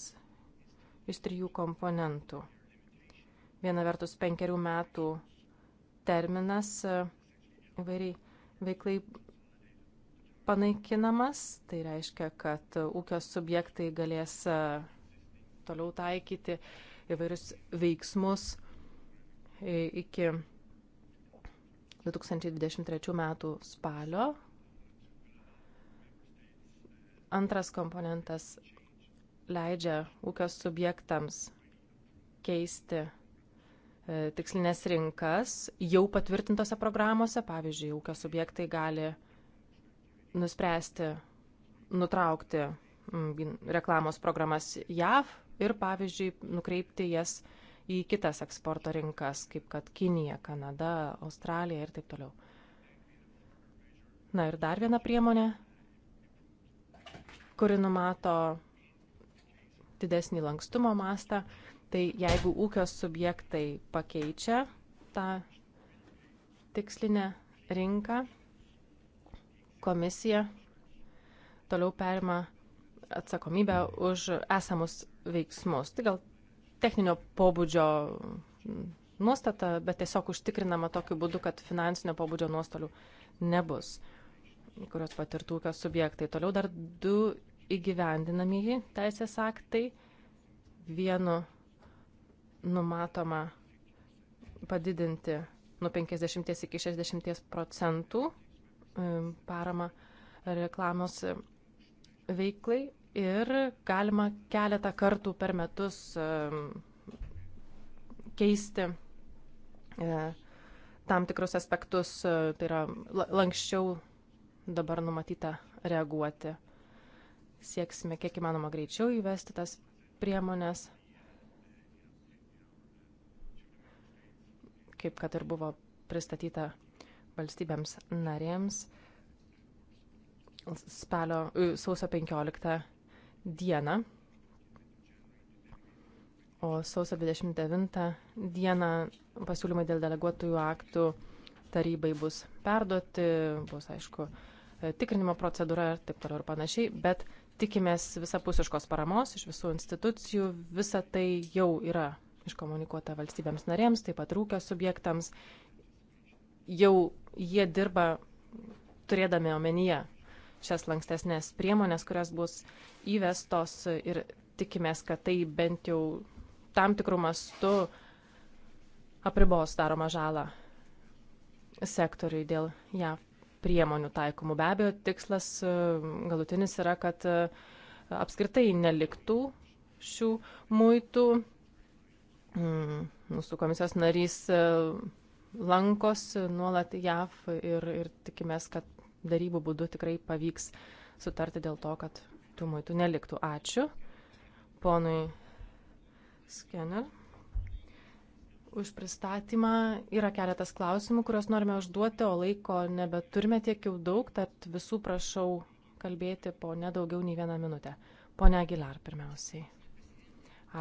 S1: iš trijų komponentų. Viena vertus penkerių metų terminas e, įvairiai veiklai panaikinamas, tai reiškia, kad ūkio subjektai galės e, toliau taikyti uh, įvairius veiksmus e, iki 2023 metų spalio. Antras komponentas leidžia ūkio subjektams keisti e, tikslinės rinkas jau patvirtintose programuose. Pavyzdžiui, ūkio subjektai gali nuspręsti nutraukti reklamos programas JAV ir, pavyzdžiui, nukreipti jas į kitas eksporto rinkas, kaip kad Kinija, Kanada, Australija ir taip toliau. Na ir dar viena priemonė, kuri numato didesnį lankstumo mastą, tai jeigu ūkio subjektai pakeičia tą tikslinę rinką, komisija toliau perima atsakomybę už esamus veiksmus. Tai gal techninio pobūdžio nuostata, bet tiesiog užtikrinama tokiu būdu, kad finansinio pobūdžio nuostolių nebus, kurios patirtų ūkio subjektai. Toliau dar du įgyvendinamieji teisės aktai. Vienu numatoma padidinti nuo 50 iki 60 procentų e, paramą reklamos veiklai ir galima keletą kartų per metus keisti e, tam tikrus aspektus, e, tai yra lankščiau dabar numatyta reaguoti. Sieksime kiek įmanoma greičiau įvesti tas priemonės, kaip kad ir buvo pristatyta valstybėms narėms spalio, e, sausio 15 dieną, o sausio 29 dieną pasiūlymai dėl deleguotųjų aktų tarybai bus perduoti, bus aišku e, tikrinimo procedūra ir taip toliau ir panašiai, bet tikimės visapusiškos paramos iš visų institucijų, visa tai jau yra iškomunikuota valstybėms narėms, taip pat rūkio subjektams, jau jie dirba turėdami omenyje šias lankstesnės priemonės, kurios bus įvestos ir tikimės, kad tai bent jau tam tikrų mastų apribos daromą žalą sektoriui dėl JAV priemonių taikomų. Be abejo, tikslas e, galutinis yra, kad e, apskritai neliktų šių muitų. Mm, mūsų komisijos narys e, lankosi nuolat JAV ir, ir tikimės, kad darybų būdu tikrai pavyks sutarti dėl to, kad tų muitų neliktų. Ačiū ponui Skener už pristatymą. Yra keletas klausimų, kuriuos norime užduoti, o laiko nebeturime tiek jau daug, tad visų prašau kalbėti po nedaugiau nei vieną minutę. Pone Agilar pirmiausiai.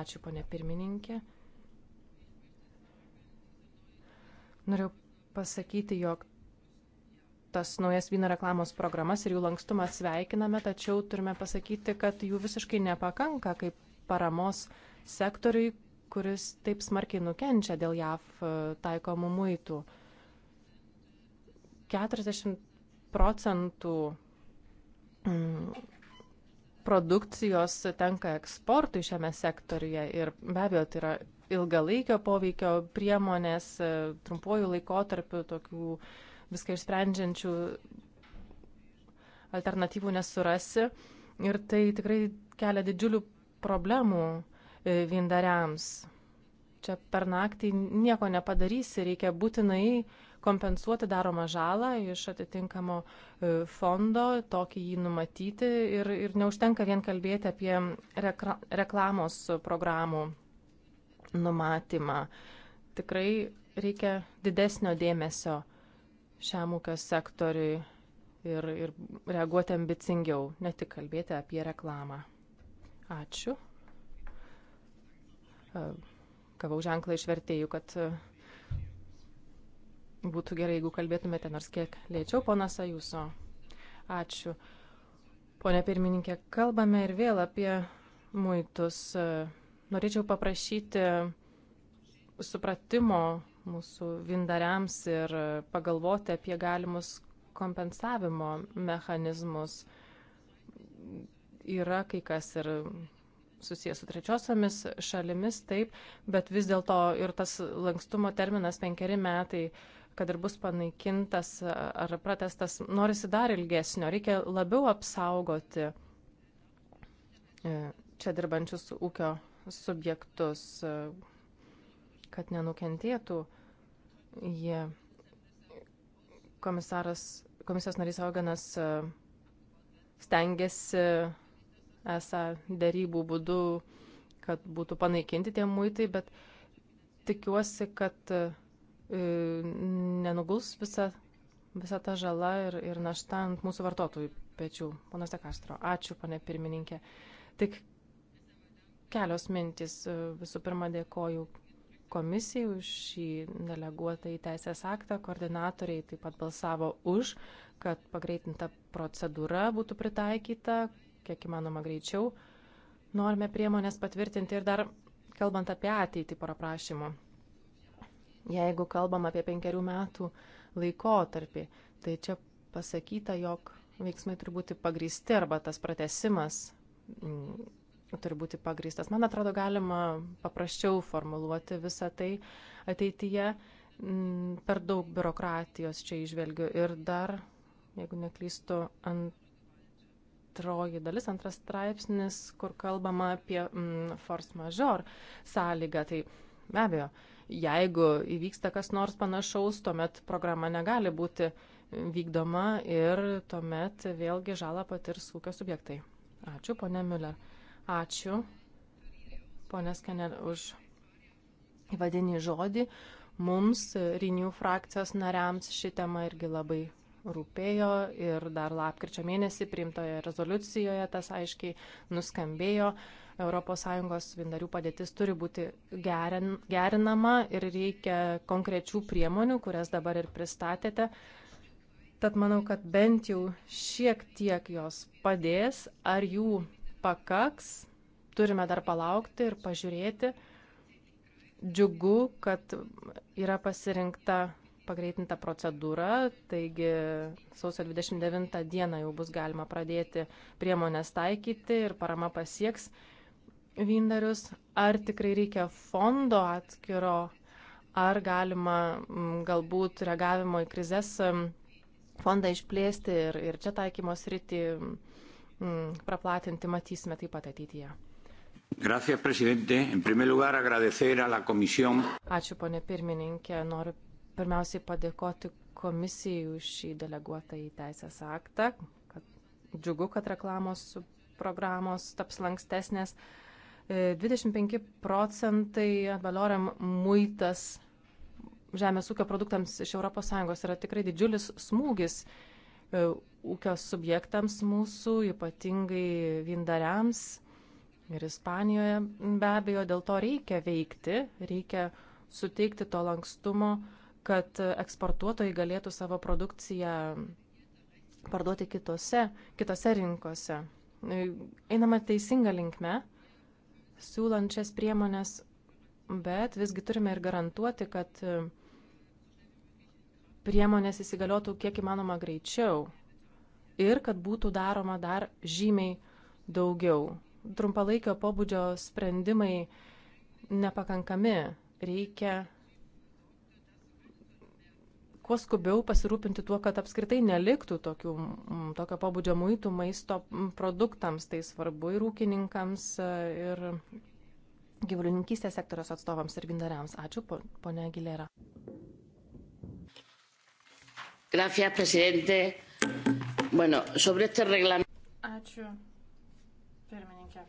S1: Ačiū, ponė pirmininkė. Noriu pasakyti, jog tas naujas vyno reklamos programas ir jų lankstumą sveikiname, tačiau turime pasakyti, kad jų visiškai nepakanka kaip paramos sektoriui, kuris taip smarkiai nukenčia dėl JAV e, taikomų muitų. 40 procentų mm, produkcijos tenka eksportui šiame sektoriuje ir be abejo tai yra ilgalaikio poveikio priemonės, e, trumpuoju laikotarpiu tokių uh, viską išsprendžiančių alternatyvų nesurasi. Ir tai tikrai kelia didžiulių problemų e, vyndariams. Čia per naktį nieko nepadarysi, reikia būtinai kompensuoti daromą žalą iš atitinkamo e, fondo, tokį jį numatyti ir, ir neužtenka vien kalbėti apie rekla, reklamos programų numatymą. Tikrai reikia didesnio dėmesio šiam ūkio sektoriui ir, ir reaguoti ambicingiau, ne tik kalbėti apie reklamą. Ačiū. E, gavau ženklą iš vertėjų, kad e, būtų gerai, jeigu kalbėtumėte nors kiek lėčiau, ponas Ajuso. Ačiū. Pone pirmininkė, kalbame ir vėl apie muitus. E, norėčiau paprašyti supratimo mūsų vindariams ir pagalvoti apie galimus kompensavimo mechanizmus. Yra kai kas ir susijęs su trečiosiamis šalimis, taip, bet vis dėlto ir tas lankstumo terminas penkeri metai, kad ir bus panaikintas ar pratestas, norisi dar ilgesnio, reikia labiau apsaugoti e, čia dirbančius ūkio subjektus, kad nenukentėtų jie. Komisaras, komisijos narys Auganas e, stengiasi esą darybų būdu, kad būtų panaikinti tie muitai, bet tikiuosi, kad e, nenuguls visa, visa ta žala ir, ir našta ant mūsų vartotojų pečių. Ponas Dekastro, ačiū, pane pirmininkė. Tik kelios mintys. Visų pirma, dėkoju komisijai už šį deleguotą į teisės aktą. Koordinatoriai taip pat balsavo už, kad pagreitinta procedūra būtų pritaikyta, kiek įmanoma greičiau. Norime priemonės patvirtinti ir dar kalbant apie ateitį porą prašymų. Jeigu kalbam apie penkerių metų laikotarpį, tai čia pasakyta, jog veiksmai turi būti pagristi arba tas pratesimas mm, turi būti pagrįstas. Man atrodo, galima paprasčiau formuluoti visą tai ateityje. Mm, per daug biurokratijos čia išvelgiu. Ir dar, jeigu neklystu, antroji dalis, antras straipsnis, kur kalbama apie mm, force major sąlygą. Tai be abejo, jeigu įvyksta kas nors panašaus, tuomet programa negali būti vykdoma ir tuomet vėlgi žalą patirs ūkio subjektai. Ačiū, ponė Miller. Ačiū, ponės Kenel, už įvadinį žodį. Mums, Rinių frakcijos nariams, ši tema irgi labai rūpėjo ir dar lapkričio mėnesį priimtoje rezoliucijoje tas aiškiai nuskambėjo. ES vindarių padėtis turi būti gerin, gerinama ir reikia konkrečių priemonių, kurias dabar ir pristatėte. Tad manau, kad bent jau šiek tiek jos padės, ar jų pakaks, turime dar palaukti ir pažiūrėti. Džiugu, kad yra pasirinkta pagreitinta procedūra, taigi sausio 29 dieną jau bus galima pradėti priemonės taikyti ir parama pasieks vyndarius. Ar tikrai reikia fondo atskiro, ar galima galbūt reagavimo į krizės fondą išplėsti ir, ir čia taikymos rytį mm, praplatinti matysime taip pat ateityje.
S6: Gracias, presidente. En primer lugar, agradecer a la comisión.
S1: Ačiū, ponė pirmininkė. Noriu pirmiausiai padėkoti komisijai už šį deleguotą į teisės aktą. Kad, džiugu, kad reklamos programos taps lankstesnės. 25 e, procentai valoriam muitas žemės ūkio produktams iš ES yra tikrai didžiulis smūgis E, ūkio subjektams mūsų, ypatingai vindariams ir Ispanijoje be abejo, dėl to reikia veikti, reikia suteikti to lankstumo, kad eksportuotojai galėtų savo produkciją parduoti kitose, kitose rinkose. E, einama teisinga linkme, siūlant šias priemonės, bet visgi turime ir garantuoti, kad priemonės įsigaliotų kiek įmanoma greičiau ir kad būtų daroma dar žymiai daugiau. Trumpalaikio pobūdžio sprendimai nepakankami. Reikia kuo skubiau pasirūpinti tuo, kad apskritai neliktų tokių, mm, tokio pobūdžio muitų maisto produktams, tai svarbu ir ūkininkams, ir gyvulininkystės sektoriaus atstovams ir gindariams. Ačiū,
S3: ponia Gilera. Gracias, presidente. Bueno, sobre este reglamento. Ačiū, pirmininkė.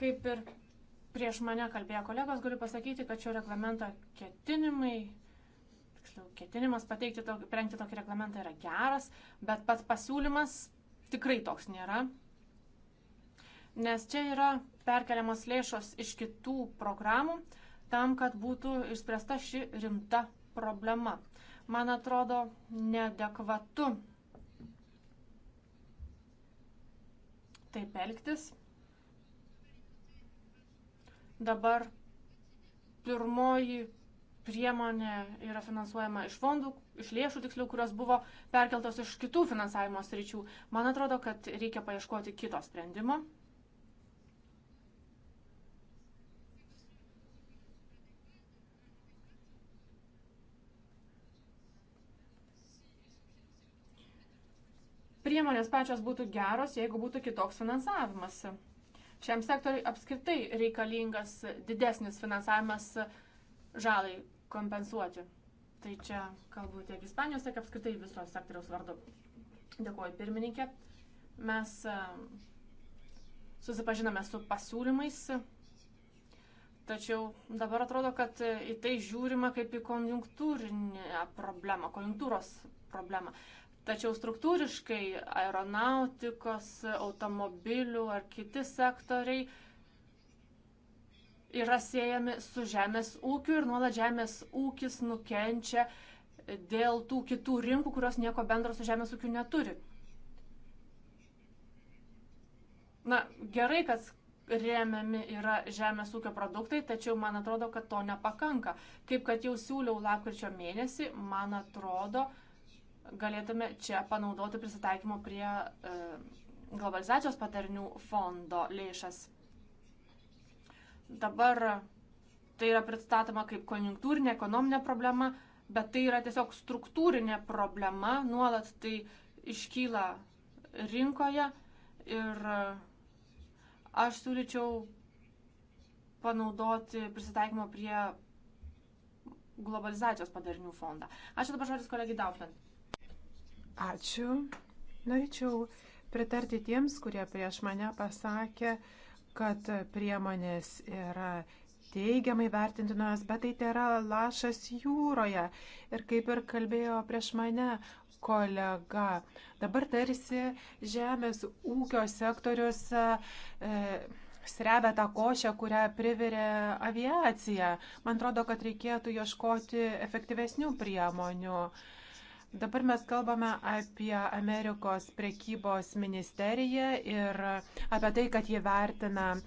S3: Kaip ir prieš mane kalbėjo kolegos, galiu pasakyti, kad šio reglamento ketinimai, tiksliau, ketinimas pateikti, tokį, prengti tokį reglamentą yra geras, bet pats pasiūlymas tikrai toks nėra. Nes čia yra perkeliamos lėšos iš kitų programų, tam, kad būtų išspręsta ši rimta problema. Man atrodo neadekvatu taip elgtis. Dabar pirmoji priemonė yra finansuojama iš fondų, iš lėšų tiksliau, kurios buvo perkeltos iš kitų finansavimo sričių. Man atrodo, kad reikia paieškoti kito sprendimo. priemonės pačios būtų geros, jeigu būtų kitoks finansavimas. Šiam sektoriui apskritai reikalingas didesnis finansavimas žalai kompensuoti. Tai čia kalbu tiek Ispanijos, tiek apskritai viso sektoriaus vardu. Dėkuoju pirmininkė. Mes e, susipažinome su pasiūlymais, tačiau dabar atrodo, kad į tai žiūrima kaip į konjunktūrinę problemą, konjunktūros problemą. Tačiau struktūriškai aeronautikos, automobilių ar kiti sektoriai yra siejami su žemės ūkiu ir nuolat žemės ūkis nukenčia dėl tų kitų rinkų, kurios nieko bendro su žemės ūkiu neturi. Na, gerai, kad remiami yra žemės ūkio produktai, tačiau man atrodo, kad to nepakanka. Kaip kad jau siūliau lapkričio mėnesį, man atrodo, kad galėtume čia panaudoti prisitaikymo prie e, globalizacijos padarinių fondo lėšas. Dabar tai yra pristatoma kaip konjunktūrinė ekonominė problema, bet tai yra tiesiog struktūrinė problema, nuolat tai iškyla rinkoje ir aš siūlyčiau panaudoti prisitaikymo prie globalizacijos padarinių fondą. Ačiū dabar žodis kolegai Dauflin.
S5: Ačiū. Norėčiau pritarti tiems, kurie prieš mane pasakė, kad priemonės yra teigiamai vertintinos, bet tai tai yra lašas jūroje. Ir kaip ir kalbėjo prieš mane kolega, dabar tarsi žemės ūkio sektorius e, srebia tą košę, kurią privirė aviacija. Man atrodo, kad reikėtų ieškoti efektyvesnių priemonių. E, Dabar mes kalbame apie Amerikos prekybos ministeriją ir apie tai, kad jie vertina e,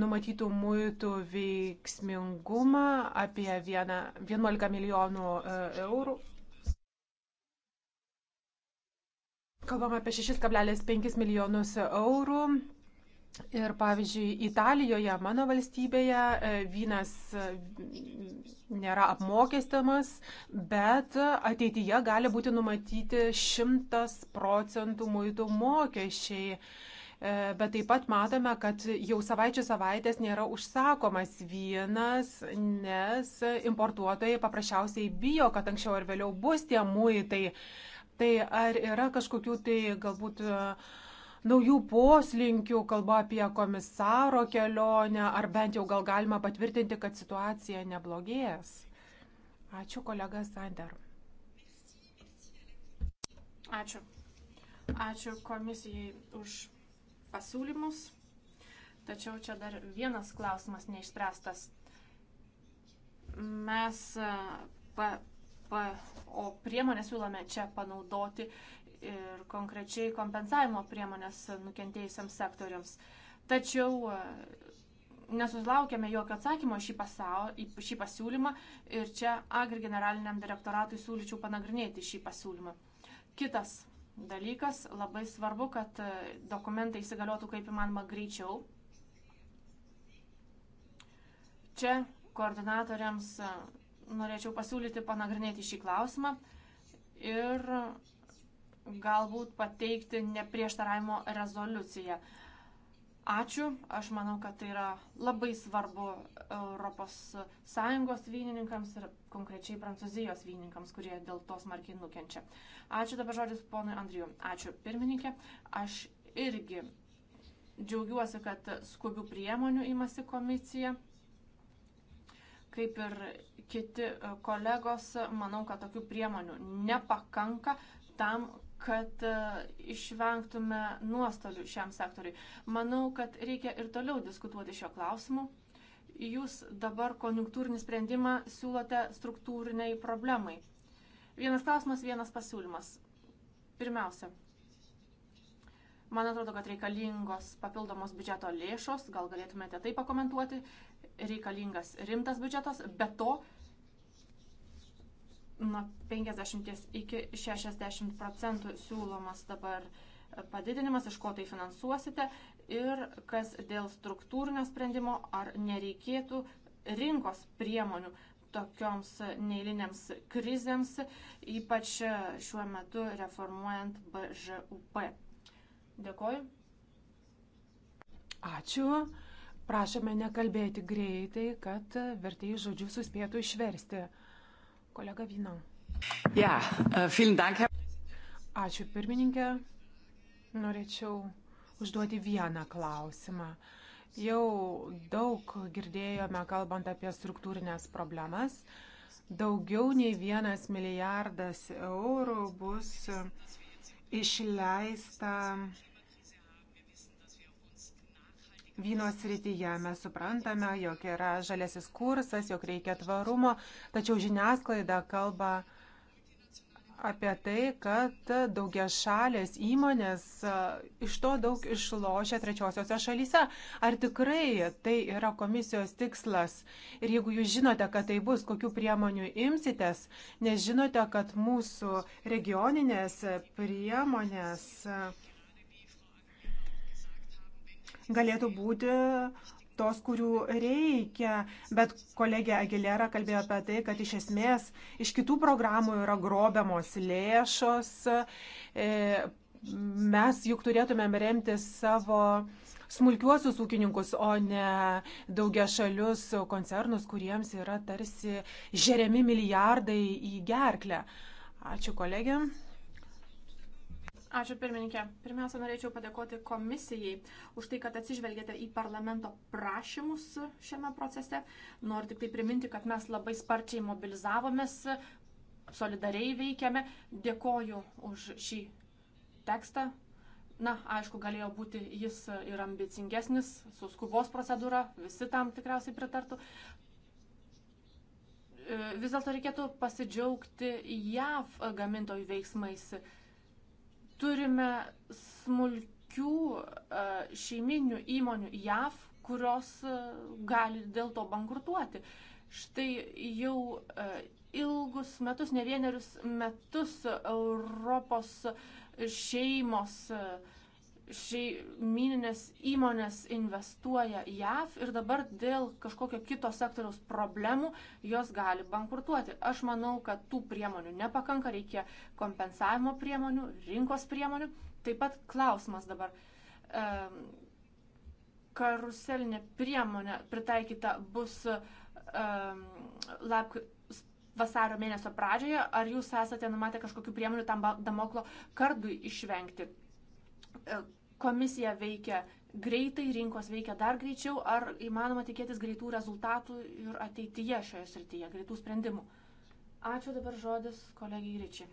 S5: numatytų muitų veiksmingumą apie 11 milijonų e, eurų. Kalbame apie 6,5 milijonus eurų Ir pavyzdžiui, Italijoje, mano valstybėje, e, vynas e, nėra apmokestamas, bet ateityje gali būti numatyti 100 procentų muitų mokesčiai. E, bet taip pat matome, kad jau savaičių savaitės nėra užsakomas vynas, nes importuotojai paprasčiausiai bijo, kad anksčiau ar vėliau bus tie muitai. Tai ar yra kažkokių tai galbūt uh, naujų poslinkių, kalba apie komisaro kelionę, ar bent jau gal galima patvirtinti, kad situacija neblogės. Ačiū, kolega Sander.
S3: Ačiū. Ačiū komisijai už pasiūlymus. Tačiau čia dar vienas klausimas neišspręstas. Mes pa, pa, o priemonę siūlome čia panaudoti ir konkrečiai kompensavimo priemonės nukentėjusiams sektoriams. Tačiau e, nesusilaukėme jokio atsakymo šį, pasau, šį pasiūlymą ir čia Agri generaliniam direktoratui siūlyčiau panagrinėti šį pasiūlymą. Kitas dalykas, labai svarbu, kad e, dokumentai įsigaliotų kaip įmanoma greičiau. Čia koordinatoriams e, norėčiau pasiūlyti panagrinėti šį klausimą ir galbūt pateikti neprieštaravimo rezoliuciją. Ačiū, aš manau, kad tai yra labai svarbu ES vynininkams ir konkrečiai Prancūzijos vynininkams, kurie dėl to smarkiai nukenčia. Ačiū dabar žodis ponui Andriju. Ačiū pirmininkė. Aš irgi džiaugiuosi, kad skubių priemonių imasi komisija. Kaip ir kiti kolegos, manau, kad tokių priemonių nepakanka tam, kad e, išvengtume nuostolių šiam sektoriui. Manau, kad reikia ir toliau diskutuoti šio klausimu. Jūs dabar konjunktūrinį sprendimą siūlote struktūriniai problemai. Vienas klausimas, vienas pasiūlymas. Pirmiausia, man atrodo, kad reikalingos papildomos biudžeto lėšos, gal galėtumėte tai pakomentuoti, reikalingas rimtas biudžetas, bet to nuo 50 iki 60 procentų siūlomas dabar padidinimas, iš ko tai finansuosite ir kas dėl struktūrinio sprendimo, ar nereikėtų rinkos priemonių tokioms neįliniams krizėms, ypač šiuo metu reformuojant BŽUP. Dėkoju.
S5: Ačiū. Prašome nekalbėti greitai, kad vertėjai žodžių suspėtų išversti. Kolega Vino.
S4: Ja, e, vielen Dank.
S5: Ačiū pirmininkė. Norėčiau užduoti vieną klausimą. Jau daug girdėjome, kalbant apie struktūrinės problemas. Daugiau nei vienas milijardas eurų bus išleista vyno srityje. Mes suprantame, jog yra žaliasis kursas, jog reikia tvarumo, tačiau žiniasklaida kalba apie tai, kad daugia šalės įmonės iš to daug išlošia trečiosiose šalyse. Ar tikrai tai yra komisijos tikslas? Ir jeigu jūs žinote, kad tai bus, kokiu priemoniu imsitės, nes žinote, kad mūsų regioninės priemonės galėtų būti tos, kurių reikia. Bet kolegė Agilera kalbėjo apie tai, kad iš esmės iš kitų programų yra grobiamos lėšos. E, mes juk turėtumėm remti savo smulkiuosius ūkininkus, o ne daugia šalius koncernus, kuriems yra tarsi žeriami milijardai į gerklę. Ačiū kolegiam.
S3: Ačiū pirmininkė. Pirmiausia, norėčiau padėkoti komisijai už tai, kad atsižvelgėte į parlamento prašymus šiame procese. Noriu tik tai priminti, kad mes labai sparčiai mobilizavomės, solidariai veikiame. Dėkoju už šį tekstą. Na, aišku, galėjo būti jis ir ambicingesnis, su skubos procedūra, visi tam tikriausiai pritartų. Vis dėlto reikėtų pasidžiaugti JAV gamintojų veiksmais Turime smulkių e, šeiminių įmonių JAV, kurios e, gali dėl to bankrutuoti. Štai jau e, ilgus metus, ne vienerius metus Europos šeimos uh, šeimininės įmonės investuoja JAV ir dabar dėl kažkokio kito sektoriaus problemų jos gali bankrutuoti. Aš manau, kad tų priemonių nepakanka, reikia kompensavimo priemonių, rinkos priemonių. Taip pat klausimas dabar. Karuselinė priemonė pritaikyta bus lapkričio vasario mėnesio pradžioje, ar jūs esate numatę kažkokių priemonių tam damoklo kardui išvengti? komisija veikia greitai, rinkos veikia dar greičiau, ar įmanoma tikėtis greitų rezultatų ir ateityje šioje srityje, greitų sprendimų. Ačiū dabar žodis kolegijai Ryčiai.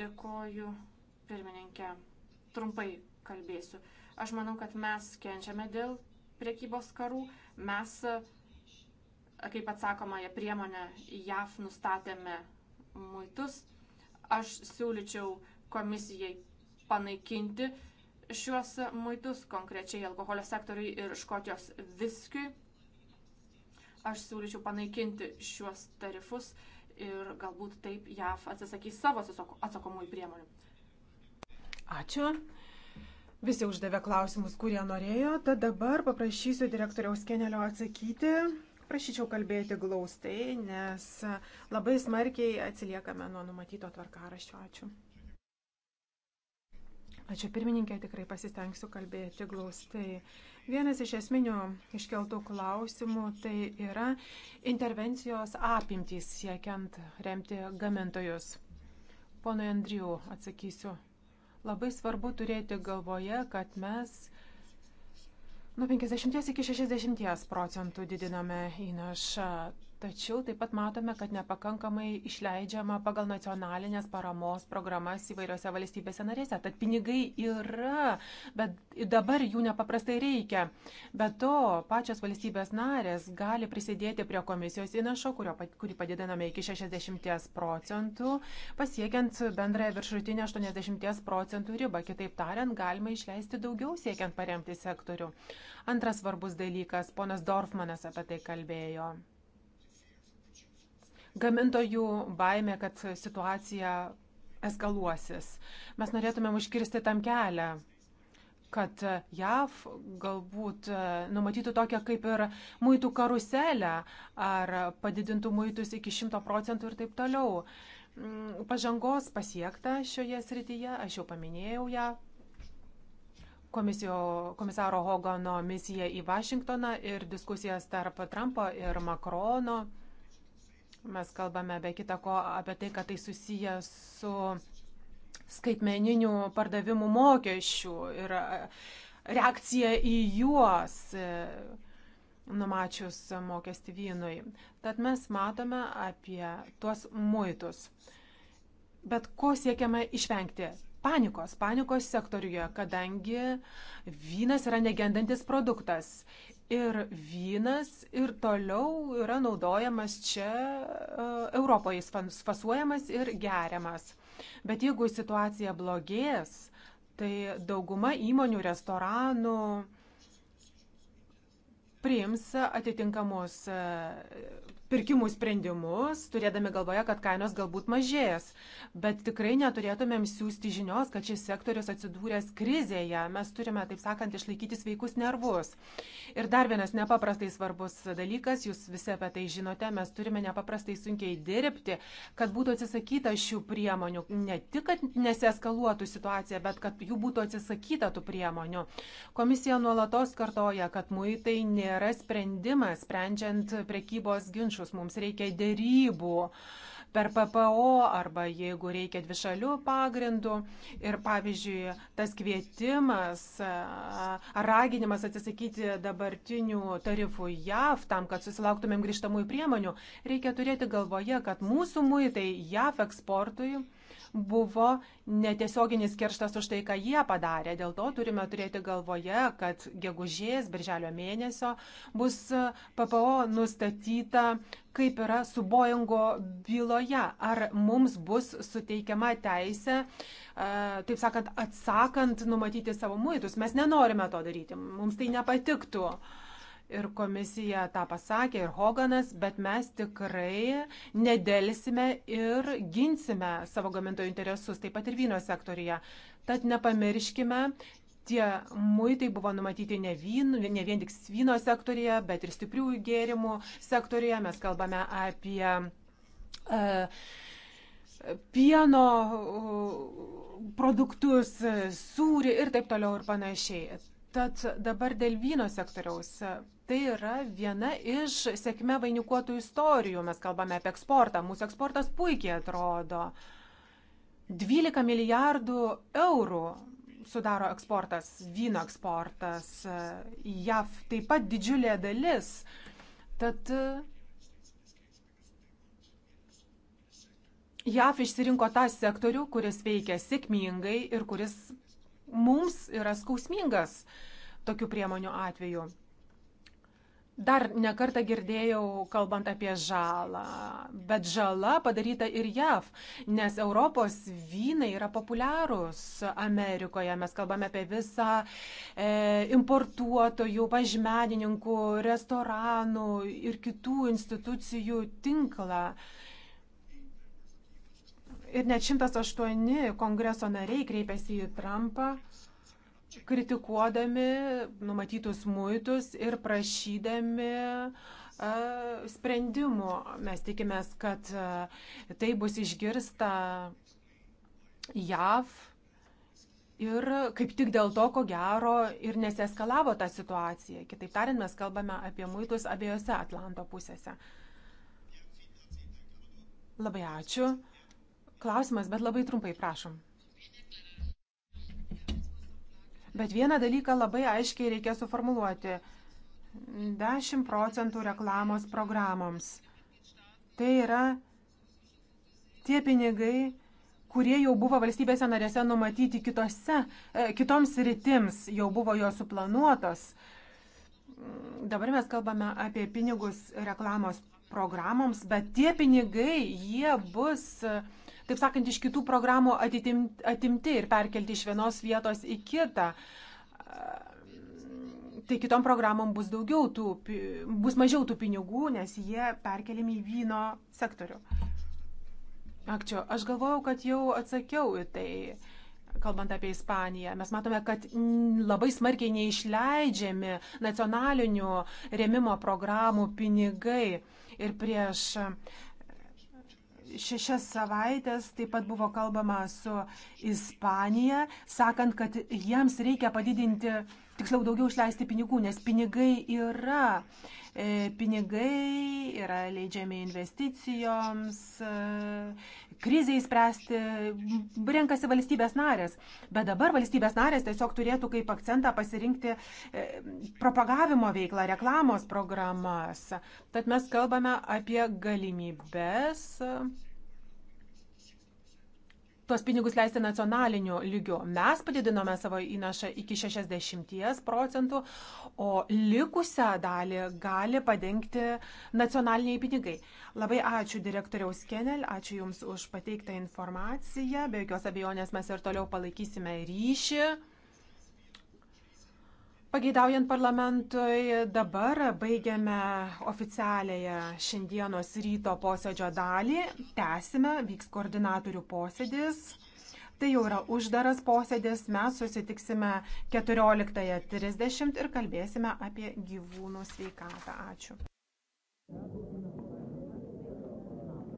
S3: Dėkoju, pirmininkė. Trumpai kalbėsiu. Aš manau, kad mes kenčiame dėl priekybos karų. Mes, kaip atsakoma, priemonę JAF nustatėme muitus Aš siūlyčiau komisijai panaikinti šiuos muitus, konkrečiai alkoholio sektoriui ir Škotijos viskiui. Aš siūlyčiau panaikinti šiuos tarifus ir galbūt taip JAV atsisakys savo atsakomųjų priemonių.
S5: Ačiū. Visi uždavė klausimus, kurie norėjo, tad dabar paprašysiu direktoriaus Kenelio atsakyti Prašyčiau kalbėti glaustai, nes labai smarkiai atsiliekame nuo numatyto tvarkaraščio. Ačiū. Ačiū pirmininkė, tikrai pasistengsiu kalbėti glaustai. Vienas iš esminių iškeltų klausimų tai yra intervencijos apimtys siekiant remti gamintojus. Pono Andriju atsakysiu. Labai svarbu turėti galvoje, kad mes Nuo 50 iki 60 procentų didiname įnašą. Tačiau taip pat matome, kad nepakankamai išleidžiama pagal nacionalinės paramos programas įvairiose valstybėse narėse. Tad pinigai yra, bet dabar jų nepaprastai reikia. Be to, pačios valstybės narės gali prisidėti prie komisijos įnašo, kurio, kurį padidiname iki 60 procentų, pasiekiant bendrąją viršutinę 80 procentų ribą. Kitaip tariant, galima išleisti daugiau siekiant paremti sektorių. Antras svarbus dalykas, ponas Dorfmanas apie tai kalbėjo gamintojų baimė, kad situacija eskaluosis. Mes norėtumėm užkirsti tam kelią, kad JAV galbūt e, numatytų tokią kaip ir muitų karuselę ar padidintų muitus iki 100 procentų ir taip toliau. Mm, pažangos pasiekta šioje srityje, aš jau paminėjau ją. Komisijo, komisaro Hogano misiją į Vašingtoną ir diskusijas tarp Trumpo ir Makrono. Mes kalbame be kita ko apie tai, kad tai susiję su skaitmeninių pardavimų mokesčių ir e, reakcija į juos e, numačius mokestį vynui. Tad mes matome apie tuos muitus. Bet ko siekiame išvengti? Panikos, panikos sektoriuje, kadangi vynas yra negendantis produktas ir vynas ir toliau yra naudojamas čia e, Europoje, jis fasuojamas ir geriamas. Bet jeigu situacija blogės, tai dauguma įmonių, restoranų priims atitinkamus e, pirkimų sprendimus, turėdami galvoje, kad kainos galbūt mažės. Bet tikrai neturėtumėm siūsti žinios, kad šis sektorius atsidūręs krizėje. Mes turime, taip sakant, išlaikyti sveikus nervus. Ir dar vienas nepaprastai svarbus dalykas, jūs visi apie tai žinote, mes turime nepaprastai sunkiai dirbti, kad būtų atsisakyta šių priemonių. Ne tik, kad neseskaluotų situacija, bet kad jų būtų atsisakyta tų priemonių. Komisija nuolatos kartoja, kad muitai nėra sprendimas sprendžiant prekybos ginčių ginčius, mums reikia dėrybų per PPO arba jeigu reikia dvišalių pagrindų. Ir pavyzdžiui, tas kvietimas, raginimas atsisakyti dabartinių tarifų JAV tam, kad susilauktumėm grįžtamųjų priemonių, reikia turėti galvoje, kad mūsų muitai JAV eksportui buvo netiesioginis kerštas už tai, ką jie padarė. Dėl to turime turėti galvoje, kad gegužės, birželio mėnesio bus PPO nustatyta, kaip yra su Boeingo byloje. Ar mums bus suteikiama teisė, e, taip sakant, atsakant numatyti savo muitus. Mes nenorime to daryti, mums tai nepatiktų. Uh, ir komisija tą pasakė, ir Hoganas, bet mes tikrai nedėlsime ir ginsime savo gamintojų interesus, taip pat ir vyno sektorija. Tad nepamirškime, tie muitai buvo numatyti ne, vyn, ne vien tik vyno sektorija, bet ir stipriųjų gėrimų sektorija. Mes kalbame apie uh, pieno uh, produktus, sūrį ir taip toliau ir panašiai. Tad dabar dėl vyno sektoriaus. Tai yra viena iš sėkme vainikuotų istorijų. Mes kalbame apie eksportą. Mūsų eksportas puikiai atrodo. 12 milijardų eurų sudaro eksportas, vyno eksportas. JAV taip pat didžiulė dalis. Tad JAV išsirinko tą sektorių, kuris veikia sėkmingai ir kuris mums yra skausmingas tokių priemonių atveju. Dar nekartą girdėjau, kalbant apie žalą, bet žala padaryta ir JAV, nes Europos vynai yra populiarūs Amerikoje. Mes kalbame apie visą e, importuotojų, pažmenininkų, restoranų ir kitų institucijų tinklą. E, Ir net 108 kongreso nariai kreipėsi į Trumpą, kritikuodami numatytus muitus ir prašydami uh, sprendimų. Mes tikimės, kad uh, tai bus išgirsta JAV. Ir kaip tik dėl to, ko gero, ir neseskalavo ta situacija. Kitaip tariant, mes kalbame apie muitus abiejose Atlanto pusėse. Labai ačiū klausimas, bet labai trumpai prašom. Bet vieną dalyką labai aiškiai reikia suformuluoti. 10 procentų reklamos programoms. Tai yra tie pinigai, kurie jau buvo valstybėse narėse numatyti kitose, e, kitoms rytims, jau buvo jos suplanuotos. Dabar mes kalbame apie pinigus reklamos programoms, bet tie pinigai, jie bus uh, taip sakant, iš kitų programų atimti ir perkelti iš vienos vietos į kitą. Tai kitom programom bus, daugiau tų, bus mažiau tų pinigų, nes jie perkeliami į vyno sektorių. Akčio, aš galvojau, kad jau atsakiau į tai kalbant apie Ispaniją. Mes matome, kad labai smarkiai neišleidžiami nacionalinių rėmimo programų pinigai. Ir prieš šešias savaitės taip pat buvo kalbama su Ispanija, sakant, kad jiems reikia padidinti, tiksliau daugiau išleisti pinigų, nes pinigai yra. E, pinigai yra leidžiami investicijoms, e, kriziai spręsti, renkasi valstybės narės. Bet dabar valstybės narės tiesiog turėtų kaip akcentą pasirinkti e, propagavimo veiklą, reklamos programas. Tad mes kalbame apie galimybės tuos pinigus leisti nacionaliniu lygiu. Mes padidinome savo įnašą iki 60 procentų, o likusią dalį gali padengti nacionaliniai pinigai. Labai ačiū direktoriaus Kenel, ačiū Jums už pateiktą informaciją. Be jokios abejonės mes ir toliau palaikysime ryšį. Pageidaujant parlamentui, dabar baigiame oficialiąją šiandienos ryto posėdžio dalį. Tęsime, vyks koordinatorių posėdis. Tai jau yra uždaras posėdis, mes susitiksime 14.30 ir kalbėsime apie gyvūnų sveikatą. Ačiū.